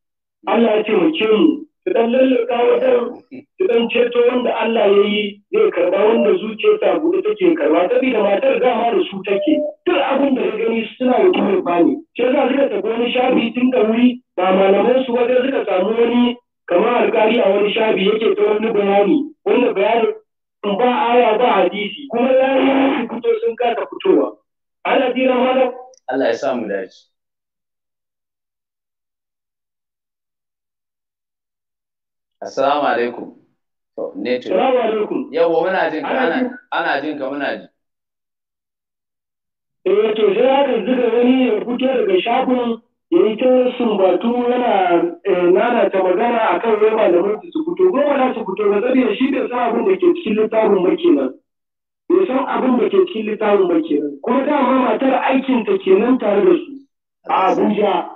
Allah ya taimake mu su dan lulluka wajen ceto wanda Allah ya yi zai karba wanda zuciyarsa guda take karba Sabida matar dama da su take duk abin da ya gani suna da kuma bani sai za su tafi wani shafi tun da wuri ba malaman su wajen suka samu wani kamar alkali a wani shafi yake ta wani bayani wanda bayanin ba aya ba hadisi kuma lariya su fito sun kasa fitowa. Allah dira malam. Allah ya samu dace. Assalamu alaikum. Assalamu alaikum. Yawwa muna jin ka ana ana jin ka muna ji. Eh to sai haka zuga wani ya fito daga shagon ya yi ta sumbatu yana eh, nana ta magana akan wai malamin su fito goma na su fito na tsariya shi bai san abin da ke cikin littafin ba kenan. Bai san abin da ke cikin littafin ba kenan. Kuma dama matar aikin ta kenan tare da su a Abuja.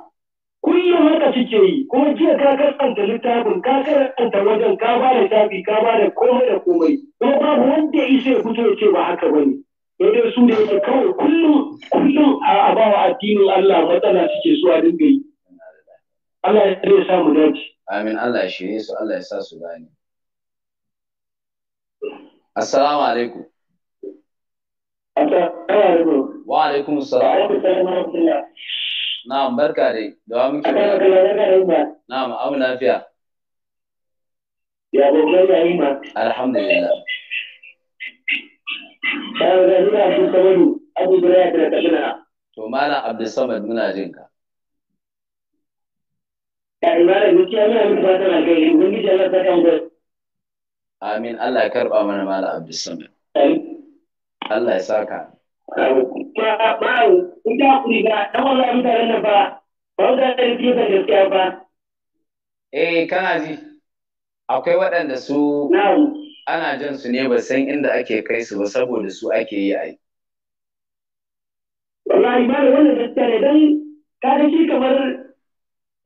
kullum haka suke yi kuma jiya ka karanta littafin ka karanta wajen ka ba da tafi ka ba da komai da komai kuma babu wanda ya isa ya fito ya ce ba haka ba bane yadda su da yake kawai kullum kullum a abawa addinin Allah matsala suke so a dinga yi Allah ya tsare sa mu dace amin Allah ya shirye su Allah ya sa su gane assalamu alaikum assalamu alaikum wa alaikum assalam Na'am barka dai. Da wa muke Na'am abu lafiya. Ya bokai da yayi ma. Alhamdulillah. Ya ga ina su sabadu Abu Buraya da Kaduna. To malam Abdulsamad muna jin ka. Ya ibara gaskiya ba ta ga yi. Mun ji Allah ta kan Amin Allah ya karba mana malam Abdulsamad. Allah ya saka. ta bayan in ta kuri ba dan wallahi mutanen nan ba ba mutanen da san gaskiya ba eh kana ji akwai waɗanda su ana jan su ne ba san inda ake kai su ba saboda su ake yi ai wallahi ba da wannan gaskiya ne dan ka ga shi kamar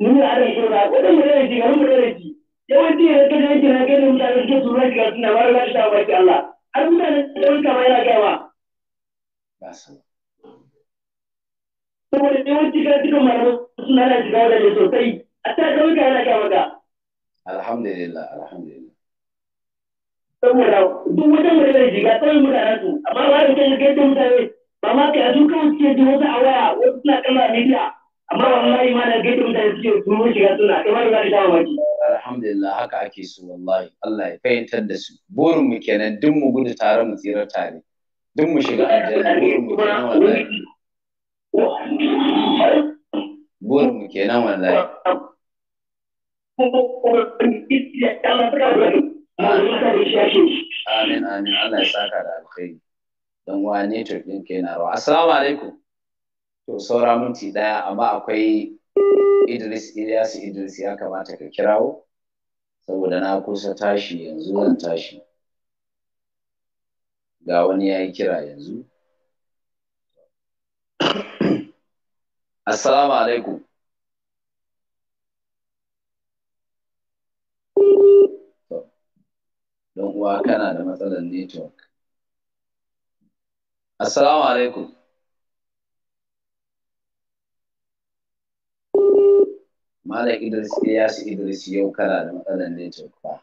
nuna adam ko ba wannan mu ne ji ga mu ne ji yawanci ne kaje yake na kai mutanen da su ruwa ga suna ba ruwa da Allah har mutanen da wani kama yana gaba kasa ba. Saboda yawanci ga duka malamai suna da shiga da sosai a ta ɗauka yana kya Alhamdulillah, alhamdulillah. Saboda duk wata mai da shiga tsawon mutanen su amma ba da kai gaida mutane ba ma kai a su kawai suke ji wata a waya wasu suna kalla media amma wallahi ma da gaida mutane suke su shiga suna kamar da ta mamaki. Alhamdulillah haka ake so wallahi Allah ya fahimtar da su burin mu kenan duk mu gudu tare mu tsira tare. duk mu shiga aljanna burin mu kenan wallahi amin amin Allah ya saka da alkhairi dan wa network din na rawa assalamu alaikum to saura minti daya amma akwai Idris Ilyas Idris ya kamata ka kirawo saboda na kusa tashi yanzu zan tashi ga wani ya yi kira yanzu <coughs> assalamu alaikum don uwa kana da matsalar network assalamu alaikum Malam Idris Iyasu Idris yau kana da matsalar network ba.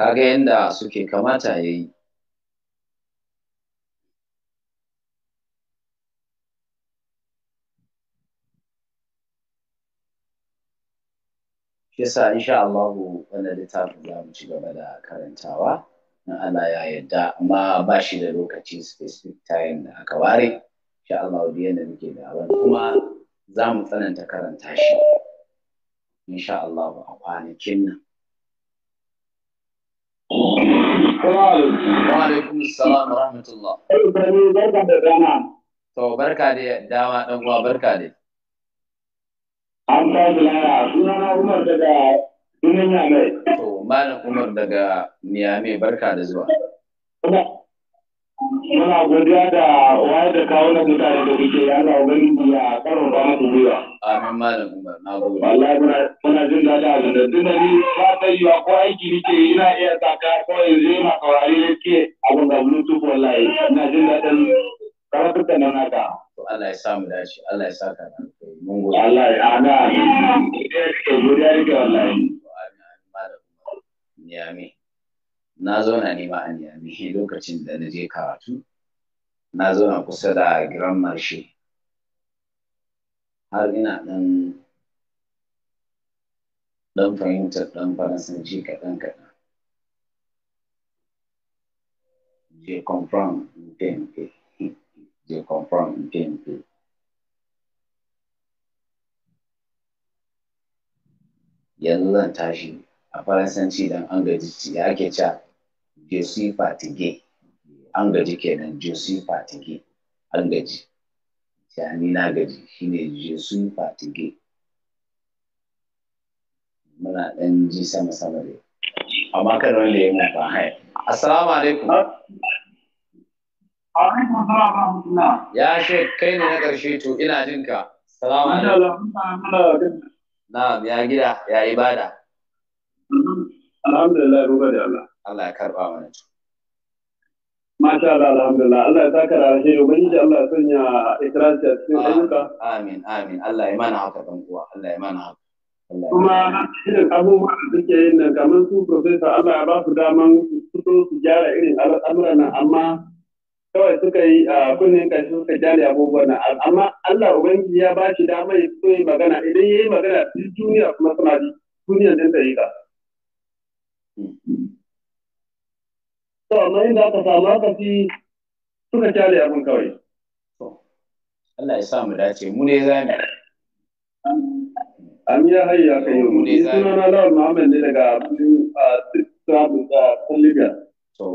kaga yadda suke kamata ya yi yasa insha Allah wannan littafin za mu ci gaba da karantawa in Allah ya yarda amma ba shi da lokaci specific time da aka ware insha Allah duk yanda muke da wani kuma za mu tsananta karanta shi insha Allah a kwanakin nan Wa alaikum salam rahmatullah. To barka dama dan uwa barka da. An ta lara sunana Umar daga Niamey. To malam Umar daga Niamey barka da zuwa. Muna godiya da wayar da kawo na mutane da kuke ya Allah ubangiji ya karon ba muku gwiwa. Amin malam Umar na gode. Wallahi muna jin daɗi a zanda duk da ni ba ta yi wa ko aiki nake ina iya saka ko yanzu ina saurari nake abin da bluetooth wallahi ina jin daɗin karatu da nan haka. Allah ya sa mu dace Allah ya sa ka mun gode. Allah ya ana. Godiya nake wallahi. Amin malam Umar. Ni amin. na zauna ne ma a Niyami lokacin da na je karatu na zauna kusa da Grammar shi har ina ɗan ɗan fahimtar ɗan faransanci kaɗan kaɗan je confirm mpe je confirm yanzu zan tashi a faransanci dan an gaji ya ake cewa jc fatige an gaji kenan jc fatige an gaji shani na gaji shine jc fatige muna ɗan ji sama sama dai amma kan wanda ya mun fa hai assalamu alaikum ya she kai ne na ƙarshe to ina jin ka salamu alaikum Na ya gida ya ibada alhamdulillah roba da Allah Allah ya karba mana su Masha Allah alhamdulillah Allah ya saka rahe ubangiji Allah ya sanya ikirarci a cikin ayyuka Amin amin Allah ya mana haka dan uwa Allah ya mana haka kuma irin abubuwa da suke yin nan kamar su profesa Allah ya ba su daman su su gyara irin al'amuran nan amma kawai suka yi a kunnen kashi suka gyara abubuwan nan amma Allah ubangiji ya ba shi dama ya so yi magana idan ya yi magana duk duniya kuma suna ji duniya din ta yi ka. Hmm. to amma inda aka samu aka fi suka kyale abin kawai Allah ya sa mu dace mu ne za mu an ya hayya kai mu ne za mu na lawan Muhammad ne daga Travel da Libya to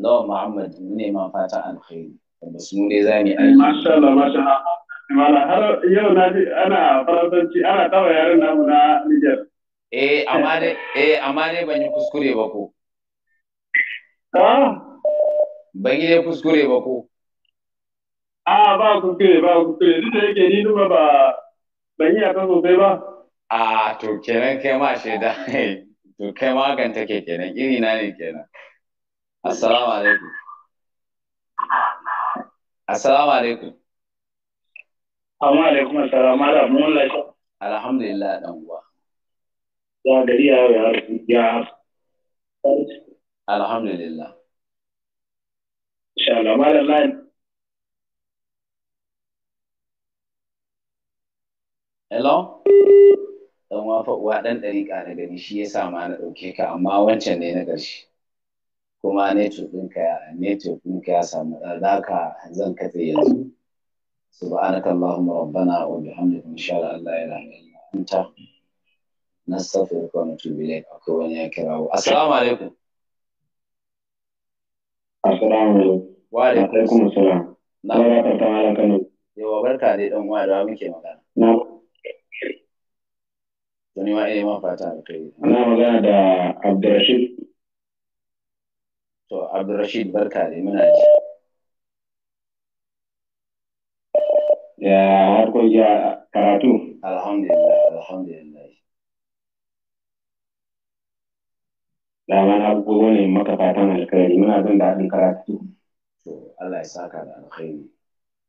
lawan Muhammad mu ne ma fata alkhairi tabbas mu ne za mu aiki masha Allah masha Allah har yau na ji ana faransanci ana tawa yaren namu na Niger eh amma dai eh amma dai ban yi kuskure ba ko Ban yi kuskure ba ko. A ba kuskure ba kuskure duk da yake ni duba ba ban yi akan sosai ba. A to kenan kai ma shaida to kai ma hakan take kenan iri na ne kenan. Assalamu alaikum. Assalamu alaikum. Amma alaikum assalam alaikum mun lafiya. Alhamdulillah dan uwa. Ya gari ya ya ya. Alhamdulillah. Insyaallah malam lain. Hello? Dan wa uwa dan dari shi yasa ma na ɗauke ka amma wancan ne na gashi. Kuma ne to dinka ya ne to dinka samu zaka zan katse yanzu. Subhanaka Allahumma rabbana wa bihamdika inshallah Allah ya rahme anta. Nastaghfiruka wa natubu ilayk. Akwai wani ya kira. Assalamu alaikum. Assalamu alaikum. Wa alaikum salam. Na barka ta mala Kano. Yawa barka dai dan uwa da muke magana. Na Wani ma eh ma fata alkai. Ana magana da Abdurrashid. To Abdurrashid barka dai muna ji. Ya har harkoki karatu. Alhamdulillah alhamdulillah. dama na bugo ne maka fatan alkhairi muna jin daɗin karatu to Allah ya saka da alkhairi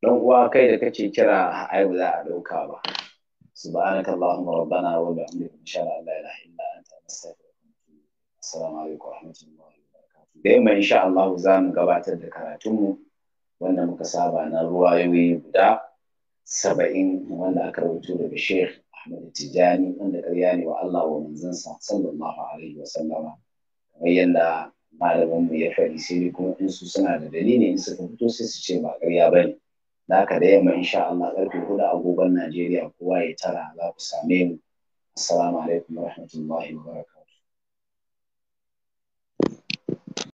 dan uwa kai da kace kira ai ba za a dauka ba subhanaka allahumma rabbana wa bihamdika insha Allah la ilaha illa anta nastaghfiruka assalamu alaikum wa rahmatullahi wa barakatuh dai mai insha Allah za mu gabatar da karatunmu wanda muka saba na ruwayoyi guda saba'in wanda aka rubuto daga Sheikh Ahmad Tijani wanda ƙarya ne wa Allah wa manzansa sallallahu alaihi wa sallama kamar yadda malamin mu ya faɗi sai kuma in su suna da dalili in suka fito sai su ce ba ƙarya ba ne da haka da yamma insha Allah ƙarfe hudu agogon Najeriya kowa ya tara za ku same mu assalamu alaikum wa wabarakatuh